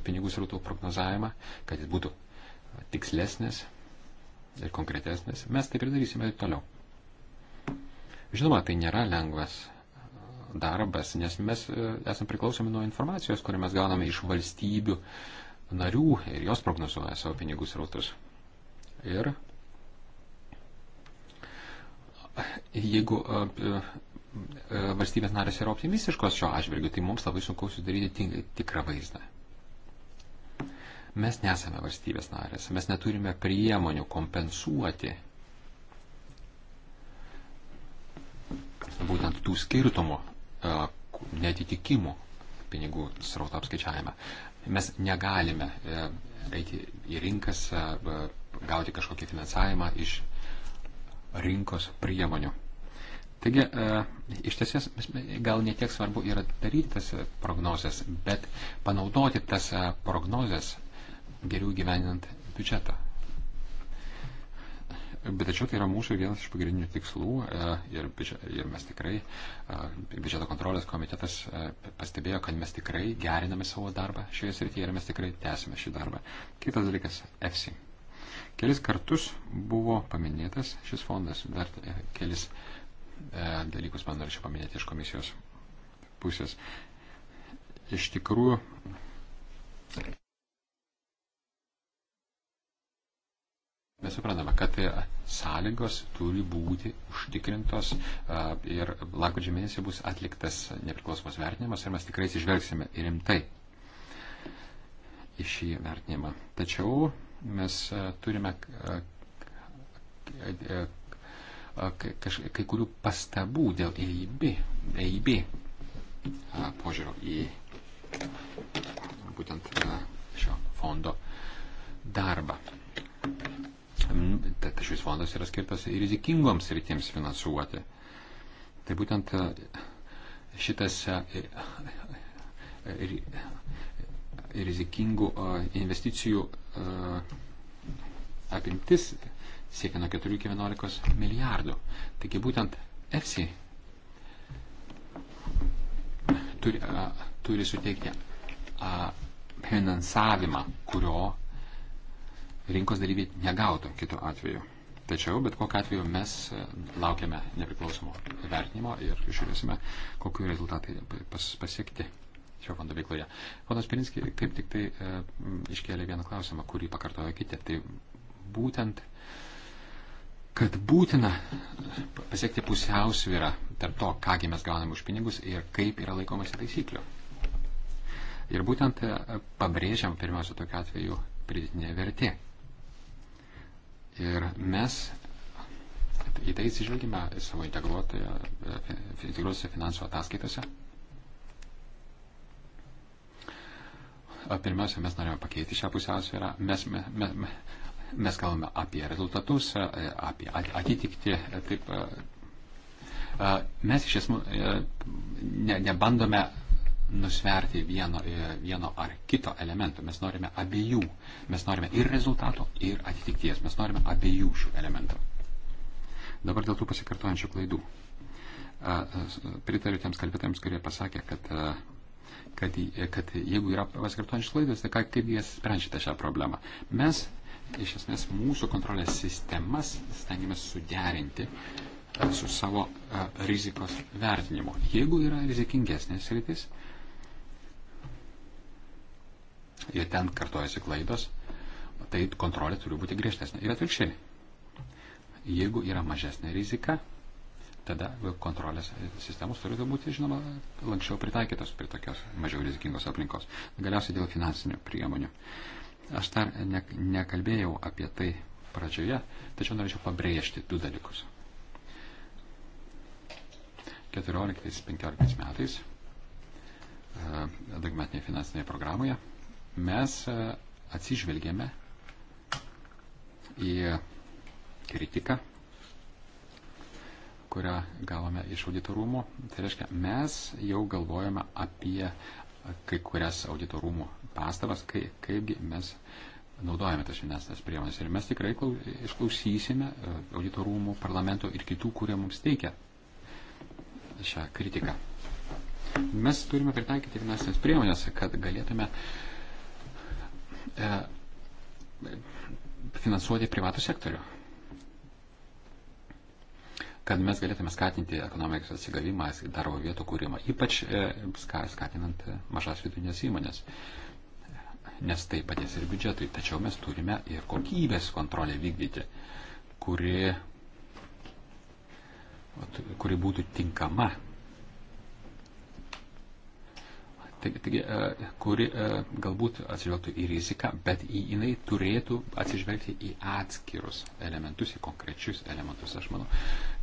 pinigų srautų prognozavimą, kad jis būtų tikslesnis, ir konkretesnės, mes taip ir darysime ir toliau. Žinoma, tai nėra lengvas uh, darbas, nes mes uh, esame priklausomi nuo informacijos, kurią mes gauname iš valstybių narių ir jos prognozuoja savo pinigus rautus. Ir jeigu uh, valstybės narės yra optimistiškos šio atžvilgiu, tai mums labai sunku sudaryti tikrą vaizdą. Mes nesame valstybės narės, mes neturime priemonių kompensuoti būtent tų skirtumų, e, netitikimų pinigų srauto apskaičiavime. Mes negalime e, eiti į rinkas, e, gauti kažkokį finansavimą iš rinkos priemonių. Taigi, iš tiesies, gal netiek svarbu yra daryti tas prognozes, bet panaudoti tas prognozes geriau gyveninant biudžetą. Bet tačiau tai yra mūsų vienas iš pagrindinių tikslų e, ir, ir mes tikrai, e, biudžeto kontrolės komitetas e, pastebėjo, kad mes tikrai geriname savo darbą šioje srityje ir mes tikrai tęsime šį darbą. Kitas dalykas - EFSI. Kelis kartus buvo paminėtas šis fondas, dar kelis dalykus man norėčiau paminėti iš komisijos pusės. Iš tikrųjų, Mes suprantame, kad tai sąlygos turi būti užtikrintos ir lakrūčio mėnesį bus atliktas nepriklausomas vertinimas ir mes tikrai išvelgsime rimtai į šį vertinimą. Tačiau mes turime kai kurių pastabų dėl EIB, EIB požiūrio į būtent šio fondo darbą. Mm, Tad šis fondas yra skirtas rizikingoms rytims finansuoti. Tai būtent e, šitas e, e, rizikingų investicijų apimtis siekia nuo 4 iki 11 milijardų. Taigi būtent EFSI turi, turi suteikti finansavimą, kurio rinkos dalyviai negautų kitų atveju. Tačiau, bet kokiu atveju, mes e, laukiame nepriklausomo vertinimo ir žiūrėsime, kokiu rezultatai pas, pasiekti šio fondo veikloje. Ponas Pirinski kaip tik tai e, iškėlė vieną klausimą, kurį pakartojo kiti. Tai būtent, kad būtina pasiekti pusiausvyrą tarp to, kągi mes gauname už pinigus ir kaip yra laikomasi taisyklių. Ir būtent e, pabrėžiam pirmiausia tokiu atveju pridėtinė vertė, Ir mes į tai atsižvelgime savo integruotose finansų ataskaitose. Pirmiausia, mes norime pakeisti šią pusiausvyrą. Mes, mes, mes, mes kalbame apie rezultatus, apie atitikti. Taip, mes iš esmės ne, nebandome ne nusverti vieno, e, vieno ar kito elemento. Mes norime abiejų. Mes norime ir rezultato, ir atitikties. Mes norime abiejų šių elementų. Dabar dėl tų pasikartojančių klaidų. Pritariu tiems kalbėtojams, kurie pasakė, kad, kad, e, kad jeigu yra pasikartojančios klaidos, tai kaip jie sprendžiate šią problemą. Mes, iš esmės, mūsų kontrolės sistemas stengiamės suderinti su savo rizikos vertinimu. Jeigu yra rizikingesnės rytis, ir ten kartojasi klaidos, tai kontrolė turi būti griežtesnė. Ir atvirkščiai. Jeigu yra mažesnė rizika, tada kontrolės sistemos turėtų būti, žinoma, lankščiau pritaikytos prie tokios mažiau rizikingos aplinkos. Galiausiai dėl finansinių priemonių. Aš dar ne, nekalbėjau apie tai pradžioje, tačiau norėčiau pabrėžti du dalykus. 14-15 metais e, dokumentinėje finansinėje programoje mes e, atsižvelgėme į kritiką, kurią gavome iš auditorumų. Tai reiškia, mes jau galvojame apie kai kurias auditorumų pastabas, kai, kaipgi mes naudojame tas finansinės priemonės. Ir mes tikrai išklausysime e, auditorumų, parlamento ir kitų, kurie mums teikia šią kritiką. Mes turime pritaikyti finansinės priemonės, kad galėtume uh, E, finansuoti privatų sektorių, kad mes galėtume skatinti ekonomikos atsigavimą, darbo vietų kūrimą, ypač e, skatinant mažas vidutinės įmonės, nes tai padės ir biudžetui, tačiau mes turime ir kokybės kontrolę vykdyti, kuri, kuri būtų tinkama taigi, e, kuri e, galbūt atsižvelgtų į riziką, bet jinai turėtų atsižvelgti į atskirus elementus, į konkrečius elementus. Aš manau,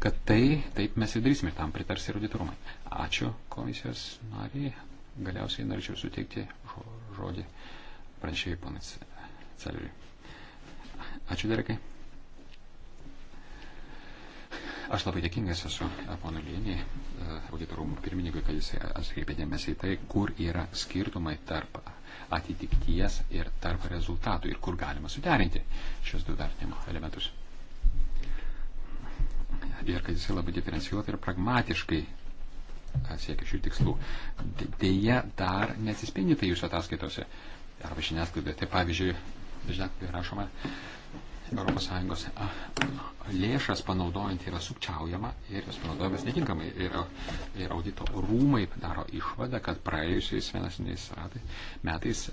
kad tai, taip mes ir darysime, tam pritars ir auditorumai. Ačiū komisijos nariai. Galiausiai norėčiau suteikti žodį pranešėjai ponas Celeriui. Ačiū, Derekai. Aš labai dėkingas esu ponui Lėniai, auditorumų pirmininkui, kad jis atkreipė dėmesį į tai, kur yra skirtumai tarp atitikties ir tarp rezultatų ir kur galima suderinti šios du vertinimo elementus. Ir kad jisai labai diferencijuotai ir pragmatiškai siekia šių tikslų. Deja, dar nesispindi tai jūsų ataskaitose arba žiniasklaidoje. Tai pavyzdžiui, žiniasklaidoje rašoma, ES lėšas panaudojant yra sukčiaujama ir jos panaudojamas netinkamai. Ir, ir audito rūmai daro išvadą, kad praėjusiais vienasiniais metais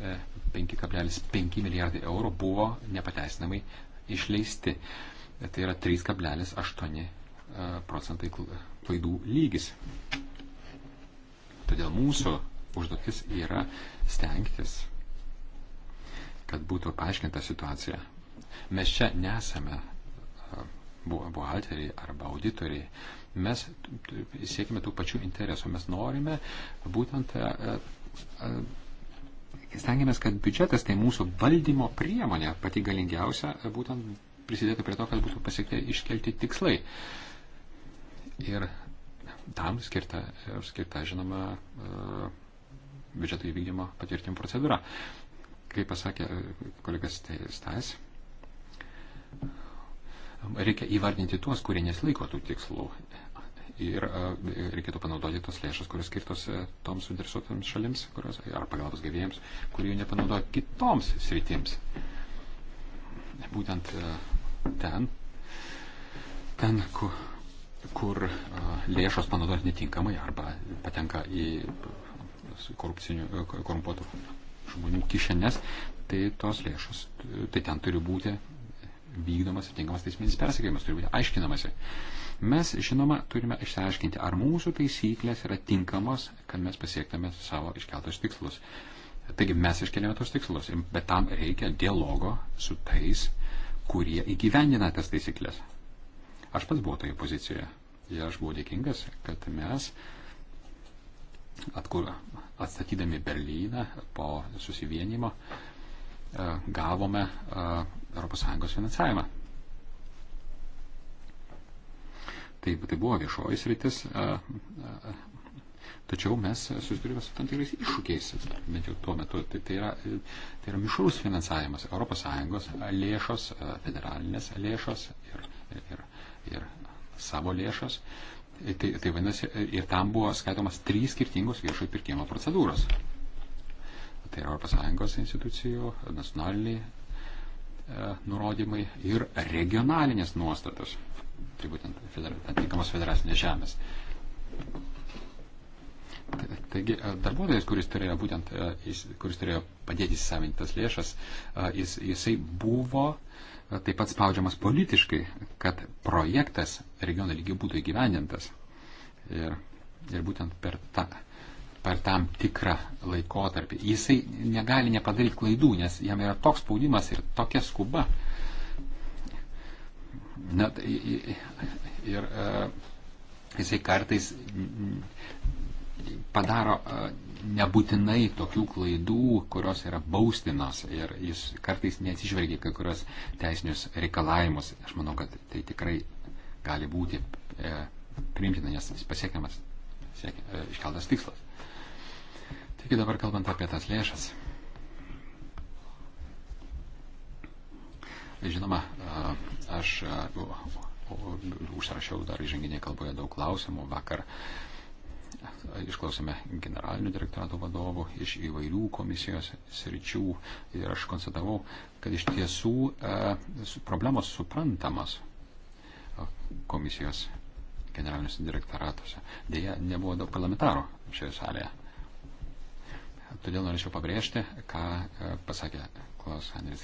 5,5 e, milijardai eurų buvo nepateisinamai išleisti. Tai yra 3,8 e, procentai klaidų lygis. Todėl mūsų užduotis yra stengtis, kad būtų paaiškinta situacija Mes čia nesame buhalteriai arba auditoriai. Mes siekime tų pačių interesų. Mes norime būtent. Stengiamės, kad biudžetas tai mūsų valdymo priemonė, pati galingiausia, būtent prisidėtų prie to, kad būtų pasiekti iškelti tikslai. Ir tam skirta, skirta žinoma, biudžeto įvykdymo patvirtinimo procedūra. Kaip pasakė kolegas Stais, Reikia įvardinti tuos, kurie nesilaiko tų tikslų. Ir reikėtų panaudoti tas lėšas, kurios skirtos e, toms suinteresuotams šalims, kurios, ar pagalbos gavėjams, kurių nepanaudoja kitoms sritims. Būtent e, ten, ten, kur, kur lėšos panaudojamos netinkamai arba patenka į e, korumpuotų žmonių kišenes, tai tos lėšos, tai ten turi būti vykdomas ir tinkamas teisminis persekėjimas, turi būti aiškinamasi. Mes, žinoma, turime išsiaiškinti, ar mūsų taisyklės yra tinkamos, kad mes pasiektume savo iškeltus tikslus. Taigi mes iškeliame tos tikslus, bet tam reikia dialogo su tais, kurie įgyvendina tas taisyklės. Aš pats buvau toje pozicijoje ir aš buvau dėkingas, kad mes atkur, atstatydami Berlyną po susivienimo e, gavome e, ES finansavimą. Taip, tai buvo viešoji sritis, tačiau mes susidurime su tam tikrais iššūkiais, bent jau tuo metu. Tai, tai, yra, tai yra mišrus finansavimas ES lėšos, federalinės lėšos ir, ir, ir savo lėšos. Tai, tai, tai vadinasi, ir tam buvo skaitomas trys skirtingos viešojo pirkimo procedūros. Tai yra ES institucijų, nacionaliniai E, nurodymai ir regionalinės nuostatos, tai būtent atitinkamos federacinės žemės. Taigi e, darbuotojas, kuris turėjo, būtent, e, kuris turėjo padėti įsisavinti tas lėšas, jis, jisai buvo taip pat spaudžiamas politiškai, kad projektas regiono lygiai būtų įgyvendintas. Ir, ir būtent per tą per tam tikrą laikotarpį. Jisai negali nepadaryti klaidų, nes jam yra toks spaudimas ir tokia skuba. Na, tai, ir, ir e, jisai kartais padaro e, nebūtinai tokių klaidų, kurios yra baustinos ir jis kartais neatsižvelgia kai kurios teisinius reikalavimus. Aš manau, kad tai tikrai gali būti e, priimtina, nes pasiekiamas siekia, iškeltas tikslas. Taigi dabar kalbant apie tas lėšas. Žinoma, aš užrašiau dar įžanginiai kalboje daug klausimų vakar. Išklausėme generalinių direktorato vadovų iš įvairių komisijos sričių ir aš konstatavau, kad iš tiesų problemos suprantamos komisijos generaliniuose direktoratuose. Deja, nebuvo daug parlamentarų šioje salėje. Todėl norėčiau pabrėžti, ką e, pasakė Klaus Andris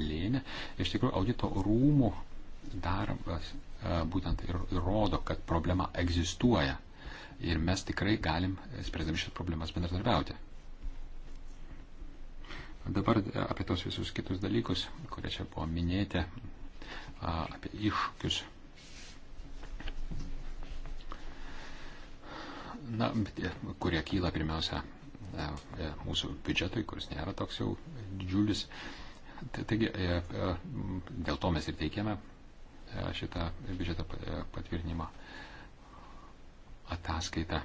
Lėnė. Iš tikrųjų, audito rūmų darbas e, būtent ir rodo, kad problema egzistuoja ir mes tikrai galim, e, spręsdami šias problemas, bendradarbiauti. Dabar apie tos visus kitus dalykus, kurie čia buvo minėti, apie iššūkius. Na, kurie kyla pirmiausia E, mūsų biudžetui, kuris nėra toks jau didžiulis. Taigi, e, e, dėl to mes ir teikėme šitą biudžetą patvirtinimą ataskaitą.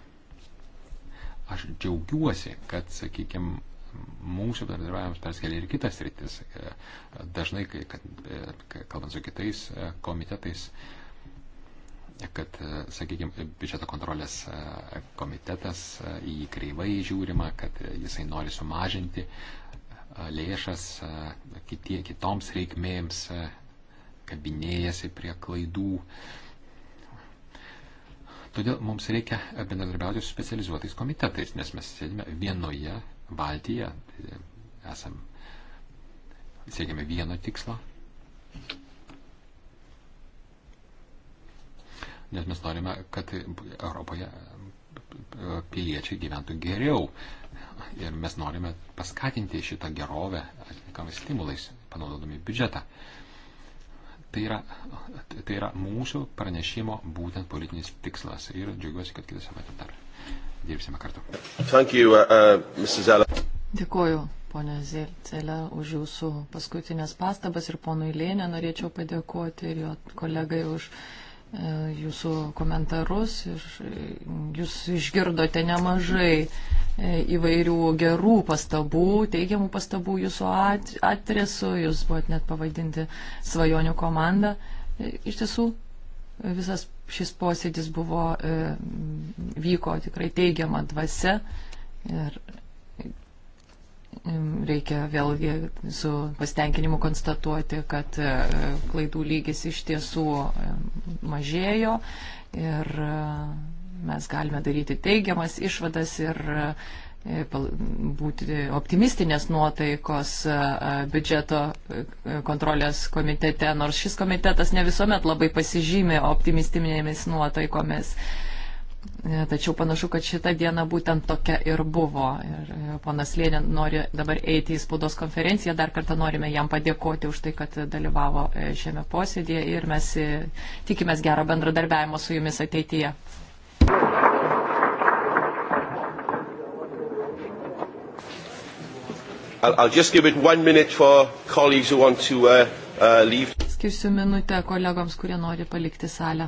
Aš džiaugiuosi, kad, sakykime, mūsų bendradarbiavimas perskelia ir kitas rytis. Dažnai, kad, kalbant su kitais komitetais, kad, e, sakykime, biudžeto kontrolės e, komitetas e, į jį kreivai žiūrima, kad jisai nori sumažinti lėšas kitie, kitoms reikmėms, kabinėjasi prie klaidų. Todėl mums reikia bendradarbiauti su specializuotais komitetais, nes mes sėdime vienoje valtyje, tai, esam, siekiame vieno tikslo, nes mes norime, kad Europoje piliečiai gyventų geriau. Ir mes norime paskatinti šitą gerovę atitinkamais stimulais, panaudodami biudžetą. Tai yra, tai yra mūsų pranešimo būtent politinis tikslas ir džiaugiuosi, kad kitą savaitę dar dirbsime kartu. Thank you, uh, uh Dėkuoju, ponė Zelė, už jūsų paskutinės pastabas ir ponui Lėnė norėčiau padėkoti ir jo kolegai už jūsų komentarus ir e, jūs išgirdote nemažai e, įvairių gerų pastabų, teigiamų pastabų jūsų at, atresu, jūs buvote net pavadinti svajonių komanda. E, iš tiesų, visas šis posėdis buvo, vyko tikrai teigiama dvasia ir reikia vėlgi su pasitenkinimu konstatuoti, kad e, klaidų lygis iš tiesų mažėjo ir e, mes galime daryti teigiamas išvadas ir e, būti optimistinės nuotaikos biudžeto kontrolės komitete, nors šis komitetas ne visuomet labai pasižymė optimistinėmis nuotaikomis. E, tačiau panašu, kad šita diena būtent tokia ir buvo. Ir e, ponas Lėnė nori dabar eiti į spaudos konferenciją. Dar kartą norime jam padėkoti už tai, kad dalyvavo e, šiame posėdėje ir mes tikimės gero bendradarbiavimo su jumis ateityje. Uh, uh, Skirsiu minutę kolegoms, kurie nori palikti salę.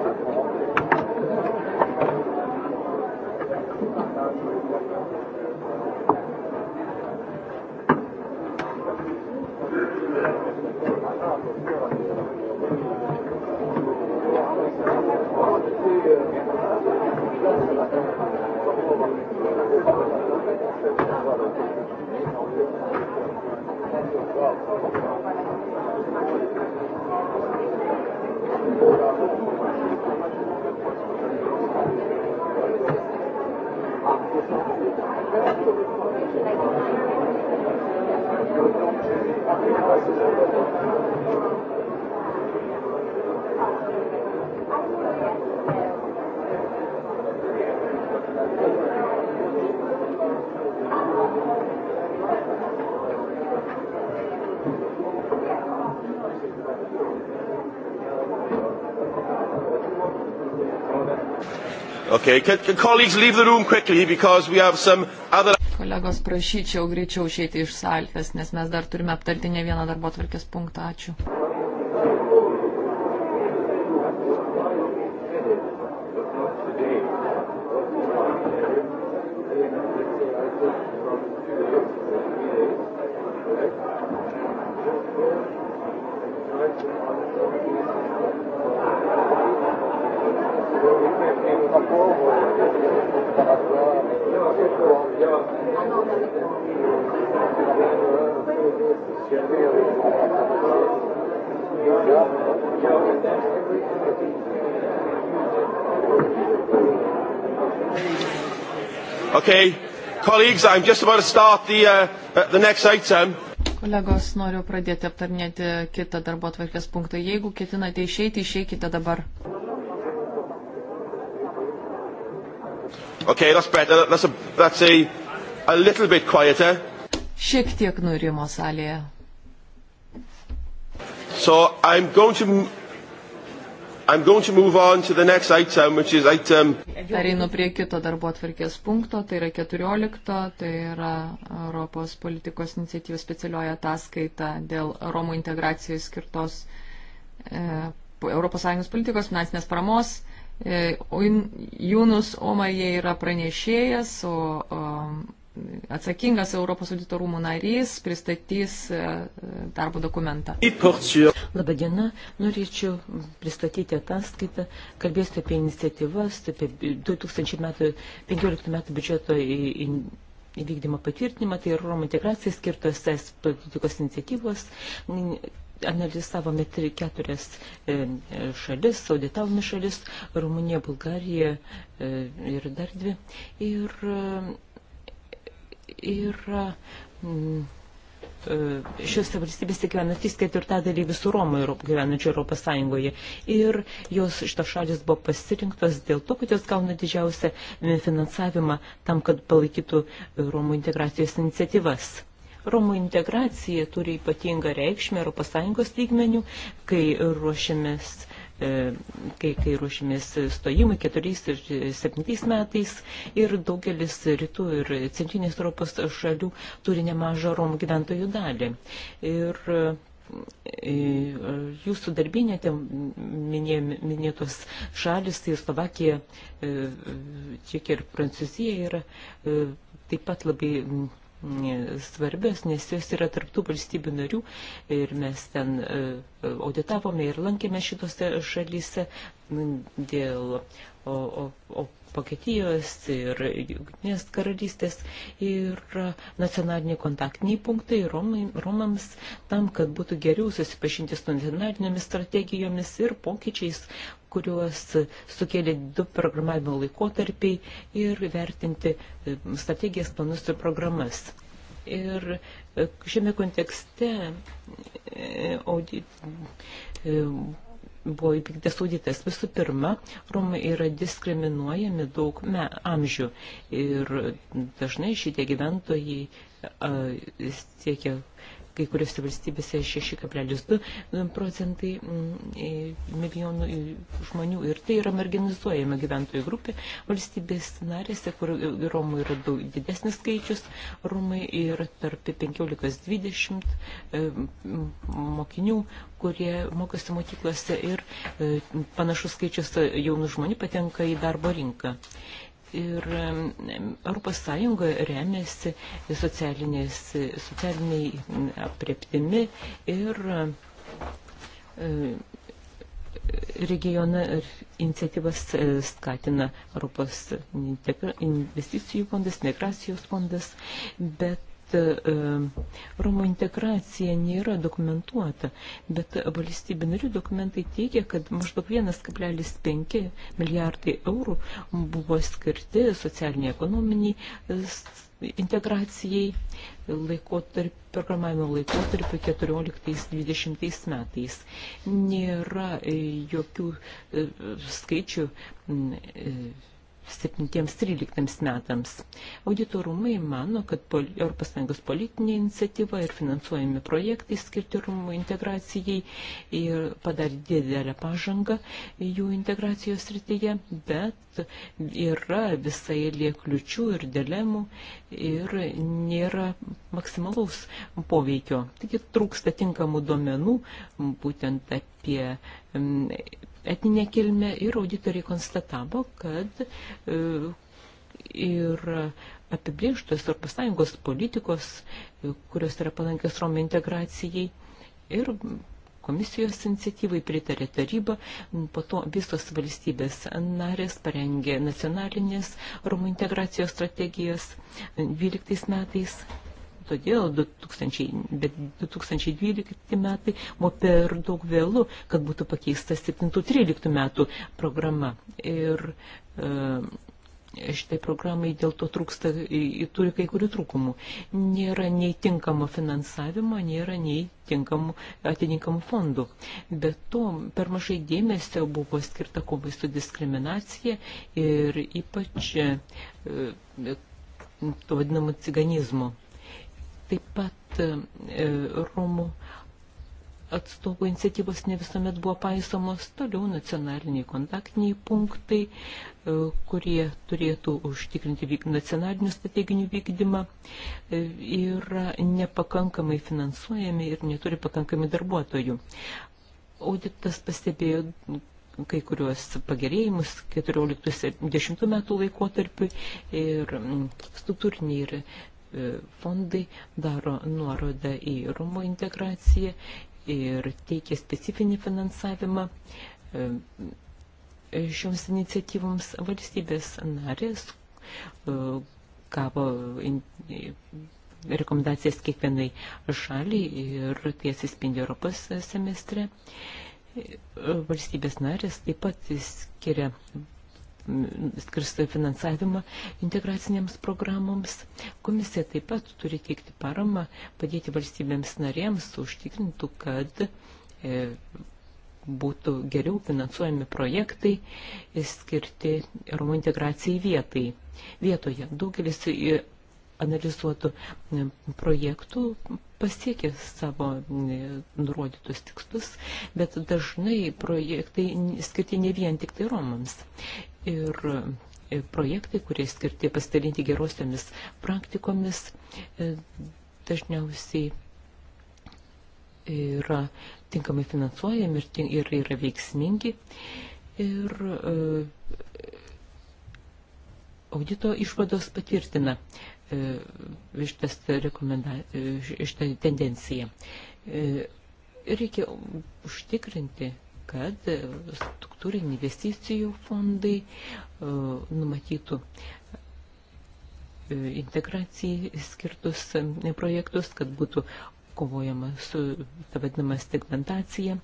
Okay. Can, can colleagues leave the room quickly because we have some other... Kolegos, prašyčiau greičiau išeiti iš salės, nes mes dar turime aptarti ne vieną darbo tvarkės punktą. Ačiū. Colleagues, I'm just about to start the, uh, uh, the next item. Kolegos, noriu pradėti aptarnėti kitą darbo atvarkės punktą. Jeigu ketinate išeiti, išeikite dabar. Okay, that's better. That's a, that's a, a little bit quieter. Šiek tiek nurimo salėje. So I'm going to Item... Pereinu prie kito darbo atvarkės punkto, tai yra 14, tai yra Europos politikos iniciatyvos specialioja ataskaita dėl Romų integracijai skirtos e, ES politikos finansinės paramos. E, Junus Omaje yra pranešėjas, o, o atsakingas Europos audito rūmų narys pristatys e, darbo dokumentą. Labadiena, norėčiau pristatyti ataskaitą, kalbėsiu apie iniciatyvas, apie 2015 metų biudžeto įvykdymo patvirtinimą, tai yra Romų integracijai skirtos es politikos iniciatyvos. Analizavome tri, keturias e, šalis, auditavome šalis, Rumunija, Bulgarija e, ir dar dvi. Ir yra e, šiuose valstybėse gyvena 3 ketvirtadaliai visų Romų gyvenančių Europos Sąjungoje. Ir jos šitos šalis buvo pasirinktos dėl to, kad jos gauna didžiausią finansavimą tam, kad palaikytų Romų integracijos iniciatyvas. Romų integracija turi ypatingą reikšmę Europos Sąjungos lygmenių, kai ruošiamės uh, E, kai, kai ruošėmės stojimui 4 ir 7 metais ir daugelis rytų ir centrinės Europos šalių turi nemažą Romų gyventojų dalį. Ir e, jūsų darbinėte minė, minėtos šalis, tai Slovakija, e, Čekija ir Prancūzija yra taip pat labai svarbios, nes jos yra tarptų valstybių narių ir mes ten e, auditavome ir lankėme šitose šalyse dėl o, o, o Paketijos ir Junktinės karalystės ir nacionaliniai kontaktiniai punktai Romai, Romams tam, kad būtų geriau susipažinti su nacionalinėmis strategijomis ir pokyčiais, kuriuos sukėlė du programavimo laikotarpiai ir vertinti e, strategijas, planus ir programas. Ir e, šiame kontekste e, audit, buvo įvykdytas auditas. Visų pirma, Romai yra diskriminuojami daug me, amžių ir dažnai šitie gyventojai a, siekia kai kuriuose valstybėse 6,2 e, procentai mm, e, milijonų e, žmonių. Ir tai yra marginalizuojama gyventojų grupė valstybės narėse, kur Romų yra daug didesnis skaičius. Romai yra tarp 15-20 mokinių, kurie mokosi mokyklose ir panašus skaičius jaunų žmonių patenka į darbo rinką. Ir Europos Sąjunga remiasi socialiniai apreptimi ir e, regioną iniciatyvas e, skatina Europos investicijų fondas, migracijos fondas, bet kad e, Romų integracija nėra dokumentuota, bet valstybė narių dokumentai teigia, kad maždaug 1,5 milijardai eurų buvo skirti socialiniai ekonominiai e, integracijai laikotarp, programavimo laikotarpiu 14-20 metais. Nėra e, jokių skaičių 7-13 metams. Auditorumai mano, kad ES politinė iniciatyva ir finansuojami projektai skirti rumų integracijai ir padarė didelę pažangą jų integracijos rytyje, bet yra visai liekliučių ir dilemų ir nėra maksimalaus poveikio. Taigi trūksta tinkamų duomenų būtent apie etinė kilmė ir auditoriai konstatavo, kad e, ir apibrieštos Europos Sąjungos politikos, e, kurios yra palankios Romų integracijai ir komisijos iniciatyvai pritarė taryba, po to visos valstybės narės parengė nacionalinės Romų integracijos strategijas 12 metais todėl 2000, bet 2012 metai buvo per daug vėlų, kad būtų pakeista 7-13 metų programa. Ir e, šitai programai dėl to trūksta, turi kai kurių trūkumų. Nėra nei tinkamo finansavimo, nėra nei tinkamų, atitinkamų fondų. Bet to per mažai dėmesio buvo skirta kovai su diskriminacija ir ypač e, e to vadinamo ciganizmo Taip pat e, e, Romų atstovų iniciatyvos ne visuomet buvo paisomos toliau nacionaliniai kontaktiniai punktai, e, kurie turėtų užtikrinti nacionalinių strateginių vykdymą, yra nepakankamai finansuojami ir neturi pakankamai darbuotojų. Auditas pastebėjo kai kuriuos pagerėjimus 14-10 metų laikotarpiu ir struktūriniai ir E, fondai daro nuorodą į Romų integraciją ir teikia specifinį finansavimą e, šioms iniciatyvoms valstybės narės e, gavo rekomendacijas kiekvienai šaliai ir tai atsispindi Europos semestre. Valstybės narės taip pat skiria skirsta finansavimą integracinėms programoms. Komisija taip pat turi teikti paramą, padėti valstybėms narėms, užtikrintų, kad e, būtų geriau finansuojami projektai skirti Romų integracijai vietai. Vietoje daugelis e, analizuotų e, projektų pasiekė savo e, nurodytus tikslus, bet dažnai projektai skirti ne vien tik tai Romams. Ir e, projektai, kurie skirti pasidalinti gerosiamis praktikomis, dažniausiai yra tinkamai finansuojami ir, ir yra veiksmingi. Ir audito išvados patvirtina, E, šitas e, šitą tendenciją. E, reikia užtikrinti, kad struktūriniai investicijų fondai numatytų integracijai skirtus projektus, kad būtų kovojama su ta vadinama stigmentacija.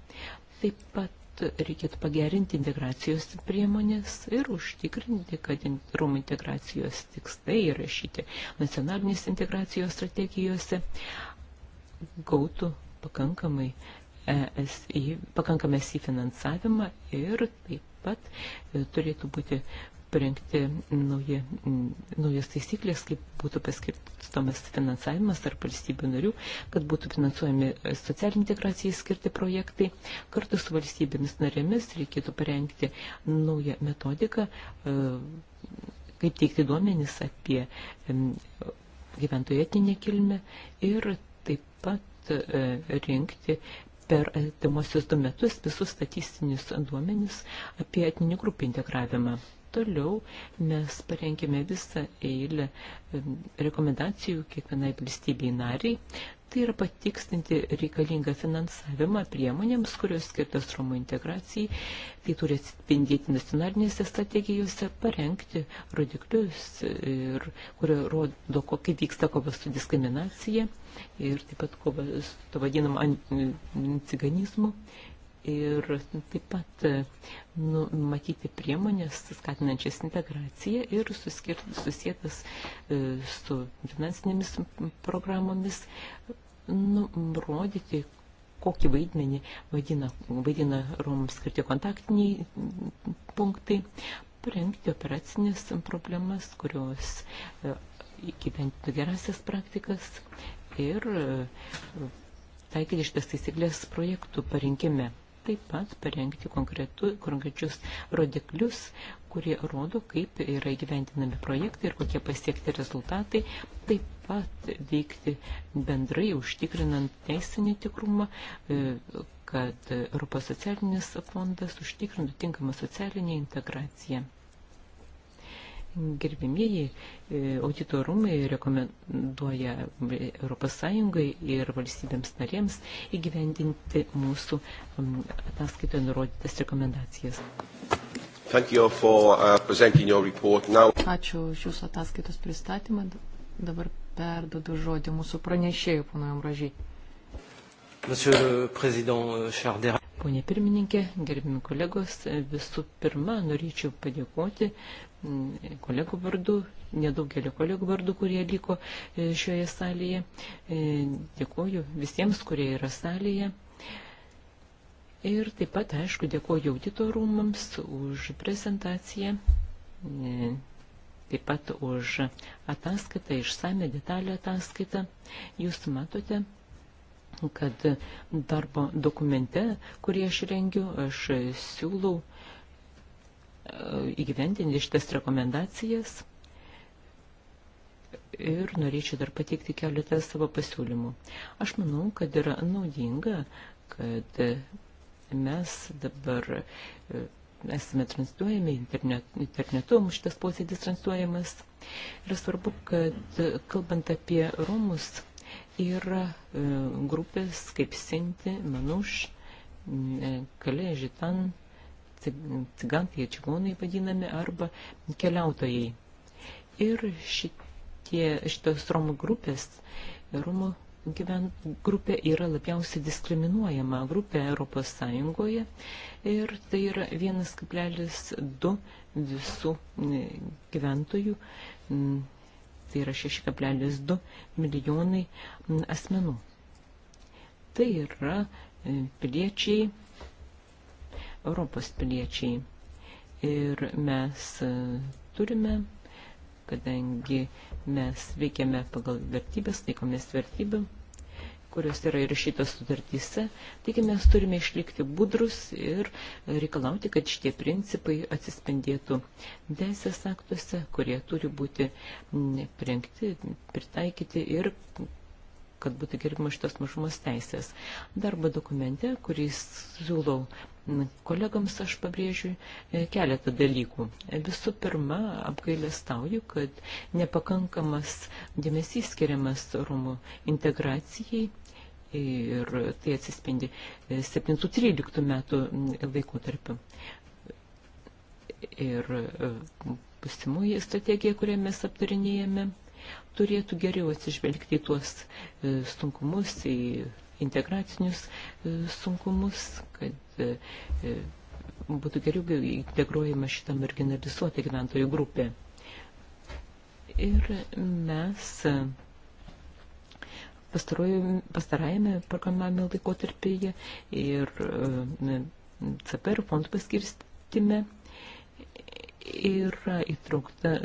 Taip pat kad reikėtų pagerinti integracijos priemonės ir užtikrinti, kad Romų integracijos tikslai įrašyti nacionalinės integracijos strategijose gautų pakankamai ESI, pakankamės į finansavimą ir taip pat e, turėtų būti parengti nauji, naujas taisyklės, kaip būtų paskirtomas finansavimas tarp valstybių narių, kad būtų finansuojami socialinį integracijai skirti projektai. Kartu su valstybėmis narėmis reikėtų parengti naują metodiką, e, kaip teikti duomenis apie gyventojų etinę kilmę ir taip pat e, rinkti per artimuosius du metus visus statistinius duomenis apie etninių grupų integravimą toliau mes parengėme visą eilę rekomendacijų kiekvienai valstybei nariai. Tai yra patikstinti reikalingą finansavimą priemonėms, kurios skirtas Romų integracijai. Tai turi atspindėti nacionalinėse strategijose, parengti rodiklius, ir, kurie rodo, kokia vyksta kova su diskriminacija ir taip pat kova su to vadinamu ciganizmu. Ant, ir taip pat e, nu, numatyti priemonės skatinančias integraciją ir susijęs e, su finansinėmis programomis, nurodyti, kokį vaidmenį vaidina, vaidina Romams skirti kontaktiniai punktai, parengti operacinės problemas, kurios e, įgyventintų gerasias praktikas ir taikyti šitas taisyklės projektų parinkime taip pat parengti konkretu, konkrečius rodiklius, kurie rodo, kaip yra įgyvendinami projektai ir kokie pasiekti rezultatai, taip pat veikti bendrai, užtikrinant teisinį tikrumą, e, kad Europos socialinis fondas užtikrintų tinkamą socialinę integraciją. Gerbimieji, e, audito rūmai rekomenduoja ES ir valstybėms narėms įgyvendinti mūsų ataskaitoje nurodytas rekomendacijas. You for, uh, Ačiū už Jūsų ataskaitos pristatymą. Dabar perdodu žodį mūsų pranešėjų, pono Amražiai. Pone pirmininkė, gerbimi kolegos, visų pirma, norėčiau padėkoti Mm, kolegų vardu, nedaugelio kolegų vardu, kurie liko e, šioje salėje. E, dėkuoju visiems, kurie yra salėje. Ir taip pat, aišku, dėkuoju auditorumams už prezentaciją, e, taip pat už ataskaitą, išsame detalę ataskaitą. Jūs matote, kad darbo dokumente, kurį aš rengiu, aš siūlau įgyventinti šitas rekomendacijas ir norėčiau dar pateikti keletą savo pasiūlymų. Aš manau, kad yra naudinga, kad mes dabar e, esame transliuojami internet, internetu, mūsų šitas posėdis transliuojamas. Yra svarbu, kad e, kalbant apie Romus, yra e, grupės kaip Sinti, Manuš, Kalė, Žitan, cigantai, čigonai vadinami, arba keliautojai. Ir šitie, šitos romų grupės, romų gyven, grupė yra labiausiai diskriminuojama grupė Europos Sąjungoje ir tai yra 1,2 visų gyventojų, tai yra 6,2 milijonai asmenų. Tai yra piliečiai Europos piliečiai. Ir mes e, turime, kadangi mes veikiame pagal vertybės, laikomės vertybių, kurios yra įrašytos sutartyse, taigi mes turime išlikti budrus ir reikalauti, kad šitie principai atsispindėtų teisės aktuose, kurie turi būti prinkti, pritaikyti ir kad būtų gerbimo šitos mažumos teisės. Darbo dokumente, kurį siūlau Kolegams aš pabrėžiu e, keletą dalykų. Visų pirma, apgailestauju, kad nepakankamas dėmesys skiriamas Romų integracijai ir tai atsispindi 7-13 e, metų laikotarpiu. Ir pusimoji e, strategija, kurią mes aptarinėjame, turėtų geriau atsižvelgti į tuos sunkumus, į integracinius e, sunkumus, kad e, e, būtų geriau integruojama šitą marginalizuotą gyventojų grupę. Ir mes pastarajame programavimo laikotarpyje ir CPR fondų paskirstime yra įtraukta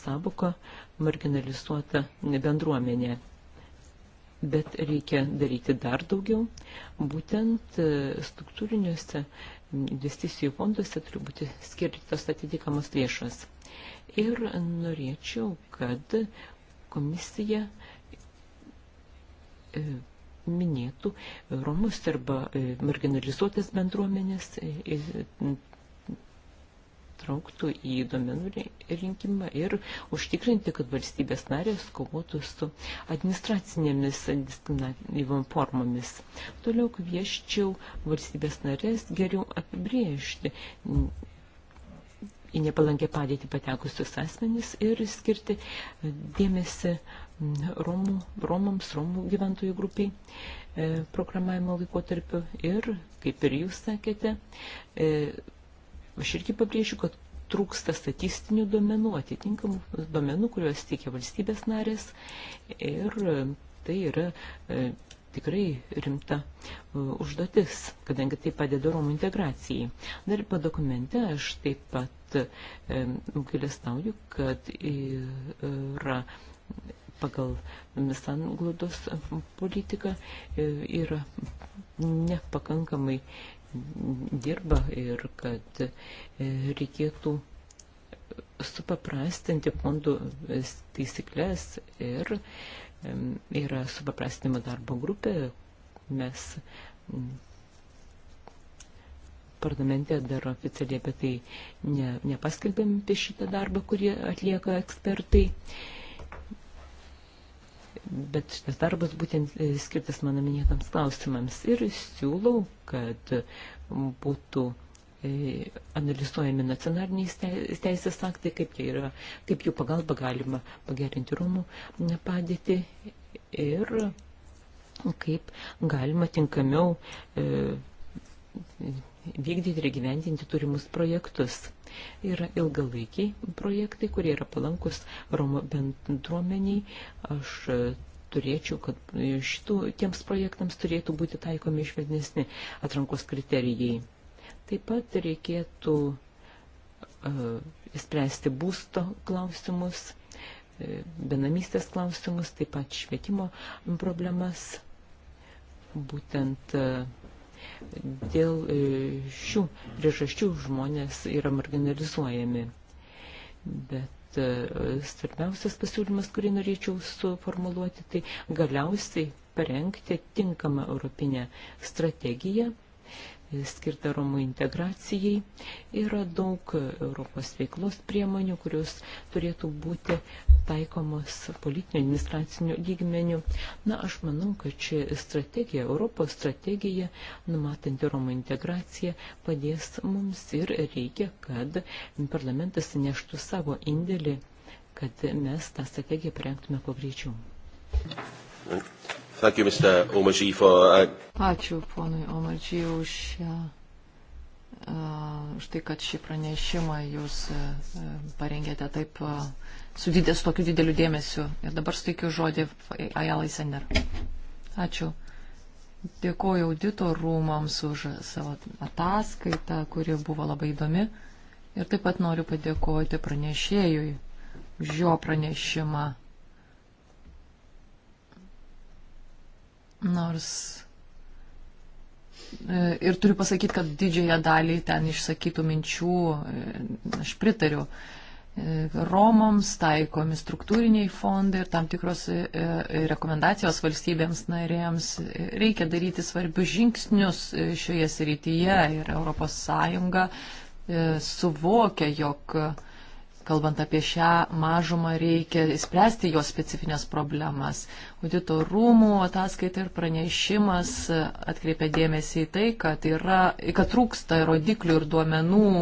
savoka marginalizuota bendruomenė bet reikia daryti dar daugiau. Būtent e, struktūriniuose investicijų fonduose turi būti skirtos atitikamas lėšas. Ir norėčiau, kad komisija e, minėtų Romus arba e, marginalizuotas bendruomenės, įtrauktų į domenų rinkimą ir užtikrinti, kad valstybės narės kovotų su administracinėmis diskriminavimo formomis. Toliau kvieščiau valstybės narės geriau apibriežti į nepalankę padėtį patekusius asmenys ir skirti dėmesį Romų, Romams, Romų gyventojų grupiai e, programavimo laikotarpiu ir, kaip ir jūs sakėte, e, Aš irgi pabrėžiu, kad trūksta statistinių duomenų, atitinkamų duomenų, kuriuos teikia valstybės narės ir tai yra e, tikrai rimta e, užduotis, kadangi tai padeda Romų integracijai. Dar po dokumente aš taip pat e, gailestauju, kad yra pagal sanglaudos politiką e, yra nepakankamai dirba ir kad e, reikėtų supaprastinti fondų taisyklės ir yra supaprastinimo darbo grupė. Mes parlamente dar oficialiai apie tai ne, nepaskelbėm apie šitą darbą, kurį atlieka ekspertai. E, bet šitas darbas būtent e, skirtas mano minėtams klausimams. Ir siūlau, kad būtų e, analizuojami nacionaliniai teisės aktai, kaip, yra, kaip jų pagalba galima pagerinti rūmų padėtį ir kaip galima tinkamiau e, vykdyti ir gyventinti turimus projektus. Yra ilgalaikiai projektai, kurie yra palankus Romo bendruomeniai. Aš e, turėčiau, kad e, šitų, tiems projektams turėtų būti taikomi išvednesni atrankos kriterijai. Taip pat reikėtų uh, spręsti būsto klausimus, benamystės klausimus, taip pat švietimo problemas, būtent uh, Dėl e, šių priežasčių žmonės yra marginalizuojami. Bet e, svarbiausias pasiūlymas, kurį norėčiau suformuluoti, tai galiausiai parengti tinkamą europinę strategiją skirta Romų integracijai. Yra daug Europos veiklos priemonių, kurios turėtų būti taikomos politinio administracinio lygmenių. Na, aš manau, kad ši strategija, Europos strategija, numatanti Romų integraciją, padės mums ir reikia, kad parlamentas neštų savo indėlį, kad mes tą strategiją parengtume kuo greičiau. Thank you. Thank you, Mr. Omagy, for... Uh... Ačiū ponui Omagy už šią. Uh, štai, uh, kad šį pranešimą jūs uh, parengėte taip uh, su, didės, su tokiu dideliu dėmesiu. Ir dabar suteikiu žodį Ajalai Sender. Ačiū. Dėkoju audito rūmams už savo ataskaitą, kuri buvo labai įdomi. Ir taip pat noriu padėkoti pranešėjui už jo pranešimą Nors e, ir turiu pasakyti, kad didžiąją dalį ten išsakytų minčių e, aš pritariu. E, Romoms taikomi struktūriniai fondai ir tam tikros rekomendacijos valstybėms narėms. Reikia daryti svarbius žingsnius šioje srityje ir ES suvokia, jog kalbant apie šią mažumą, reikia spręsti jos specifines problemas. Audito rūmų ataskaita ir pranešimas atkreipia dėmesį į tai, kad, yra, kad trūksta rodiklių ir duomenų.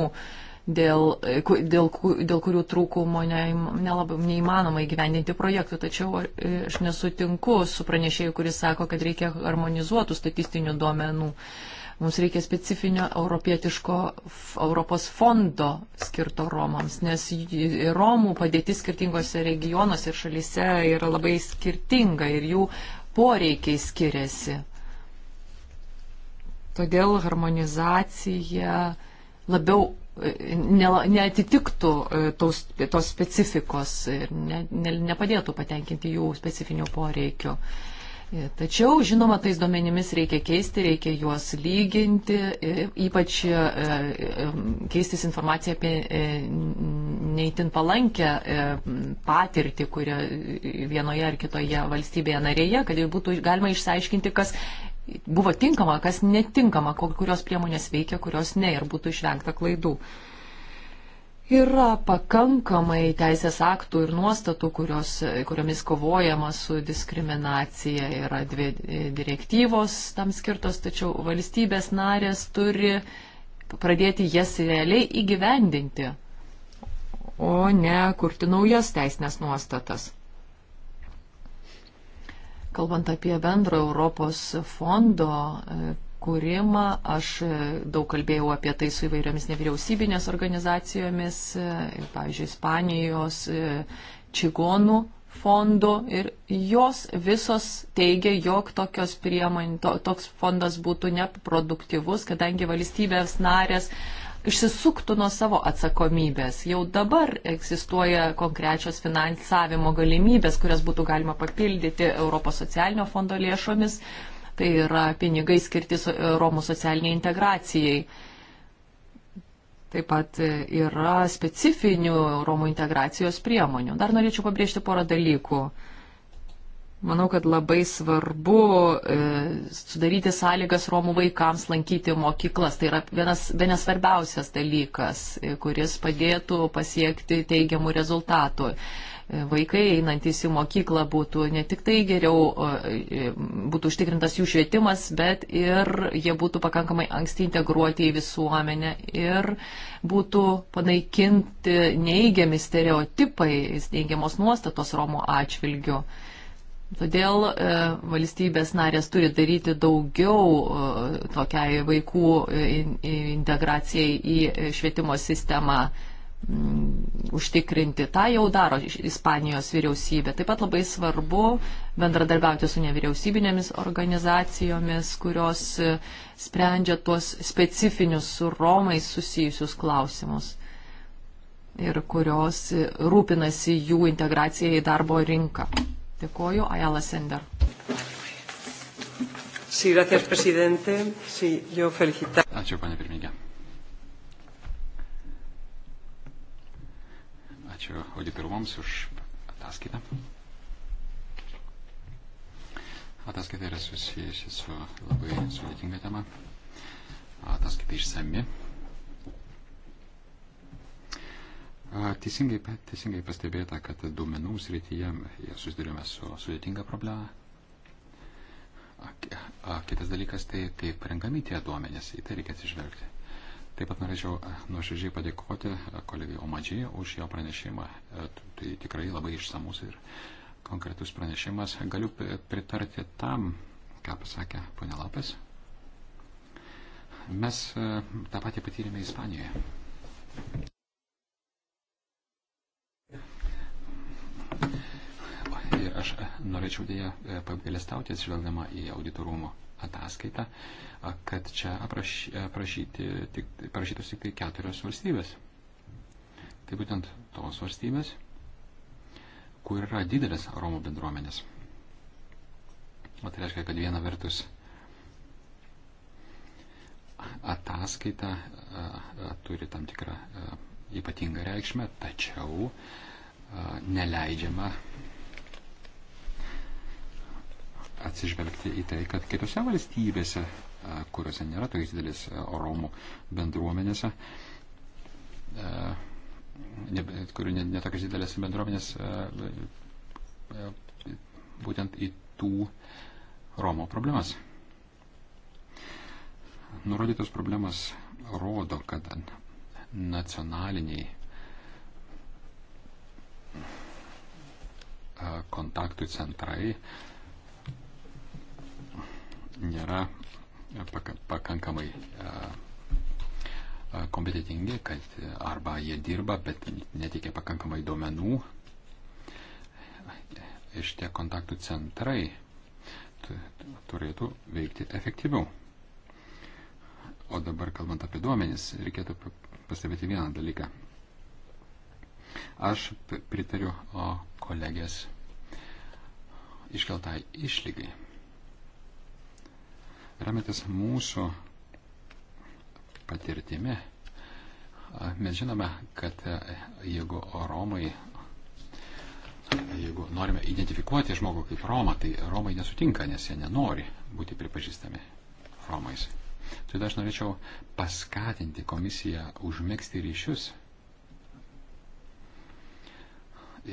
Dėl, dėl, dėl kurių trūkumo ne, nelabai, neįmanoma įgyvendinti projektų. Tačiau aš nesutinku su pranešėju, kuris sako, kad reikia harmonizuotų statistinių duomenų. Uh, Mums reikia specifinio europietiško Europos fondo skirto Romams, nes Romų padėtis skirtingose regionuose ir šalyse yra labai skirtinga ir jų poreikiai skiriasi. Todėl harmonizacija labiau e, ne, neatitiktų e, tos, tos specifikos ir ne, ne, nepadėtų patenkinti jų specifinių poreikių. Uh, E, tačiau, žinoma, tais duomenimis reikia keisti, reikia juos lyginti, e, ypač e, keistis informaciją apie neįtin palankę patirtį, kurią vienoje ar kitoje valstybėje narėje, kad būtų galima išsiaiškinti, kas buvo tinkama, kas netinkama, kurios priemonės veikia, kurios ne, ir būtų išvengta klaidų. Yra pakankamai teisės aktų ir nuostatų, kurios, kuriomis kovojama su diskriminacija. Yra dvi direktyvos tam skirtos, tačiau valstybės narės turi pradėti jas realiai įgyvendinti, o ne kurti naujas teisinės nuostatas. Kalbant apie bendro Europos fondo kūrimą. Aš e, daug kalbėjau apie tai su įvairiomis nevyriausybinės organizacijomis, e, pavyzdžiui, Ispanijos e, čigonų fondų ir jos visos teigia, jog tokios priemonės, to, toks fondas būtų neproduktyvus, kadangi valstybės narės išsisuktų nuo savo atsakomybės. Jau dabar egzistuoja konkrečios finansavimo galimybės, kurias būtų galima papildyti Europos socialinio fondo lėšomis. Uh, Tai yra pinigai skirti e, Romų socialiniai integracijai. Taip pat e, yra specifinių Romų integracijos priemonių. Dar norėčiau pabrėžti porą dalykų. Manau, kad labai svarbu e, sudaryti sąlygas Romų vaikams lankyti mokyklas. Tai yra vienas, vienas svarbiausias dalykas, e, kuris padėtų pasiekti teigiamų rezultatų. E, E, vaikai einantis į mokyklą būtų ne tik tai geriau e, būtų užtikrintas jų švietimas, bet ir jie būtų pakankamai anksti integruoti į visuomenę ir būtų panaikinti neįgiami stereotipai, neigiamos nuostatos Romo atžvilgiu. Todėl e, valstybės narės turi daryti daugiau e, tokiai vaikų e, in, integracijai į švietimo sistemą. Mm, užtikrinti. Ta jau daro Ispanijos vyriausybė. Taip pat labai svarbu bendradarbiauti su nevyriausybinėmis organizacijomis, kurios e, sprendžia tuos specifinius su Romais susijusius klausimus ir kurios e, rūpinasi jų integracija į darbo rinką. Dėkoju, Ajala Sender. Ačiū, panė pirmininkė. Ačiū auditorumams už ataskaitą. Ataskaita yra susijusi su labai sudėtinga tema. Ataskaita išsami. Teisingai, teisingai pastebėta, kad duomenų srityje susidurėme su sudėtinga problema. Kitas dalykas tai, kaip renkami tie duomenys, į tai reikia atsižvelgti. Taip pat norėčiau e, nuoširdžiai padėkoti e, kolegai Omadžiai už jo pranešimą. E, tai tikrai labai išsamus ir konkretus pranešimas. Galiu pritarti tam, ką pasakė ponė Lopes. Mes tą patį patyrėme Ispanijoje. Ir aš norėčiau dėja pagalestauti atsižvelgdama į auditorumo ataskaitą, kad čia apraš, aprašyti, tik, aprašytos tik tai keturios valstybės. Tai būtent tos valstybės, kur yra didelės Romų bendruomenės. O tai reiškia, kad viena vertus ataskaita a, a, turi tam tikrą a, ypatingą reikšmę, tačiau a, neleidžiama atsižvelgti į tai, kad kitose valstybėse, e, kuriuose nėra tokiais didelis e, Romų bendruomenėse, e, kurių netokios didelės bendruomenės, būtent į tų Romų problemas. Nurodytos problemas rodo, kad nacionaliniai kontaktų centrai nėra e, pakankamai e, e, kompetitingi, kad arba jie dirba, bet neteikia pakankamai duomenų. Ir šitie kontaktų centrai turėtų veikti efektyviau. O dabar, kalbant apie duomenis, reikėtų pastebėti vieną dalyką. Aš pritariu kolegės iškeltai išlygai. Remiantis mūsų patirtimi, mes žinome, kad e, jeigu Romai, jeigu norime identifikuoti žmogų kaip Romą, tai Romai nesutinka, nes jie nenori būti pripažįstami Romais. Todėl aš norėčiau paskatinti komisiją užmėgsti ryšius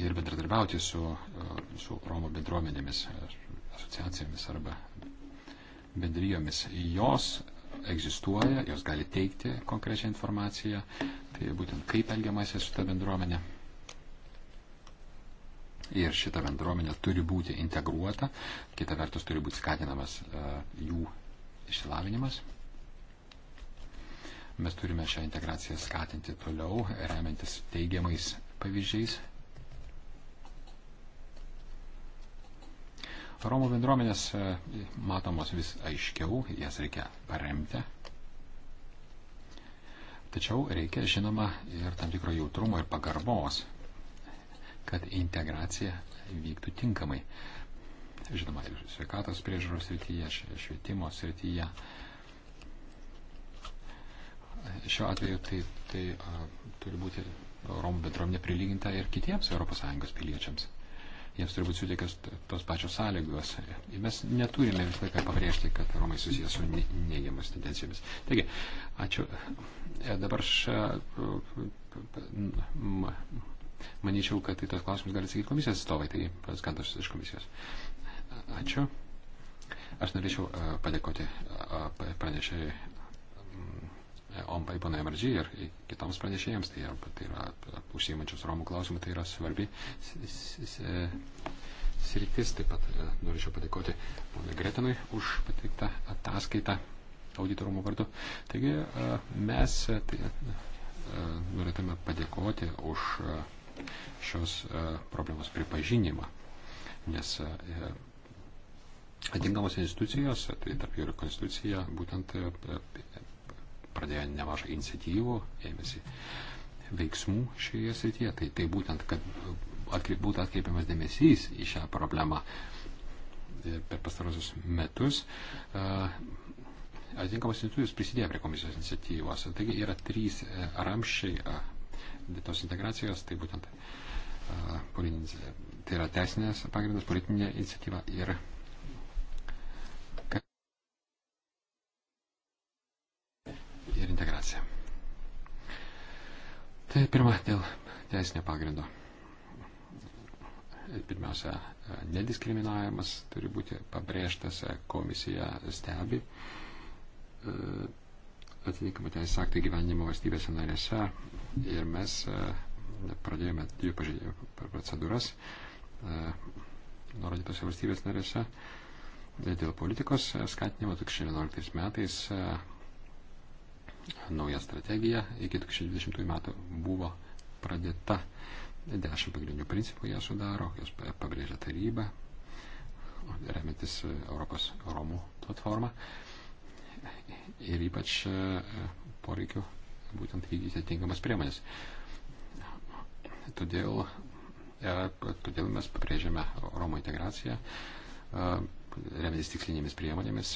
ir bendradarbiauti su, e, su Romų bendruomenėmis, asociacijomis arba bendrijomis. Jos egzistuoja, jos gali teikti konkrečią informaciją, tai būtent kaip elgiamasi su ta bendruomenė. Ir šita bendruomenė turi būti integruota, kita vertus turi būti skatinamas e, jų išsilavinimas. Mes turime šią integraciją skatinti toliau, remiantis teigiamais pavyzdžiais Romų bendruomenės e, matomos vis aiškiau, jas reikia paremti. Tačiau reikia, žinoma, ir tam tikro jautrumo ir pagarbos, kad integracija vyktų tinkamai. Žinoma, ir sveikatos priežiūros srityje, švietimo srityje. Šiuo atveju tai, tai a, turi būti Romų bendruomenė prilyginta ir kitiems ES piliečiams jiems turi būti suteikęs tos pačios sąlygos. Mes neturime visą laiką pabrėžti, kad Romai susijęs su neigiamas tendencijomis. Taigi, ačiū. E, dabar ša, e, manyčiau, kad į tai tas klausimus gali atsakyti komisijos atstovai, tai paskantas iš komisijos. Ačiū. Aš norėčiau e, padėkoti pranešėjai Ompai pana Emergy ir kitoms pranešėjams, tai yra, tai yra užsiemančios Romų klausimų, tai yra svarbi sritis. Taip pat e, norėčiau padėkoti ponui Gretinui už pateiktą ataskaitą auditorumo vardu. Taigi e, mes e, tai, norėtume padėkoti už šios problemos pripažinimą, nes atitinkamos institucijos, tai tarp jų ir konstitucija, būtent pradėjo nemažai iniciatyvų, ėmėsi veiksmų šioje srityje. Tai, tai būtent, kad atkreip, būtų atkreipiamas dėmesys į šią problemą e, per pastarosius metus. E, atitinkamas institucijos prisidėjo prie komisijos iniciatyvos. Taigi yra trys e, ramščiai tos integracijos, tai būtent politinis, tai yra teisinės pagrindas, politinė iniciatyva ir ir integraciją. Tai pirma, dėl teisinio pagrindo. Pirmiausia, nediskriminavimas turi būti pabrėžtas, komisija stebi e, atitinkamą teisės aktą gyvenimo valstybėse narėse ir mes e, pradėjome dvi procedūras e, nurodytose valstybės narėse dėl politikos skatinimo 2011 metais Nauja strategija iki 2020 metų buvo pradėta. Dešimt pagrindinių principų jie sudaro, jos pabrėžia taryba, remiantis e, Europos Romų platformą ir ypač e, poreikiu būtent vykdyti tinkamas priemonės. Todėl, e, todėl mes pabrėžiame Romų integraciją, remiantis tikslinėmis priemonėmis,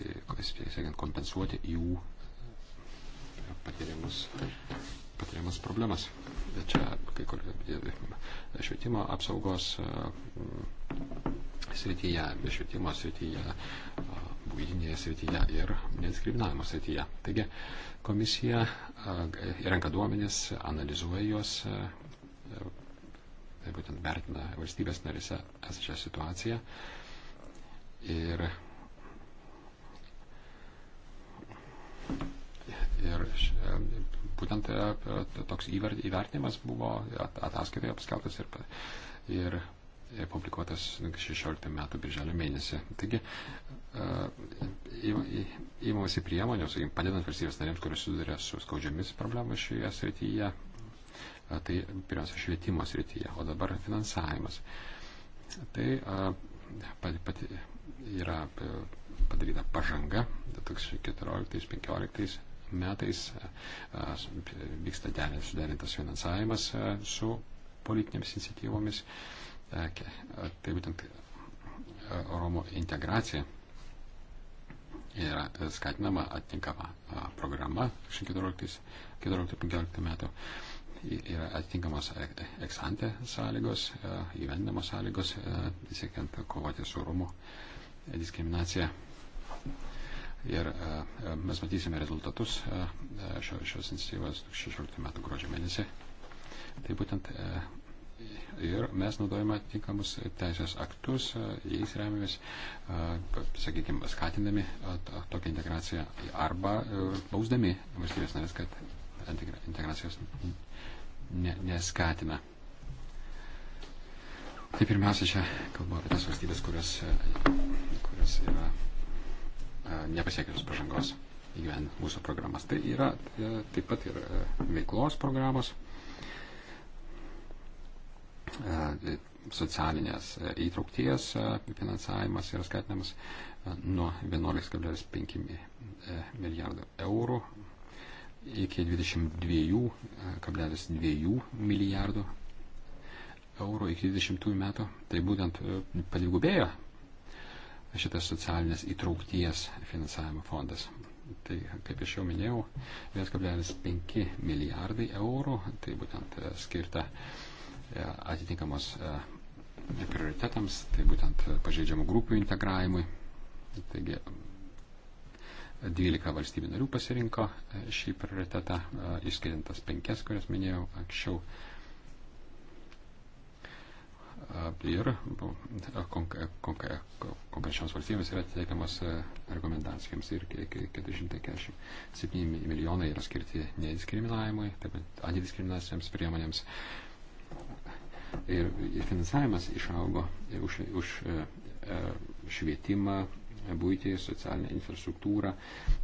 tai siekiant kompensuoti jų patiriamus, patiriamas problemas. Bet čia kai kur švietimo apsaugos e, srityje, švietimo srityje, būdinėje e, srityje ir nediskriminavimo srityje. Taigi komisija e, renka duomenis, analizuoja juos, tai būtent vertina valstybės narise esančią situaciją. Ir Ir e, būtent e, e, toks įvertinimas buvo ataskaitoje apskaltas ir, ir publikuotas 16 metų birželio mėnesį. Taigi įmamasi priemonių, sakykim, padedant valstybės narėms, kurios susiduria su skaudžiamis problemas šioje srityje, tai pirmiausia švietimo srityje, o dabar finansavimas. Tai pati pat, yra padaryta pažanga 2014-2015 metais vyksta derintas finansavimas su politinėms iniciatyvomis. Tai būtent Romų integracija yra skatinama atitinkama programa 14-15 metų. Yra atitinkamos eksantė sąlygos, įvendinamos sąlygos, siekiant kovoti su Romų diskriminacija. Ir e, e, mes matysime rezultatus e, šio, šios iniciatyvos 16 metų gruodžio mėnesį. Tai būtent ir mes naudojame tinkamus teisės aktus, jais remiamės, sakykime, skatindami tokią integraciją arba bausdami valstybės narės, kad integracijos ne, neskatina. Tai pirmiausia, čia kalbu apie tas valstybės, kurios, kurios yra E, nepasiekius pažangos įgyvendinant mūsų programas. Tai yra e, taip pat ir e, veiklos programos, socialinės įtraukties finansavimas yra skatinamas nuo 11,5 milijardų eurų iki 22,2 milijardų eurų iki 20 metų. Tai būtent padvigubėjo šitas socialinės įtraukties finansavimo fondas. Tai, kaip aš jau minėjau, 1,5 milijardai eurų, tai būtent e, skirta e, atitinkamos e, prioritetams, tai būtent pažeidžiamų grupių integravimui. Taigi 12 valstybių narių pasirinko šį prioritetą, išskiriant tas penkias, kurias minėjau anksčiau ir konkrečioms valstybėms yra teikiamas e, rekomendacijoms ir 447 milijonai yra skirti nediskriminavimui, taip pat antidiskriminacijams priemonėms. Ir finansavimas išaugo už, už e, e, švietimą, būtį, socialinę infrastruktūrą,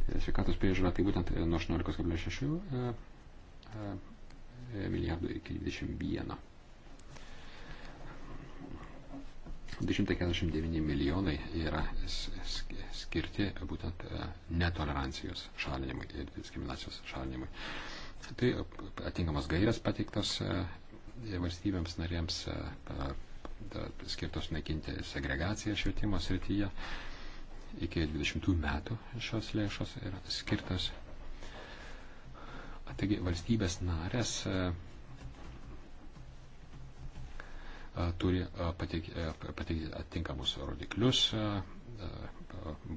sveikatos priežiūrą, tai būtent nuo 18,6 milijardų iki 21. 249 milijonai yra skirti būtent e, netolerancijos šalinimui ir diskriminacijos šalinimui. Tai atinkamas gairias pateiktos e, valstybėms narėms e, skirtos naikinti segregaciją švietimo srityje. Iki 20 metų šios lėšos yra skirtos. Taigi valstybės narės turi pateikti atitinkamus rodiklius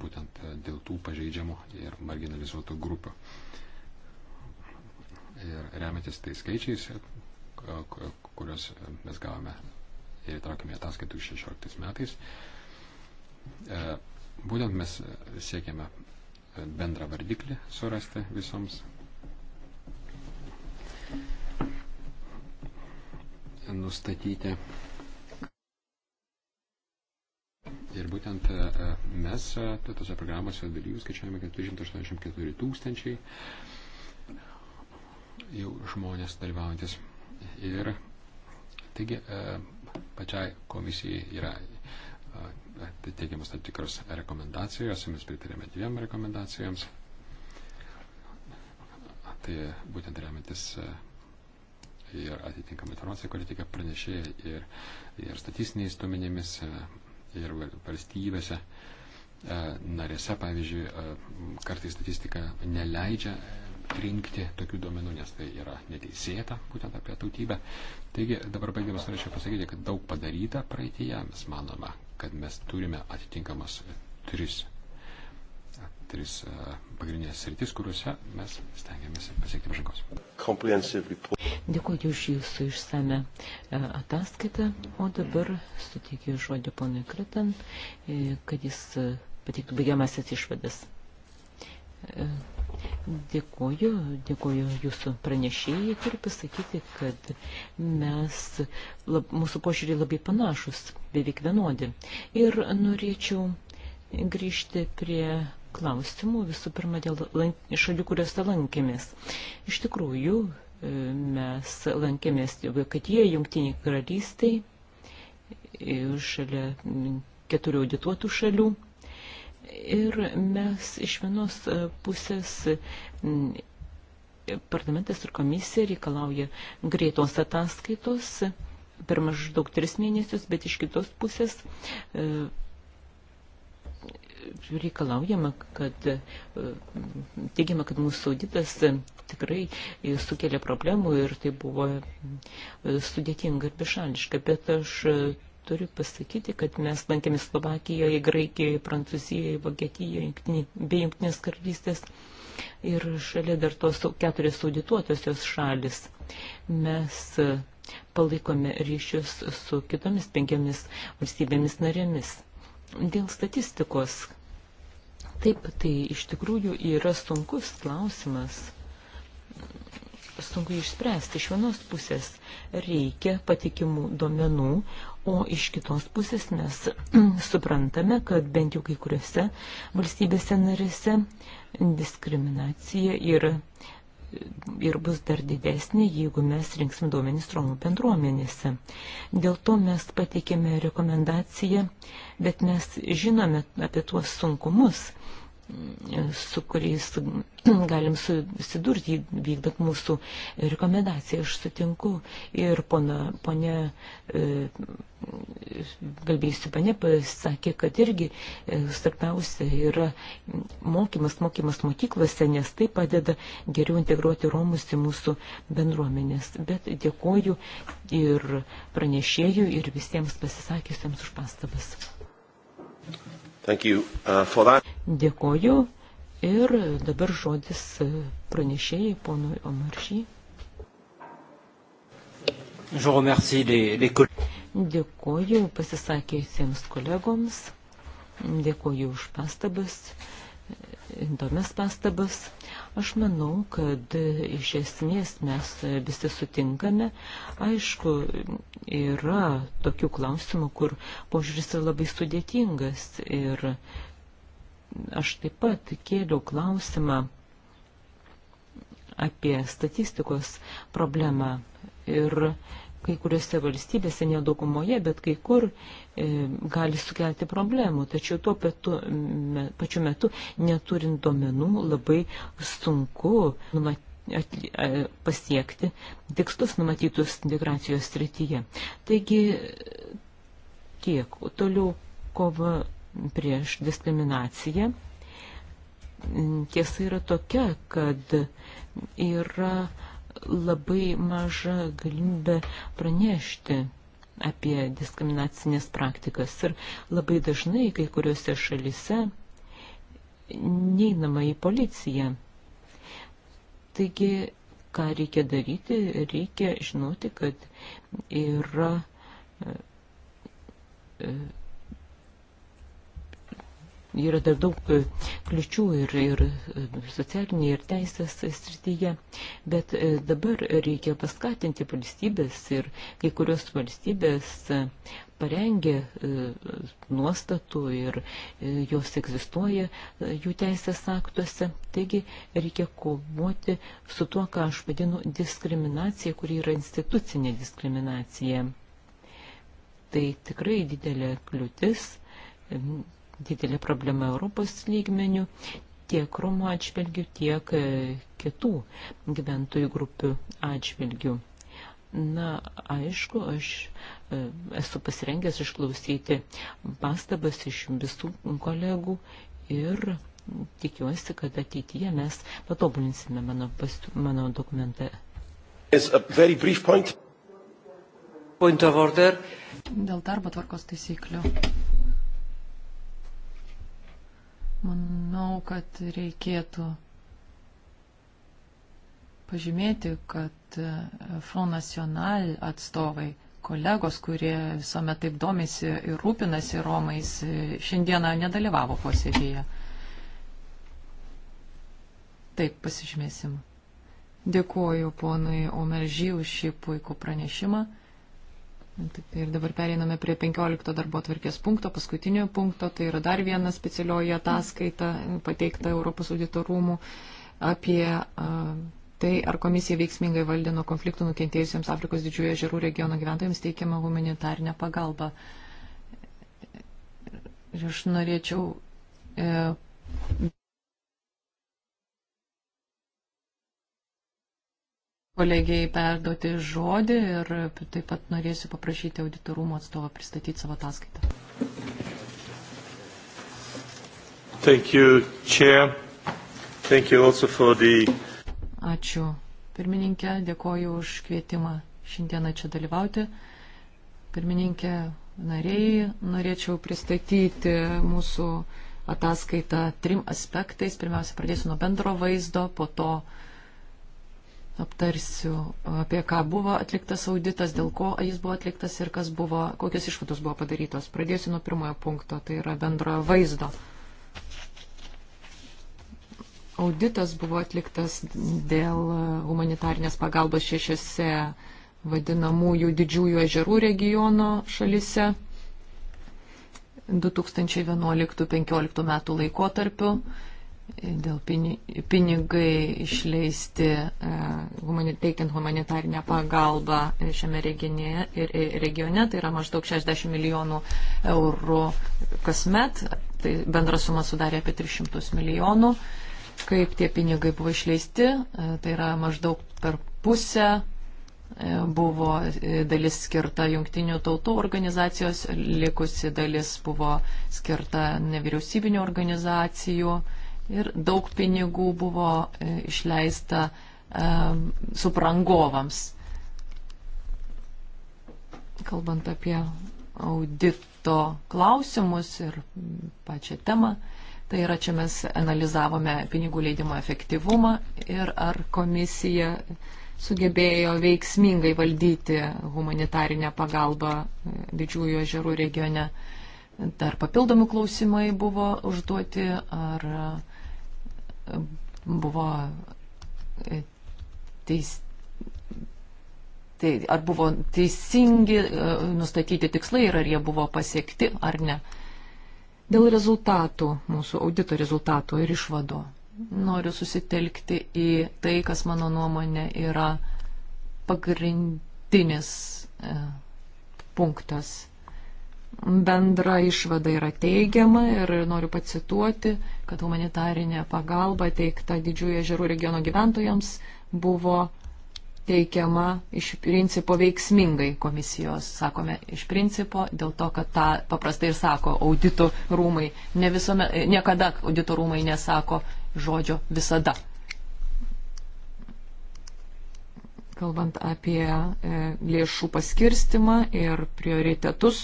būtent dėl tų pažeidžiamų ir marginalizuotų grupių. Ir remiantis tais skaičiais, kuriuos mes gavome ir įtraukėme ataskaitų 16 metais, būtent mes siekiame bendrą vardiklį surasti visoms. Nustatyti Ir būtent e, e, mes e, tose programose dalyvių skaičiavome, kad 384 tūkstančiai jau žmonės dalyvaujantis. Ir taigi pačiai komisijai yra tai teikiamas tam tikros rekomendacijos, mes pritarėme dviem rekomendacijoms. Tai būtent remiantis ir atitinkamą informaciją, kurią teikia pranešėjai ir, ir statistiniais duomenimis ir valstybėse e, narėse, pavyzdžiui, e, kartais statistika neleidžia e, rinkti tokių duomenų, nes tai yra neteisėta, būtent apie tautybę. Taigi dabar baigdamas norėčiau pasakyti, kad daug padaryta praeitėje, mes manome, kad mes turime atitinkamas tris tris e, pagrindinės sritis, kuriuose mes stengiamės pasiekti pažangos. Dėkuoju už jūsų išsame e, ataskaitą, o dabar suteikiu žodį ponui Kritan, e, kad jis pateiktų baigiamasias išvadas. Dėkuoju, dėkuoju jūsų pranešėjai, turiu pasakyti, kad mes, lab, mūsų požiūrį labai panašus, beveik vienodi. Ir norėčiau grįžti prie klausimų, visų pirma, dėl šalių, kuriuose lankėmės. Iš tikrųjų, e, mes lankėmės Vokietijoje, Jungtiniai karalystiai, e, šalia keturių audituotų šalių. Ir mes iš vienos e, pusės parlamentas ir komisija reikalauja greitos ataskaitos per maždaug tris mėnesius, bet iš kitos pusės reikalaujama, kad e, teigiama, kad mūsų auditas tikrai sukelia problemų ir tai buvo e, sudėtinga ir bešališka, bet aš e, turiu pasakyti, kad mes lankėmės Slovakijoje, Graikijoje, Prancūzijoje, Vokietijoje bei Junktinės karalystės ir šalia dar tos keturios audituotosios šalis. Mes palaikome ryšius su kitomis penkiomis valstybėmis narėmis. Dėl statistikos. Taip, tai iš tikrųjų yra sunkus klausimas. Sunku išspręsti. Iš vienos pusės reikia patikimų duomenų, o iš kitos pusės mes suprantame, kad bent jau kai kuriuose valstybėse narėse diskriminacija ir ir bus dar didesnė, jeigu mes rinksime duomenys Romų bendruomenėse. Dėl to mes pateikėme rekomendaciją, bet mes žinome apie tuos sunkumus, su kuriais galim susidurti vykdant mūsų rekomendaciją. Aš sutinku ir pona, ponė, galbėjusi e, ponė, pasakė, kad irgi e, svarbiausia yra mokymas, mokymas mokyklose, nes tai padeda geriau integruoti Romus į mūsų bendruomenės. Bet dėkoju ir pranešėjų ir visiems pasisakiusiems už pastabas. Thank you. Uh, dėkoju ir dabar žodis pranešėjai ponui Omaršy. Dėkoju pasisakėjusiems kolegoms, dėkoju už pastabas, įdomias pastabas. Aš manau, kad iš esmės mes visi sutinkame. Aišku, yra tokių klausimų, kur požiūris yra labai sudėtingas. Ir aš taip pat kėliau klausimą apie statistikos problemą. Ir kai kuriuose valstybėse, nedaugumoje, bet kai kur e, gali sukelti problemų. Tačiau tuo pietu, me, pačiu metu, neturint domenų, labai sunku numatyti e, pasiekti tikslus numatytus integracijos srityje. Taigi tiek. Toliau kova prieš diskriminaciją. Tiesa yra tokia, kad yra labai maža galimybė pranešti apie diskriminacinės praktikas ir labai dažnai kai kuriuose šalise neinama į policiją. Taigi, ką reikia daryti, reikia žinoti, kad yra e, e, yra dar daug e, kliučių ir, ir e, socialinėje, ir teisės srityje, bet e, dabar reikia paskatinti valstybės ir kai kurios valstybės parengė nuostatų ir jos egzistuoja jų teisės aktuose. Taigi reikia kovoti su tuo, ką aš vadinu diskriminacija, kuri yra institucinė diskriminacija. Tai tikrai didelė kliūtis didelė problema Europos lygmenių tiek Romų atžvilgių, tiek e, kitų gyventojų grupių atžvilgių. Na, aišku, aš e, esu pasirengęs išklausyti pastabas iš visų kolegų ir tikiuosi, kad ateityje mes patobulinsime mano, mano dokumentą. Point. Point Dėl darbo tvarkos taisyklių. Manau, kad reikėtų pažymėti, kad e, Front National atstovai, kolegos, kurie visuomet taip domisi ir rūpinasi Romais, e, šiandieną nedalyvavo posėdėje. Taip, pasižymėsim. Dėkuoju ponui Omeržy už šį puikų pranešimą. Nu, Taip, tai ir dabar pereiname prie 15 darbo atvarkės punkto, paskutinio punkto, tai yra dar viena specialioji ataskaita pateikta Europos auditorumų apie a, tai, ar komisija veiksmingai valdė nuo konfliktų nukentėjusiems Afrikos didžiųjų ežerų regiono gyventojams teikiamą humanitarinę pagalbą. Ir aš norėčiau. E, kolegijai perduoti žodį ir taip pat norėsiu paprašyti auditorumo atstovą pristatyti savo ataskaitą. Thank you, Chair. Thank you also for the... Ačiū pirmininkė, dėkoju už kvietimą šiandieną čia dalyvauti. Pirmininkė, nariai, norėčiau pristatyti mūsų ataskaitą trim aspektais. Pirmiausia, pradėsiu nuo bendro vaizdo, po to uh, aptarsiu, apie ką buvo atliktas auditas, dėl ko jis buvo atliktas ir kas buvo, kokios išvados buvo padarytos. Pradėsiu nuo pirmojo punkto, tai yra bendrojo vaizdo. Auditas buvo atliktas dėl humanitarnės pagalbos šešiose vadinamųjų didžiųjų ežerų regiono šalise 2011-2015 metų laikotarpiu dėl pinigai išleisti e, teikiant humanitarinę pagalbą šiame regione, regione, tai yra maždaug 60 milijonų eurų kasmet, tai bendra suma sudarė apie 300 milijonų. Kaip tie pinigai buvo išleisti, e, tai yra maždaug per pusę e, buvo dalis skirta jungtinių tautų organizacijos, likusi dalis buvo skirta nevyriausybinio organizacijų ir daug pinigų buvo e, išleista e, suprangovams. Kalbant apie audito klausimus ir pačią temą, tai yra čia mes analizavome pinigų leidimo efektyvumą ir ar komisija sugebėjo veiksmingai valdyti humanitarinę pagalbą e, didžiųjų ežerų regione. Dar papildomi klausimai buvo užduoti, ar buvo e, teis, tai ar buvo teisingi e, nustatyti tikslai ir ar jie buvo pasiekti ar ne. Dėl rezultatų, mūsų audito rezultatų ir išvado, noriu susitelkti į tai, kas mano nuomonė yra pagrindinis e, punktas. Bendra išvada yra teigiama ir noriu pacituoti, kad humanitarinė pagalba teikta didžiųjų ežerų regiono gyventojams buvo teikiama iš principo veiksmingai komisijos, sakome, iš principo, dėl to, kad tą paprastai ir sako audito rūmai. Ne visome, niekada audito rūmai nesako žodžio visada. Kalbant apie e, lėšų paskirstimą ir prioritetus,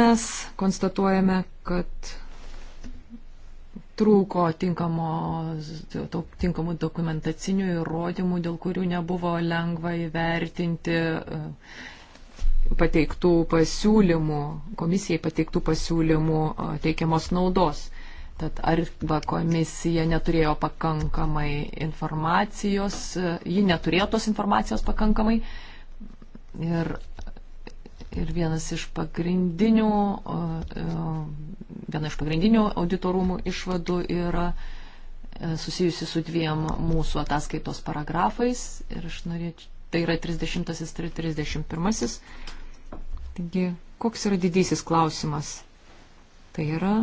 mes konstatuojame, kad trūko tinkamo, tinkamų dokumentacinių įrodymų, dėl kurių nebuvo lengva įvertinti e, pateiktų pasiūlymų, komisijai pateiktų pasiūlymų e, teikiamos naudos. Tad arba komisija neturėjo pakankamai informacijos, e, ji neturėjo tos informacijos pakankamai ir Ir vienas iš pagrindinių, e, viena iš pagrindinių auditorumų išvadų yra e, susijusi su dviem mūsų ataskaitos paragrafais. Ir aš norėčiau, tai yra 30 ir 31. Taigi, koks yra didysis klausimas? Tai yra,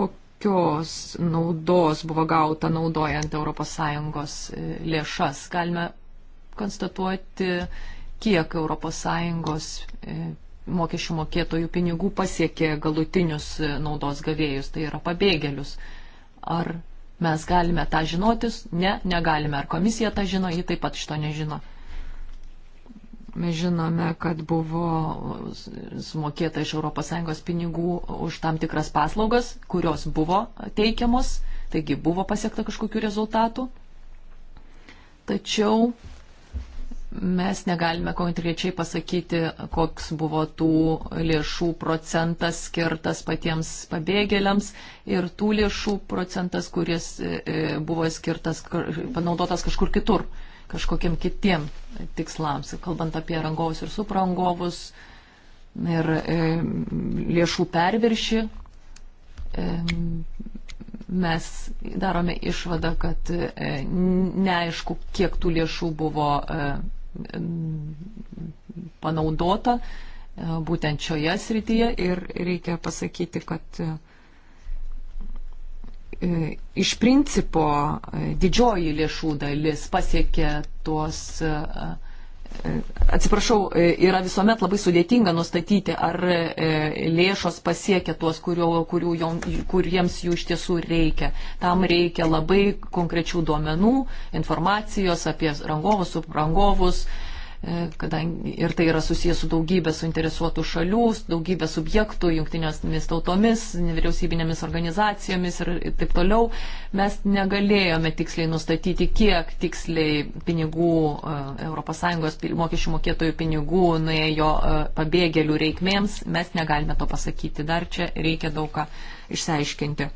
kokios naudos buvo gauta naudojant ES e, lėšas. Galime konstatuoti kiek ES e, mokesčių mokėtojų pinigų pasiekė galutinius e, naudos gavėjus, tai yra pabėgėlius. Ar mes galime tą žinotis? Ne, negalime. Ar komisija tą žino? Ji taip pat šito nežino. Mes žinome, kad buvo sumokėta iš ES pinigų už tam tikras paslaugas, kurios buvo teikiamos, taigi buvo pasiekta kažkokių rezultatų. Tačiau Mes negalime konkrečiai pasakyti, koks buvo tų lėšų procentas skirtas patiems pabėgėliams ir tų lėšų procentas, kuris e, e, buvo skirtas, panaudotas kažkur kitur, kažkokiem kitiem tikslams, kalbant apie rangovus ir suprangovus ir e, lėšų perviršį. Mes darome išvadą, kad neaišku, kiek tų lėšų buvo panaudota e, būtent šioje srityje ir reikia pasakyti, kad e, e, iš principo didžioji lėšų dalis pasiekė tuos uh, atsiprašau, e, yra visuomet labai sudėtinga nustatyti, ar e, lėšos pasiekia tuos, kurio, kurių, kuriems jų iš tiesų reikia. Tam reikia labai konkrečių duomenų, informacijos apie rangovus, subrangovus. rangovus E, kadangi ir tai yra susijęs su daugybė suinteresuotų šalių, daugybė subjektų, jungtinėmis tautomis, nevyriausybinėmis organizacijomis ir taip toliau, mes negalėjome tiksliai nustatyti, kiek tiksliai pinigų ES mokesčių mokėtojų pinigų nuėjo e, pabėgėlių reikmėms. Mes negalime to pasakyti. Dar čia reikia daug ką išsiaiškinti.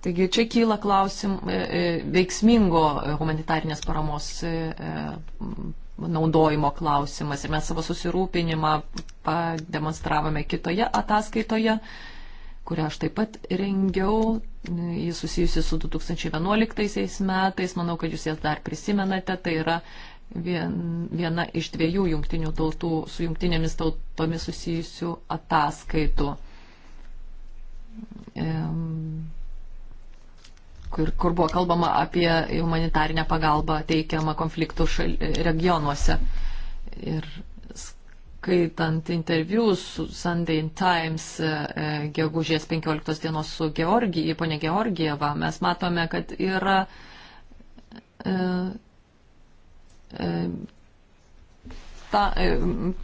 Taigi čia kyla klausim e, e, veiksmingo e, humanitarinės paramos naudojimo klausimas ir mes savo susirūpinimą pademonstravome kitoje ataskaitoje, kurią aš taip pat rengiau, jis susijusi su 2011 metais, manau, kad jūs jas dar prisimenate, tai yra viena iš dviejų jungtinių tautų su jungtinėmis tautomis susijusių ataskaitų. Ehm kur, kur buvo kalbama apie humanitarinę pagalbą teikiamą konfliktų šal, regionuose. Ir skaitant interviu su Sunday Times e, e, gegužės 15 dienos su Georgija, ponė Georgieva, mes matome, kad yra e, e, ta, e,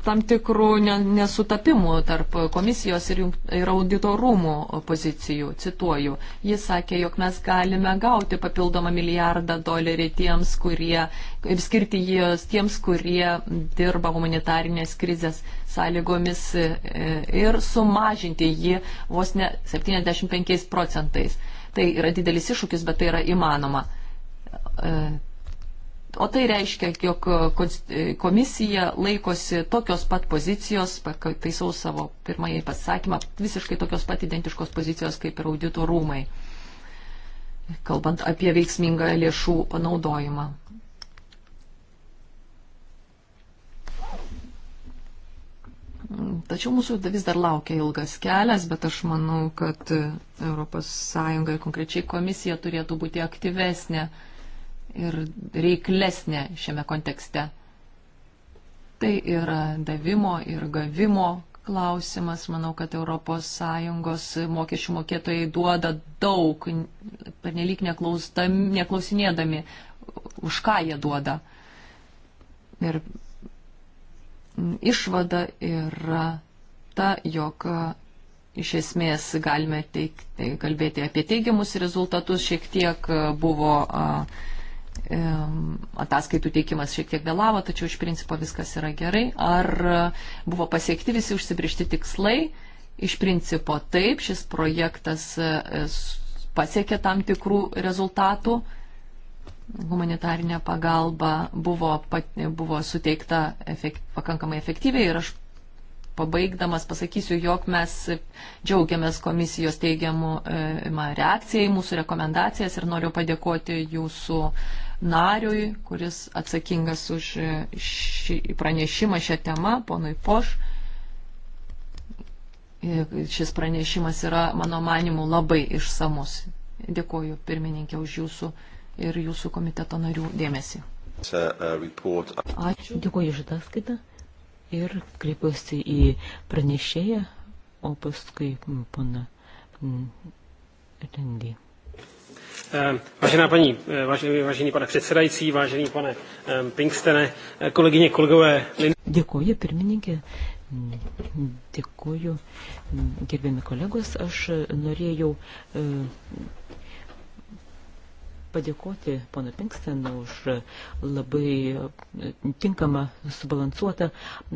tam tikrų nesutapimų tarp komisijos ir, ir audito rūmų pozicijų. Cituoju, jis sakė, jog mes galime gauti papildomą milijardą dolerį tiems, kurie, ir skirti jos tiems, kurie dirba humanitarinės krizės sąlygomis e, ir sumažinti jį vos ne 75 procentais. Tai yra didelis iššūkis, bet tai yra įmanoma e, O tai reiškia, jog e, e, komisija laikosi tokios pat pozicijos, taisau savo pirmąjį pasakymą, visiškai tokios pat identiškos pozicijos kaip ir audito rūmai, kalbant apie veiksmingą lėšų panaudojimą. Tačiau mūsų vis dar laukia ilgas kelias, bet aš manau, kad ES ir konkrečiai komisija turėtų būti aktyvesnė ir reiklesnė šiame kontekste. Tai yra davimo ir gavimo klausimas. Manau, kad ES mokesčių mokėtojai duoda daug, pernelyg neklausinėdami, už ką jie duoda. Ir išvada yra ta, jog iš esmės galime teikti, kalbėti apie teigiamus rezultatus, šiek tiek buvo. A, ataskaitų teikimas šiek tiek vėlavo, tačiau iš principo viskas yra gerai. Ar e, buvo pasiekti visi užsibriežti tikslai? Iš principo taip, šis projektas e, pasiekė tam tikrų rezultatų. Humanitarinė pagalba buvo, buvo suteikta efekt, pakankamai efektyviai ir aš pabaigdamas pasakysiu, jog mes džiaugiamės komisijos teigiamų e, reakcijai, mūsų rekomendacijas ir noriu padėkoti jūsų uh, nariui, kuris atsakingas už e, šį pranešimą šią temą, ponui Poš. E, šis pranešimas yra, mano manimu, labai išsamus. Dėkoju pirmininkė už jūsų ir jūsų komiteto narių dėmesį. E, Ačiū. Dėkoju už ataskaitą ir kreipiuosi į pranešėją, o paskui pana Rendy. Eh, vážená paní, eh, vážený, vážený pane předsedající, vážený pane eh, Pinkstene, kolegyně, kolegové. Děkuji, pirmininkė. Dėkuoju, gerbiami kolegos, aš norėjau padėkoti pono Pinksteną už labai e, tinkamą, subalansuotą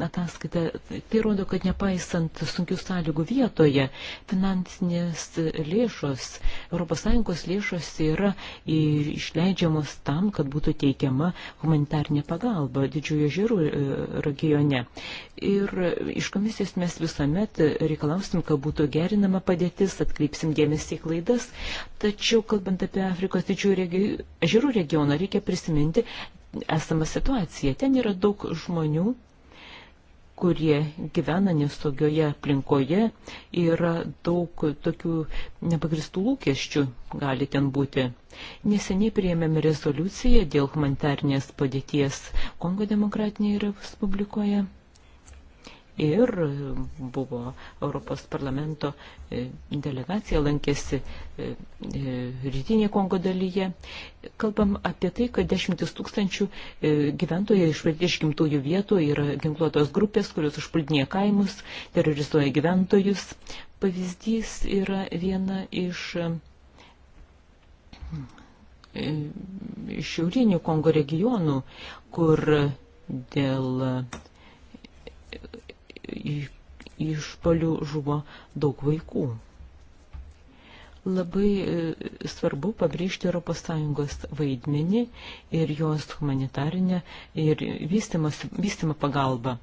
ataskaitą. Tai rodo, kad nepaisant sunkių sąlygų vietoje, finansinės lėšos, ES lėšos yra išleidžiamos tam, kad būtų teikiama humanitarnė pagalba didžiojo žiūrų e, regione ir iš komisijos mes visuomet reikalausim, kad būtų gerinama padėtis, atkreipsim dėmesį į klaidas. Tačiau, kalbant apie Afrikos didžiųjų regi... žiūrų regioną, reikia prisiminti esamą situaciją. Ten yra daug žmonių, kurie gyvena nesaugioje aplinkoje, yra daug tokių nepagristų lūkesčių gali ten būti. Neseniai prieėmėme rezoliuciją dėl humanitarnės padėties Kongo demokratinėje Respublikoje ir e, buvo Europos parlamento e, delegacija lankėsi e, rytinėje Kongo dalyje. Kalbam apie tai, kad dešimtis tūkstančių gyventojų išvaryti iš gimtųjų vietų yra ginkluotos grupės, kurios užpuldinėja kaimus, terorizuoja gyventojus. Pavyzdys yra viena iš šiaurinių Kongo regionų, kur dėl išpolių žuvo daug vaikų. Labai e, svarbu pabrėžti ES vaidmenį ir jos humanitarinę ir vystimą pagalbą.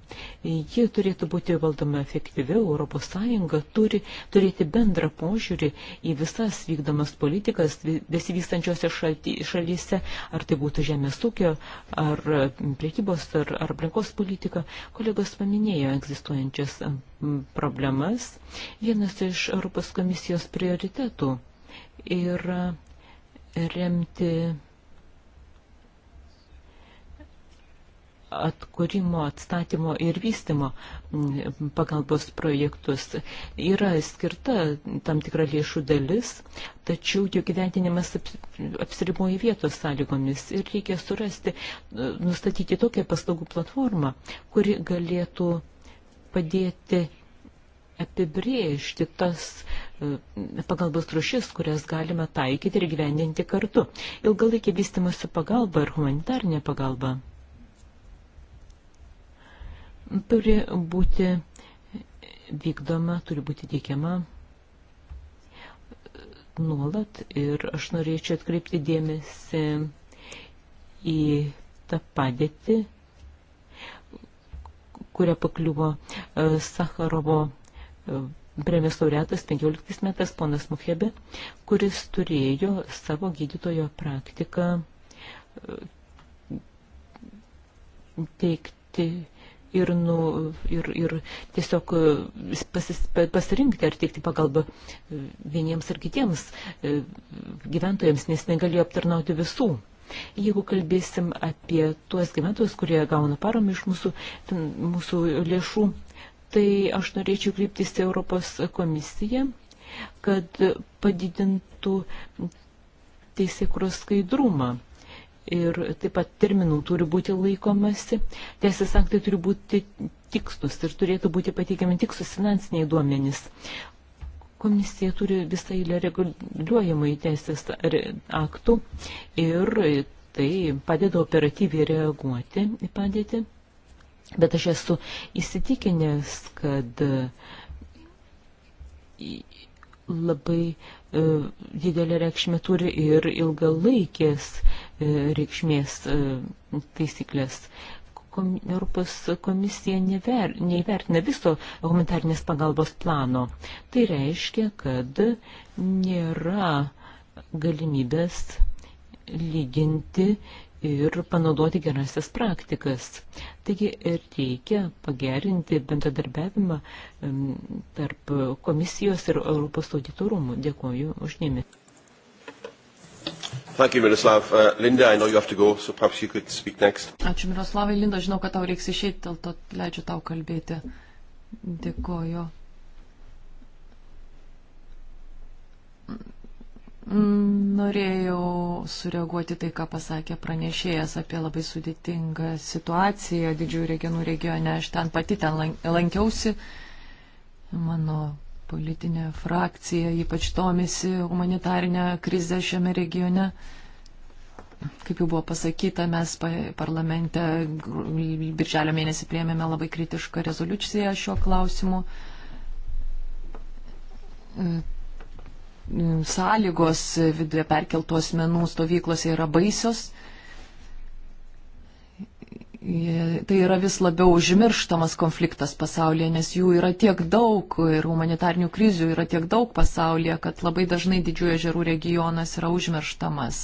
Ji turėtų būti valdoma efektyviau, ES turi turėti bendrą požiūrį į visas vykdomas politikas besivystančiose šalyse, ar tai būtų žemės ūkio, ar priekybos, ar aplinkos politika. Kolegos paminėjo egzistuojančias problemas. Vienas iš Europos komisijos prioritetų yra remti atkūrimo, atstatymo ir vystimo pagalbos projektus. Yra skirta tam tikra lėšų dalis, tačiau jų gyventinimas apsiriboja vietos sąlygomis ir reikia surasti, nustatyti tokią paslaugų platformą, kuri galėtų padėti apibriežti tas e, pagalbos rušis, kurias galime taikyti ir gyvendinti kartu. Ilgalaikė vystimosi pagalba ir humanitarnė pagalba turi būti vykdoma, turi būti teikiama nuolat ir aš norėčiau atkreipti dėmesį į tą padėtį, kuria pakliuvo e, Sakarovo e, premijos laureatas 15 metais ponas Muhebe, kuris turėjo savo gydytojo praktiką e, teikti ir, nu, ir, ir tiesiog pasis, pasirinkti, ar teikti pagalbą vieniems ar kitiems gyventojams, nes negalėjo aptarnauti visų. Jeigu kalbėsim apie tuos gamintojus, kurie gauna paramą iš mūsų, mūsų lėšų, tai aš norėčiau kryptis į Europos komisiją, kad padidintų teisėkuros skaidrumą. Ir taip pat terminų turi būti laikomasi, teisės aktai turi būti tikslus ir turėtų būti pateikiami tikslus finansiniai duomenys. Komisija turi visą eilę reguliuojamai teisės aktų ir tai padeda operatyviai reaguoti į padėtį. Bet aš esu įsitikinęs, kad labai e, didelę reikšmę turi ir ilgalaikės e, reikšmės e, taisyklės. E, Europos komisija never, neįvertina viso humanitarnės pagalbos plano. Tai reiškia, kad nėra galimybės lyginti ir panaudoti gerasias praktikas. Taigi reikia pagerinti bendradarbiavimą tarp komisijos ir Europos auditorumų. Dėkuoju uždėmesi. Thank you, Miroslav. Uh, Linda, I know you have to go, so perhaps you could speak next. Ačiū, Miroslavai. Linda, žinau, kad tau reiks išeiti, dėl to leidžiu tau kalbėti. Dėkoju. Norėjau sureaguoti tai, ką pasakė pranešėjas apie labai sudėtingą situaciją didžiųjų regionų regione. Aš ten pati ten lankiausi. Mano politinė frakcija ypač domisi humanitarinę krizę šiame regione. Kaip jau buvo pasakyta, mes parlamente birželio mėnesį prieėmėme labai kritišką rezoliuciją šiuo klausimu. E, sąlygos viduje perkeltų asmenų stovyklose yra baisios Tai yra vis labiau užmirštamas konfliktas pasaulyje, nes jų yra tiek daug ir humanitarnių krizių yra tiek daug pasaulyje, kad labai dažnai didžiųjų žerų regionas yra užmirštamas.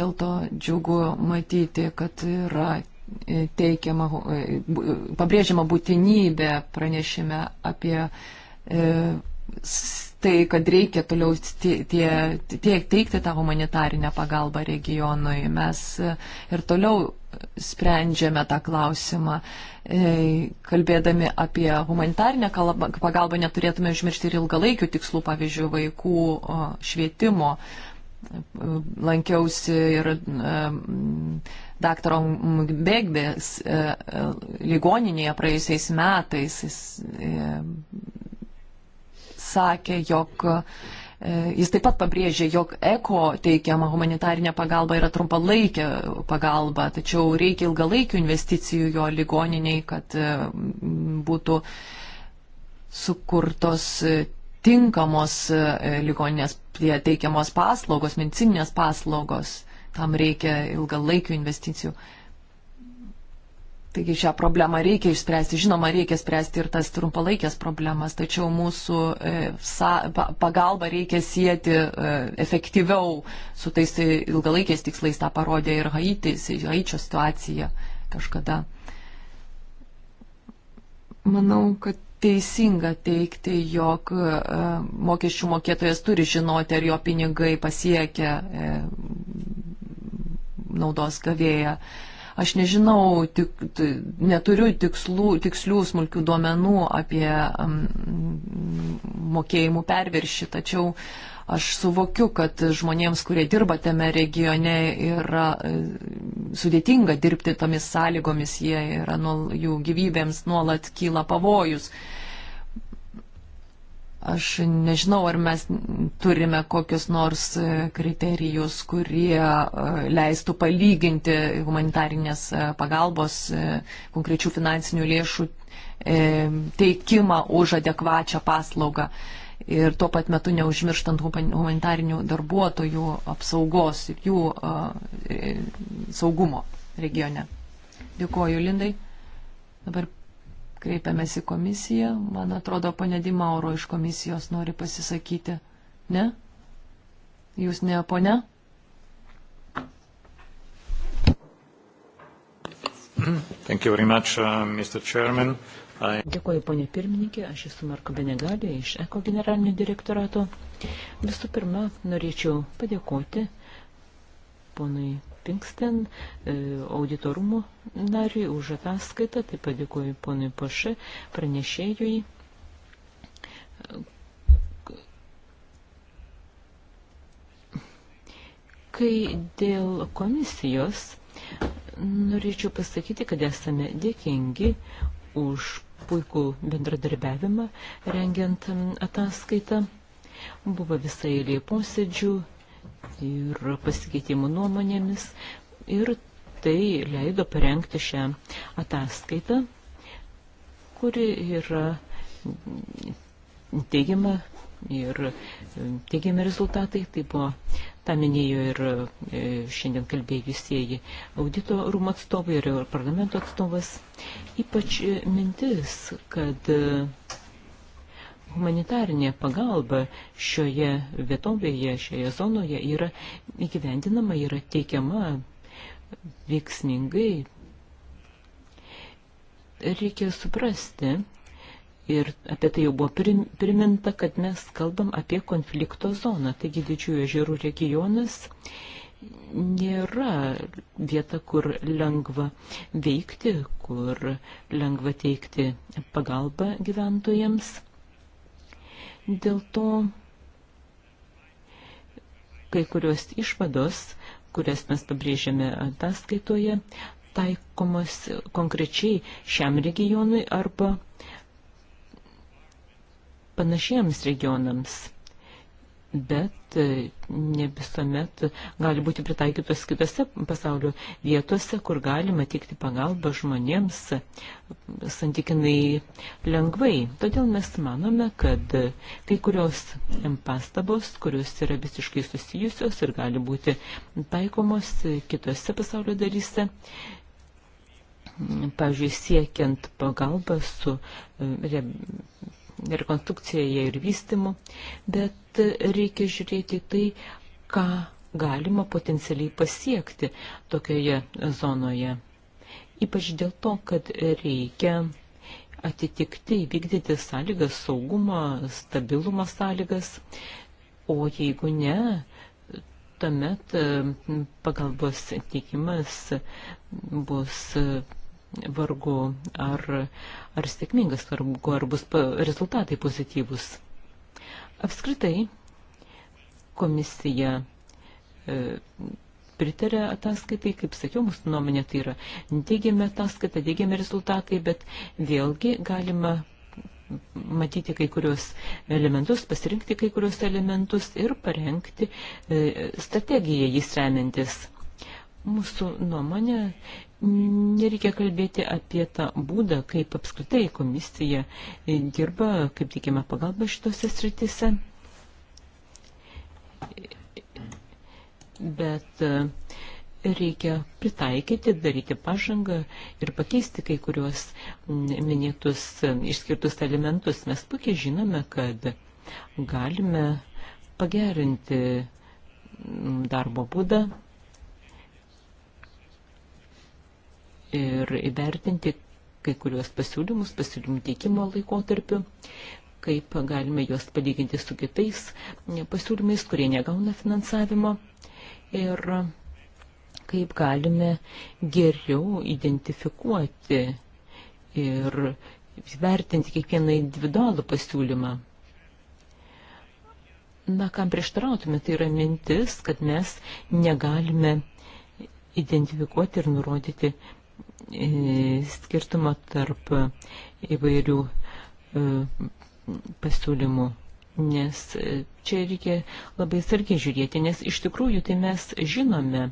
Dėl to džiugu matyti, kad yra e, teikiama, e, pabrėžiama būtinybė pranešime apie e, tai, kad reikia toliau tie, tie, teikti tą humanitarinę pagalbą regionui. Mes e, ir toliau sprendžiame tą klausimą. E, kalbėdami apie humanitarinę pagalbą neturėtume užmiršti ir ilgalaikių tikslų, pavyzdžiui, vaikų švietimo. Lankiausi ir e, daktaro Begbės ligoninėje praėjusiais metais. Jis sakė, jog e, Jis taip pat pabrėžė, jog eko teikiama humanitarinė pagalba yra trumpalaikė pagalba, tačiau reikia ilgalaikių investicijų jo ligoniniai, kad e, būtų sukurtos e, tinkamos ligoninės teikiamos paslaugos, medicininės paslaugos. Tam reikia ilgalaikių investicijų. Uh, Taigi šią problemą reikia išspręsti. Žinoma, reikia spręsti ir tas trumpalaikės problemas, tačiau mūsų e, pagalba reikia sieti e, efektyviau su tais ilgalaikiais tikslais. Ta parodė ir Haitis, Haičio situacija kažkada. Manau, kad teisinga teikti, jog e, mokesčių mokėtojas turi žinoti, ar jo pinigai pasiekia naudos gavėją. Aš nežinau, tik, neturiu tikslų, tikslių smulkių duomenų apie um, mokėjimų perviršį, tačiau aš suvokiu, kad žmonėms, kurie dirba tame regione, yra e, sudėtinga dirbti tomis sąlygomis, jie yra, nuol, jų gyvybėms nuolat kyla pavojus. Uh, Aš nežinau, ar mes turime kokius nors e, kriterijus, kurie e, leistų palyginti humanitarinės e, pagalbos konkrečių finansinių lėšų teikimą už adekvačią paslaugą ir tuo pat metu neužmirštant humanitarinių darbuotojų apsaugos ir jų saugumo regione. Dėkuoju, Lindai. Dabar Kreipiamės į komisiją. Man atrodo, ponė Dimauro iš komisijos nori pasisakyti. Ne? Jūs ne ponė? Thank you very much, uh, Mr. Chairman. Dėkuoju, ponė pirmininkė, aš esu Marko Benegalė iš Eko generalinio direktorato. Visų pirma, norėčiau padėkoti ponui Pinkston, e, auditorumų nariui, už ataskaitą, taip pat dėkuoju ponui Paše, pranešėjui. Kai dėl komisijos norėčiau pasakyti, kad esame dėkingi už puikų bendradarbiavimą rengiant ataskaitą. Buvo visai eilė posėdžių ir pasikeitimų nuomonėmis ir tai leido parengti šią ataskaitą, kuri yra teigiama ir teigiami rezultatai. Tai buvo, tą minėjo ir e, šiandien kalbėjusieji audito rūmų atstovai ir parlamento atstovas. Ypač mintis, kad humanitarinė pagalba šioje vietovėje, šioje zonoje yra įgyvendinama, yra teikiama veiksmingai. Reikia suprasti, ir apie tai jau buvo priminta, kad mes kalbam apie konflikto zoną, taigi didžiųjų ežerų regionas nėra vieta, kur lengva veikti, kur lengva teikti pagalbą gyventojams. Dėl to kai kurios išvados, kurias mes pabrėžėme ataskaitoje, taikomos konkrečiai šiam regionui arba panašiems regionams bet e, ne visuomet gali būti pritaikytos kitose pasaulio vietose, kur galima teikti pagalbą žmonėms santykinai lengvai. Todėl mes manome, kad kai kurios pastabos, kurios yra visiškai susijusios ir gali būti taikomos kitose pasaulio dalyse, pavyzdžiui, siekiant pagalbą su e, rekonstrukcijoje ir vystimu, bet reikia žiūrėti tai, ką galima potencialiai pasiekti tokioje zonoje. Ypač dėl to, kad reikia atitikti, įvykdyti sąlygas, saugumo, stabilumo sąlygas, o jeigu ne, tuomet e, pagalbos teikimas bus vargu, ar, ar sėkmingas, vargu, ar bus rezultatai pozityvus. Apskritai, komisija e, pritarė ataskaitai, kaip sakiau, mūsų nuomonė tai yra teigiami ataskaita, teigiami rezultatai, bet vėlgi galima matyti kai kurios elementus, pasirinkti kai kurios elementus ir parengti e, strategiją jis remiantis. Mūsų nuomonė nereikia kalbėti apie tą būdą, kaip apskritai komisija dirba, kaip tikima pagalba šitose sritise. Bet e, reikia pritaikyti, daryti pažangą ir pakeisti kai kuriuos minėtus e, išskirtus elementus. Mes puikiai žinome, kad galime pagerinti darbo būdą ir įvertinti kai kuriuos pasiūlymus, pasiūlymų teikimo laikotarpiu, kaip galime juos palyginti su kitais pasiūlymais, kurie negauna finansavimo ir kaip galime geriau identifikuoti ir vertinti kiekvieną individualų pasiūlymą. Na, kam prieštarautume, tai yra mintis, kad mes negalime identifikuoti ir nurodyti skirtumo tarp įvairių e, pasiūlymų. Nes čia reikia labai sargiai žiūrėti, nes iš tikrųjų tai mes žinome,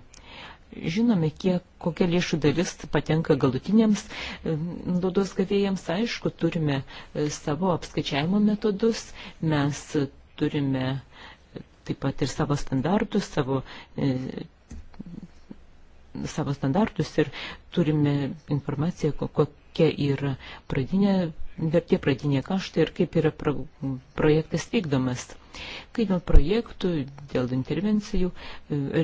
žinome, kiek, kokia lėšų dalis patenka galutiniams e, naudos gavėjams. Aišku, turime e, savo apskaičiavimo metodus, mes turime taip pat ir savo standartus, savo savo standartus ir turime informaciją, kokia yra pradinė vertė, pradinė kaštai ir kaip yra pra, projektas vykdomas. Kaip dėl projektų, dėl intervencijų e,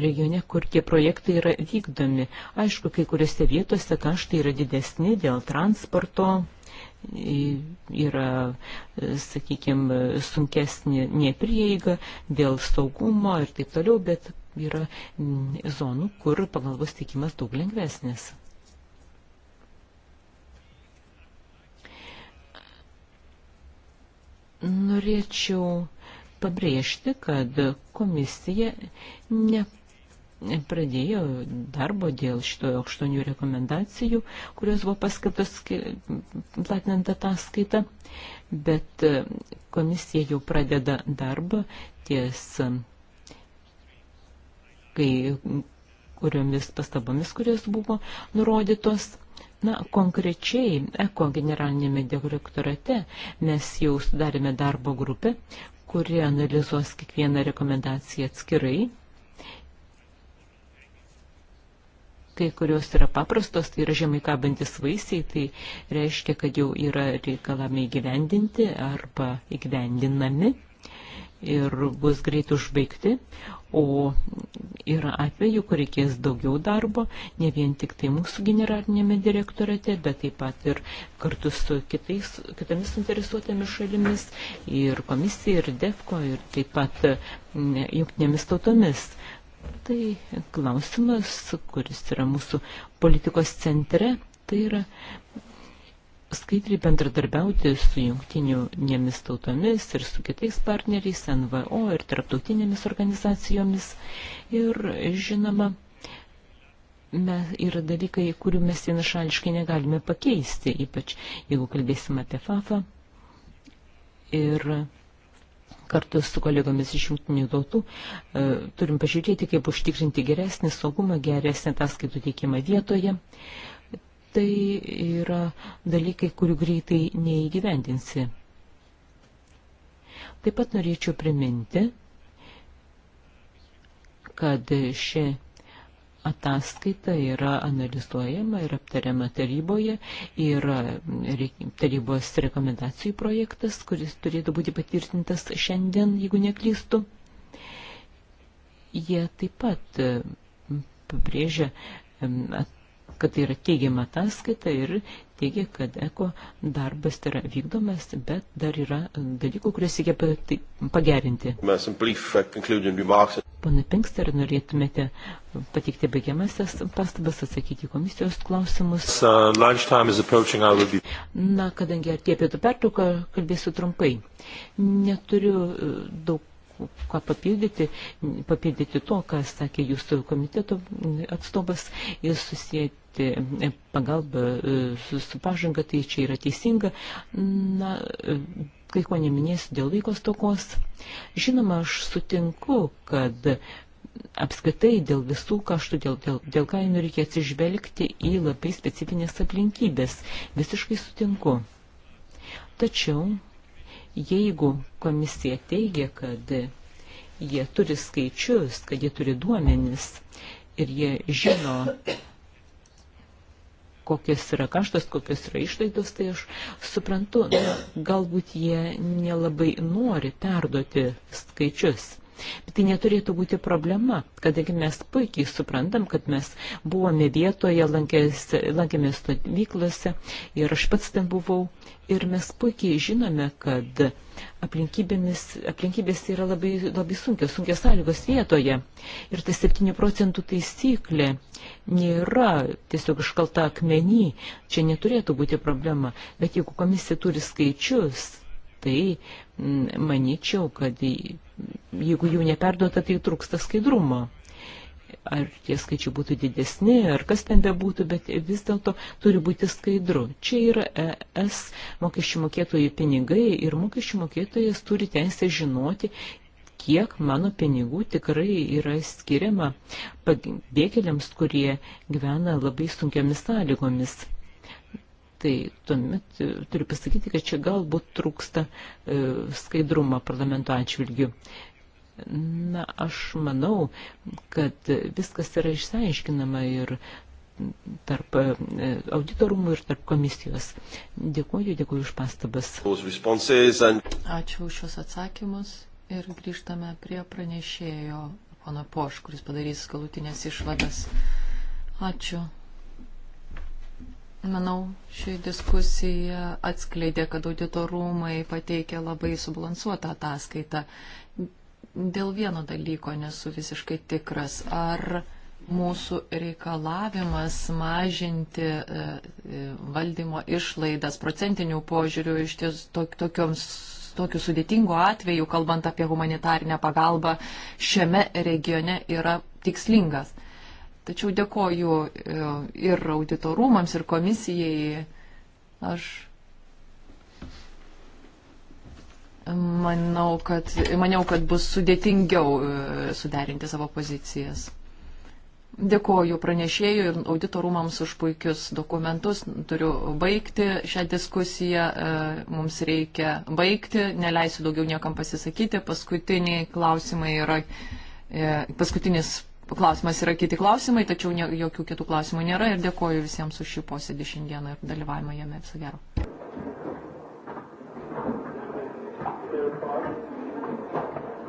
regione, kur tie projektai yra vykdomi. Aišku, kai kuriuose vietose kaštai yra didesni dėl transporto, yra, e, sakykime, sunkesnė neprieiga dėl saugumo ir taip toliau, bet yra mm, zonų, kur pagalbos teikimas daug lengvesnis. Norėčiau pabrėžti, kad komisija ne pradėjo darbo dėl šito aštuonių rekomendacijų, kurios buvo paskatos platinant ataskaitą, bet e, komisija jau pradeda darbą ties kai kuriomis pastabomis, kurios buvo nurodytos. Na, konkrečiai ECO generalinėme direktorate mes jau sudarėme darbo grupę, kuri analizuos kiekvieną rekomendaciją atskirai. Kai kurios yra paprastos, tai yra žemai kabantis vaisiai, tai reiškia, kad jau yra reikalami įgyvendinti arba įgyvendinami ir bus greit užbaigti, o yra atveju, kur reikės daugiau darbo, ne vien tik tai mūsų generalinėme direktorate, bet taip pat ir kartu su kitais, kitomis interesuotėmis šalimis ir komisija, ir DEFCO, ir taip pat jungtinėmis tautomis. Tai klausimas, kuris yra mūsų politikos centre, tai yra skaidriai bendradarbiauti su jungtinėmis tautomis ir su kitais partneriais, NVO ir tarptautinėmis organizacijomis. Ir žinoma, mes, yra dalykai, kurių mes vienašališkai negalime pakeisti, ypač jeigu kalbėsim apie FAFą. Ir kartu su kolegomis iš jungtinių tautų e, turim pažiūrėti, kaip užtikrinti geresnį saugumą, geresnį ataskaitų teikimą vietoje. E, tai yra dalykai, kurių greitai neįgyvendinsi. Taip pat norėčiau priminti, kad ši ataskaita yra analizuojama ir aptariama taryboje, yra tarybos rekomendacijų projektas, kuris turėtų būti patvirtintas šiandien, jeigu neklystu. Jie taip pat pabrėžia at kad tai yra teigiama ataskaita ir teigia, kad eko darbas tai yra vykdomas, bet dar yra dalykų, kuriuos reikia tai pagerinti. Pana Pinksta, ar norėtumėte patikti baigiamasias pastabas, atsakyti komisijos klausimus? Uh, Na, kadangi artėja pietų pertrauka, kalbėsiu trumpai. Neturiu uh, daug ką papildyti, papildyti to, ką sakė jūsų komiteto atstovas ir susijęti e, pagalbą e, su, su pažanga, tai čia yra teisinga. Na, e, kai ko neminėsiu dėl laikos tokos. Žinoma, aš sutinku, kad apskritai dėl visų kaštų, dėl, dėl, dėl kainų reikia atsižvelgti į labai specifinės aplinkybės. Visiškai sutinku. Tačiau Jeigu komisija teigia, kad jie turi skaičius, kad jie turi duomenis ir jie žino, kokios yra kaštas, kokios yra išlaidos, tai aš suprantu, na, galbūt jie nelabai nori perduoti skaičius. Bet tai neturėtų būti problema, kadangi mes puikiai suprantam, kad mes buvome vietoje, lankės, lankėmės stovyklose ir aš pats ten buvau. Ir mes puikiai žinome, kad aplinkybės yra labai, labai sunkios, sunkios sąlygos vietoje. Ir ta 7 procentų taisyklė nėra tiesiog iškalta akmenį, čia neturėtų būti problema. Bet jeigu komisija turi skaičius, tai manyčiau, kad jeigu jų neperduota, tai trūksta skaidrumo. Ar tie skaičiai būtų didesni, ar kas ten bebūtų, bet vis dėlto turi būti skaidru. Čia yra ES mokesčių mokėtojų pinigai ir mokesčių mokėtojas turi teisę žinoti, kiek mano pinigų tikrai yra skiriama pabėgėliams, kurie gyvena labai sunkiamis sąlygomis tai tuomet e, turiu pasakyti, kad čia galbūt trūksta e, skaidrumo parlamento atžvilgių. Na, aš manau, kad viskas yra išsiaiškinama ir tarp e, auditorumų ir tarp komisijos. Dėkuoju, dėkuoju už pastabas. Ačiū už šios atsakymus ir grįžtame prie pranešėjo, pana Poš, kuris padarys galutinės išvadas. Ačiū. Manau, ši diskusija atskleidė, kad auditorumai pateikė labai subalansuotą ataskaitą. Dėl vieno dalyko nesu visiškai tikras. Ar mūsų reikalavimas mažinti e, e, valdymo išlaidas procentinių požiūrių iš ties tokioms tokiu sudėtingu atveju, kalbant apie humanitarinę pagalbą, šiame regione yra tikslingas. Tačiau dėkoju e, ir auditorumams, ir komisijai. Aš manau, kad, maniau, kad bus sudėtingiau e, suderinti savo pozicijas. Dėkoju pranešėjui ir auditorumams už puikius dokumentus. Turiu baigti šią diskusiją, e, mums reikia baigti, neleisiu daugiau niekam pasisakyti. Paskutiniai klausimai yra paskutinis klausimas yra kiti klausimai, tačiau ne, jokių kitų klausimų nėra ir dėkoju visiems už šį posėdį šiandieną ir dalyvavimą jame. Viso gero.